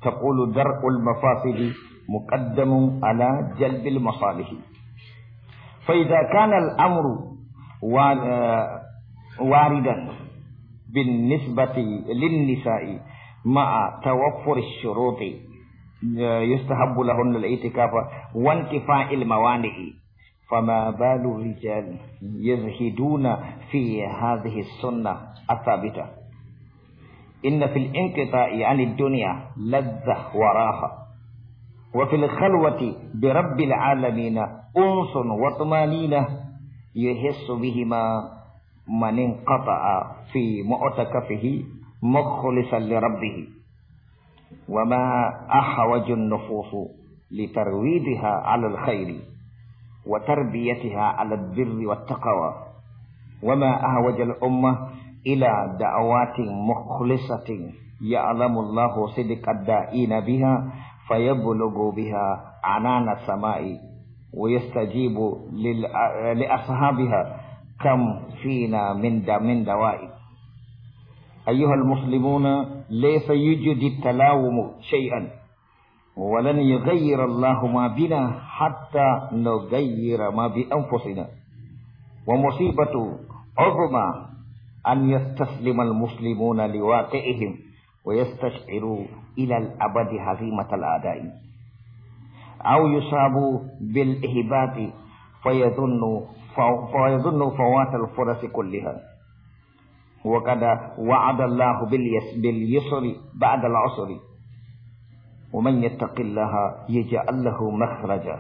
تقول درء المفاصل مقدم على جلب المصالح فإذا كان الأمر آه، واردا بالنسبة للنساء مع توفر الشروط آه، يستحب لهن الاعتكاف وانتفاء الموانئ فما بال الرجال يزهدون في هذه السنة الثابتة إن في الانقطاع عن الدنيا لذة وراحة وفي الخلوة برب العالمين أنس وطمانينة يحس بهما من انقطع في معتكفه مخلصا لربه وما أحوج النفوس لترويدها على الخير وتربيتها على البر والتقوى وما أهوج الأمة إلى دعوات مخلصة يعلم الله صدق الدائين بها فيبلغ بها عنان السماء ويستجيب لأصحابها كم فينا من من دواء أيها المسلمون ليس يجدي التلاوم شيئا ولن يغير الله ما بنا حتى نغير ما بأنفسنا ومصيبة عظمى أن يستسلم المسلمون لواقعهم ويستشعروا إلى الأبد هزيمة الأعداء أو يصابوا بالإهبات فيظنوا فيظنوا فوات الفرص كلها وقد وعد الله باليسر بعد العسر ومن يتق الله يجعل له مخرجا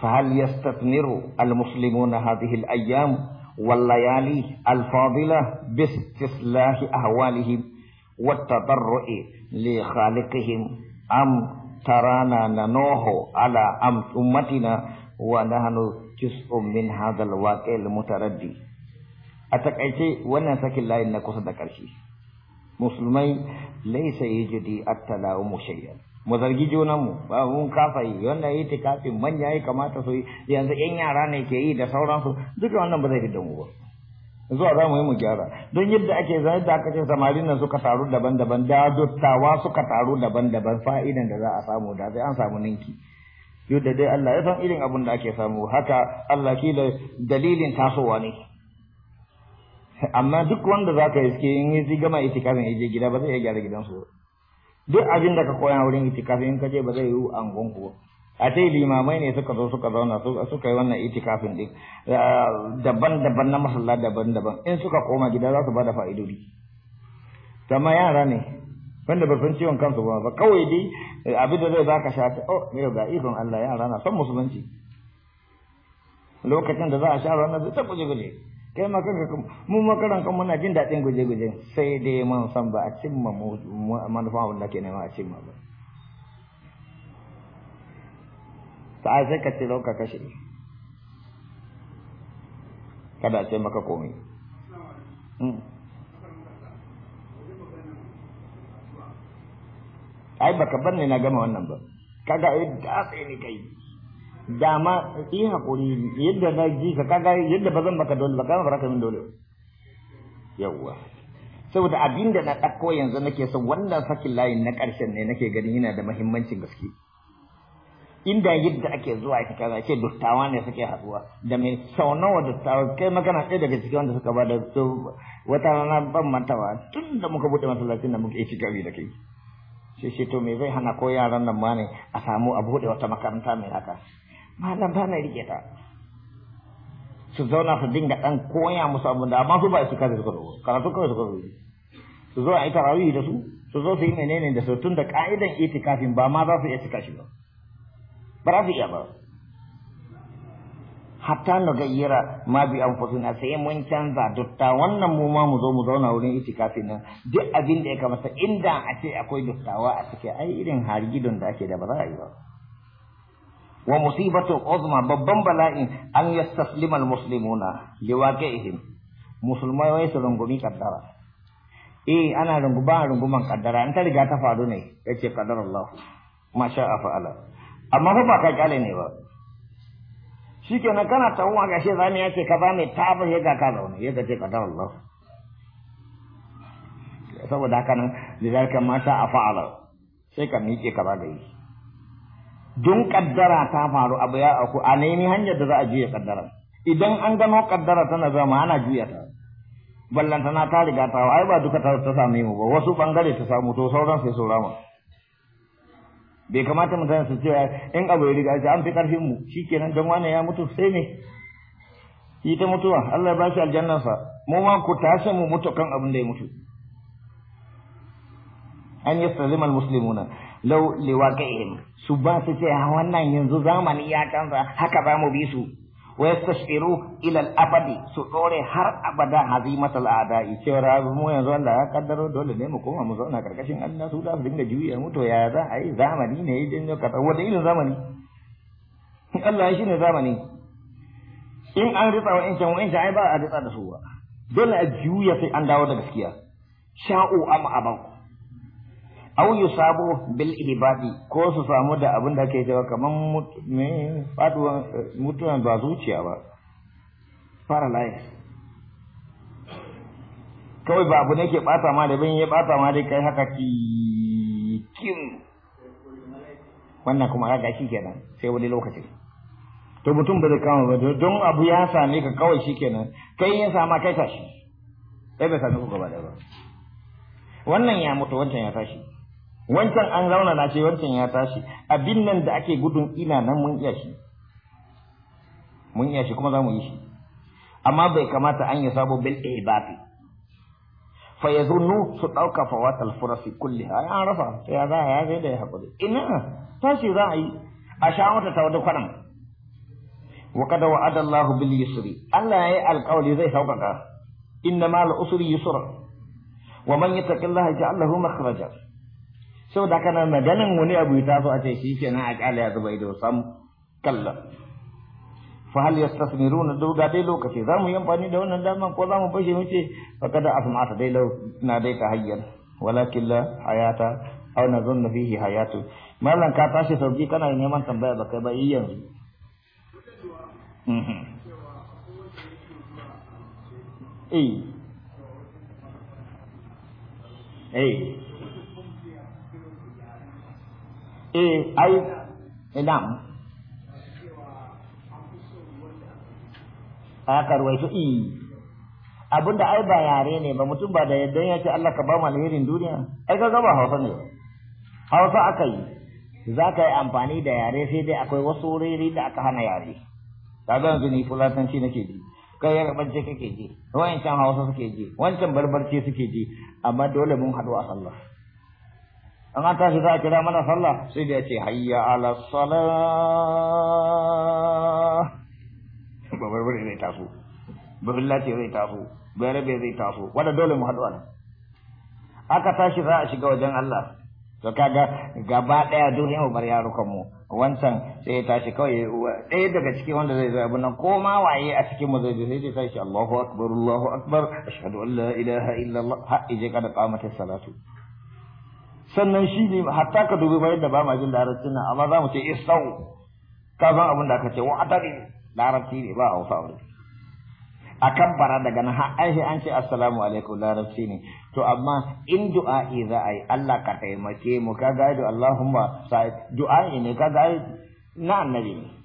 فهل يستثمر المسلمون هذه الأيام والليالي الفاضلة باستصلاح أهوالهم والتضرع لخالقهم أم ترانا ننوه على أمتنا ونحن جزء من هذا الواقع المتردي أتكأتي ونسك الله إنك صدق musulmai laisa yajidi at mu shay'an mu zargi mu ba mun kafa yi wanda yi manya ya kamata su yanzu yan yara ne ke yi da sauransu duka wannan ba zai fidda mu ba zuwa za mu yi mu gyara don yadda ake zai da aka ce samarin nan suka taru daban-daban da dottawa suka taru daban-daban fa'idan da za a samu da sai an samu ninki yadda dai Allah ya san irin abin da ake samu haka Allah kila dalilin tasowa ne amma duk wanda za ka iske in yi gama itikafin ya je gida ba zai iya gyara gidansu duk abin da ka koya wurin itikafin in ka je ba zai yi angon ku a ce limamai ne suka zo suka zauna suka yi wannan itikafin din daban-daban na masalla daban-daban in suka koma gida za su bada fa'idodi amma yara ne wanda ba san ciwon kansu ba ba kawai dai eh, abin da zai baka sha ta oh yau ga ikon Allah yara na son musulunci lokacin da za a sha ranar zai ta guje kai ma kanka mu ma karan kan muna jin daɗin guje-guje sai dai mun san ba a cimma manufa wanda ke nema a cimma ba ta sai ka ce ka kashe kada a ce maka komai hmm. ai baka bar ne na gama wannan ba kaga ai sai ni kai dama yi haƙuri yadda na ji ka kaga yadda ba zan maka dole ba kama baraka min dole yawwa saboda abinda na ɗakko yanzu nake son wannan sakin layin na ƙarshen ne nake ganin yana da mahimmancin gaske inda yadda ake zuwa ita kaza ce dottawa ne suke haɗuwa da mai sau nawa dottawa kai magana ɗaya daga cikin wanda suka ba da wata rana ban mantawa tun da muka buɗe masallacin da muka yi cikari da kai sai to me zai hana ko yaran nan ma ne a samu a buɗe wata makaranta mai haka malam ba na rike ta su zauna su dinga ɗan koya musu abin da amma su ba su kare dogo zo karatu kawai ka dogo su zo a yi tarawih da su su zo su yi menene da su tun da ka'idan itikafin ba ma za su iya cika shi ba ba za su iya ba hatta na gayyara ma bi an na sai mun canza dutta wannan mu ma mu zo mu zauna wurin itikafin nan duk abin da ya kamata inda a ce akwai duttawa a cike ai irin gidan da ake da ba za a yi ba wa musibatu uzma babban bala'in an yastaslima almuslimuna liwaqi'ihim musulmai wai su rungumi kaddara eh ana runguma runguman kaddara An ta riga ta faru ne yace qaddara Allah ma sha'a fa'ala amma ba ka kyale ne ba na kana tawwa gashi zani yace ka ba mai tabar ya ga ka zauna ya ga ce qaddara Allah saboda haka nan lidarka ma sha'a fa'ala sai ka miƙe ka ba da yi don kaddara ta faru abu ya aku a nemi hanyar da za a juya kaddara idan an gano kaddara tana zama ana juya ta tana ta riga ta ai ba duka ta ta same mu ba wasu bangare ta samu to sauran sai su rama bai kamata mutane su ce in abu ya riga an fi karfin mu shikenan dan wane ya mutu sai ne yi mutuwa Allah ya ba shi aljannarsa mu ma ku tashi mu mutu kan abin da ya mutu an yastazima almuslimuna lau liwaƙa'ihim su ba su ce ah, wannan yanzu zamani ya canza haka za mu bi su wa yastashiru ila al-abadi su dore har abada hazimat al-a'da'i ce rabu mu yanzu Allah ya kaddaro dole ne mu koma mu zauna karkashin Allah su da su dinga juyi mu to ya za a yi zamani ne ya dinga kaza wanda irin zamani Allah shi ne zamani in an ritsa wa incan wa incan ai ba a ritsa da su ba dole a juya sai an dawo da gaskiya sha'u am abanku au yusabu bil ibadi ko su samu da abin da ake cewa kamar me faduwa eh, mutuwan ba zuciya ba paralyze kawai ba abu ne ke bata ma da bin ya bata ma dai kai haka ki kim wannan kuma haka gashi kenan sai wani lokaci to mutum ba zai kama ba don abu ya same ka kawai shi kenan kai ya sama kai tashi sai bai same ku gaba da ba wannan ya mutu wancan ya tashi wancan an zauna na ce wancan ya tashi abin nan da ake gudun ina nan mun iya shi mun iya shi kuma za mu yi shi amma bai kamata an yi sabo bil ibati fa yazunnu su dauka fawatal furasi kulliha ya rafa sai ya za ya zai da ya hakuri ina tashi za a yi a sha mata ta wani kwanan wa kada wa adallahu bil yusri Allah yayi alƙawari zai sauƙaƙa inna ma usri yusra wa man yattaqillaha ja'al lahu makhraja sau da kana maganin wani abu ya taso a ce shi nan a kyale ya zuba ido sam kallon fa hal yastasmiruna ga dai lokaci za mu yi amfani da wannan daman ko za mu bashi mu ce fa kada asma'ata dai lau na dai ka hayyar walakin la hayata aw nazunna fihi hayatu mallan ka tashi sauki kana neman tambaya ba kai ba yi yanzu mhm. eh eh eh ai na'am eh, a ruwaito i abinda ai ba yare ne ba mutum ba da yadda ya ce Allah ka ba mu alherin duniya ai ka gaba Hausa ne Hausa aka yi za ka yi amfani da yare sai dai akwai wasu wurare da aka hana yare kaga yanzu ni fulatanci nake ji kai ya rabance kake ji wancan Hausa suke ji wancan barbarce suke ji amma dole mun haɗu a sallah an an tashi za a kira mana sallah sai da ya ce hayya ala sallah ba barbare zai taso ba billahi zai taso ba rabe zai taso wanda dole mu haɗu anan aka tashi za a shiga wajen Allah to kaga gaba daya duniya umar ya rukan mu wancan sai ya tashi kawai ɗaya daga cikin wanda zai zai nan ko ma waye a cikin mu zai zai tashi Allahu akbar Allahu akbar ashhadu an la ilaha illallah ha ije kada qamatis salatu sannan shi ne hatta ka dubi bayan da ba ma jin larabcin nan amma za mu ce isau ka san abin da aka ce wa atari larabci ne ba hausa aure. a kan bara daga nan har aihe an ce assalamu alaikum larabci ne to amma in du'a'i za a yi Allah ka taimake mu ka ga Allahumma du'a'i ne ka ga na annabi ne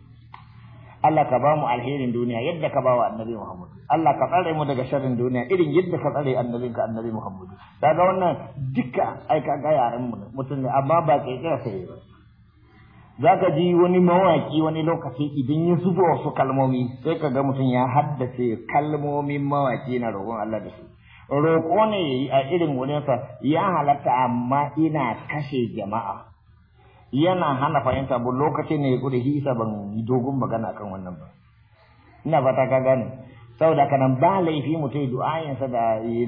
Allah ka ba mu alherin duniya yadda ka ba wa annabi Muhammad Allah ka tsare mu daga sharrin duniya irin yadda ka tsare annabinka annabi Muhammad daga wannan duka ai ka ga yaran mu mutum ne amma ba ke kira sai ba ka ji wani mawaki wani lokaci idan ya zuba wasu kalmomi sai ka ga mutum ya haddace kalmomin mawaki na roƙon Allah da su roƙo ne a irin wurinsa ya halatta amma ina kashe jama'a yana hana fahimta bu lokacin ne ku da hisa ban dogon magana kan wannan ba ina fata ka gane saboda haka nan ba laifi mutum yi du'ayinsa da yi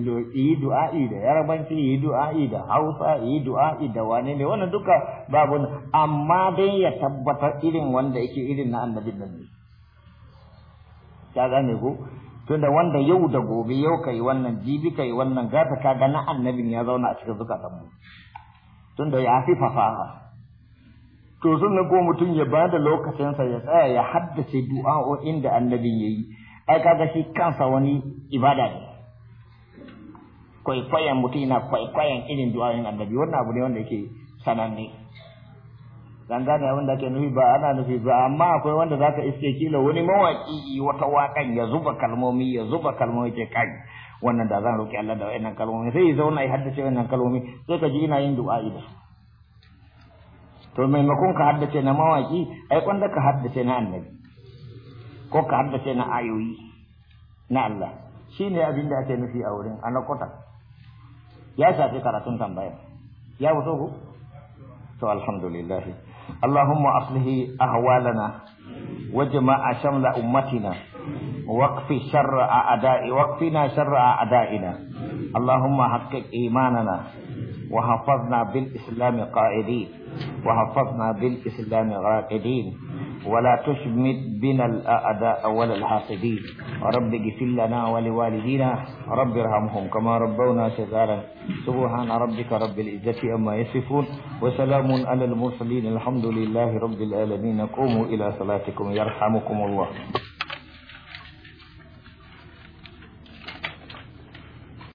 du'a'i da yarabanci yi du'a'i da hausa yi du'a'i da wane ne wannan duka babu amma dai ya tabbatar irin wanda yake irin na annabin nan ne ta gane ku. tunda wanda yau da gobe yau kai wannan jibi kai wannan gata ka ga na annabin ya zauna a cikin zukatan mu tunda ya fi fafaha to na ko mutum ya ba da lokacinsa ya tsaya ya haddace du'a'o'in da annabi ya yi ai kaga shi kansa wani ibada ne kwaikwayon mutum yana kwaikwayon irin du'a'o'in annabi wannan abu ne wanda yake sananne Zan gane abin da ake nufi ba ana nufi ba amma akwai wanda ka iske kila wani mawaki wata wakan ya zuba kalmomi ya zuba kalmomi ke kai wannan da zan roƙi Allah da wayannan kalmomi sai ya zauna ya haddace wannan kalmomi sai ka ji ina yin du'a'i da su to maimakon ka haddace na mawaki ai kwanda ka haddace na annabi ko ka haddace na ayoyi na Allah shi ne abin da ake nufi a wurin a ya shafi karatun tambaya ya wato ku to alhamdulillah اللهم أصله أهوالنا وجمع شمل أمتنا وقف شر أعداء وقفنا شر أعدائنا اللهم حقق إيماننا وحفظنا بالإسلام قائدين وحفظنا بالإسلام راكدين ولا تشمد بنا الأعداء ولا الحاسدين رب اغفر لنا ولوالدينا رب ارحمهم كما ربونا صغارا سبحان ربك رب العزة عما يصفون وسلام على المرسلين الحمد لله رب العالمين قوموا إلى صلاتكم يرحمكم الله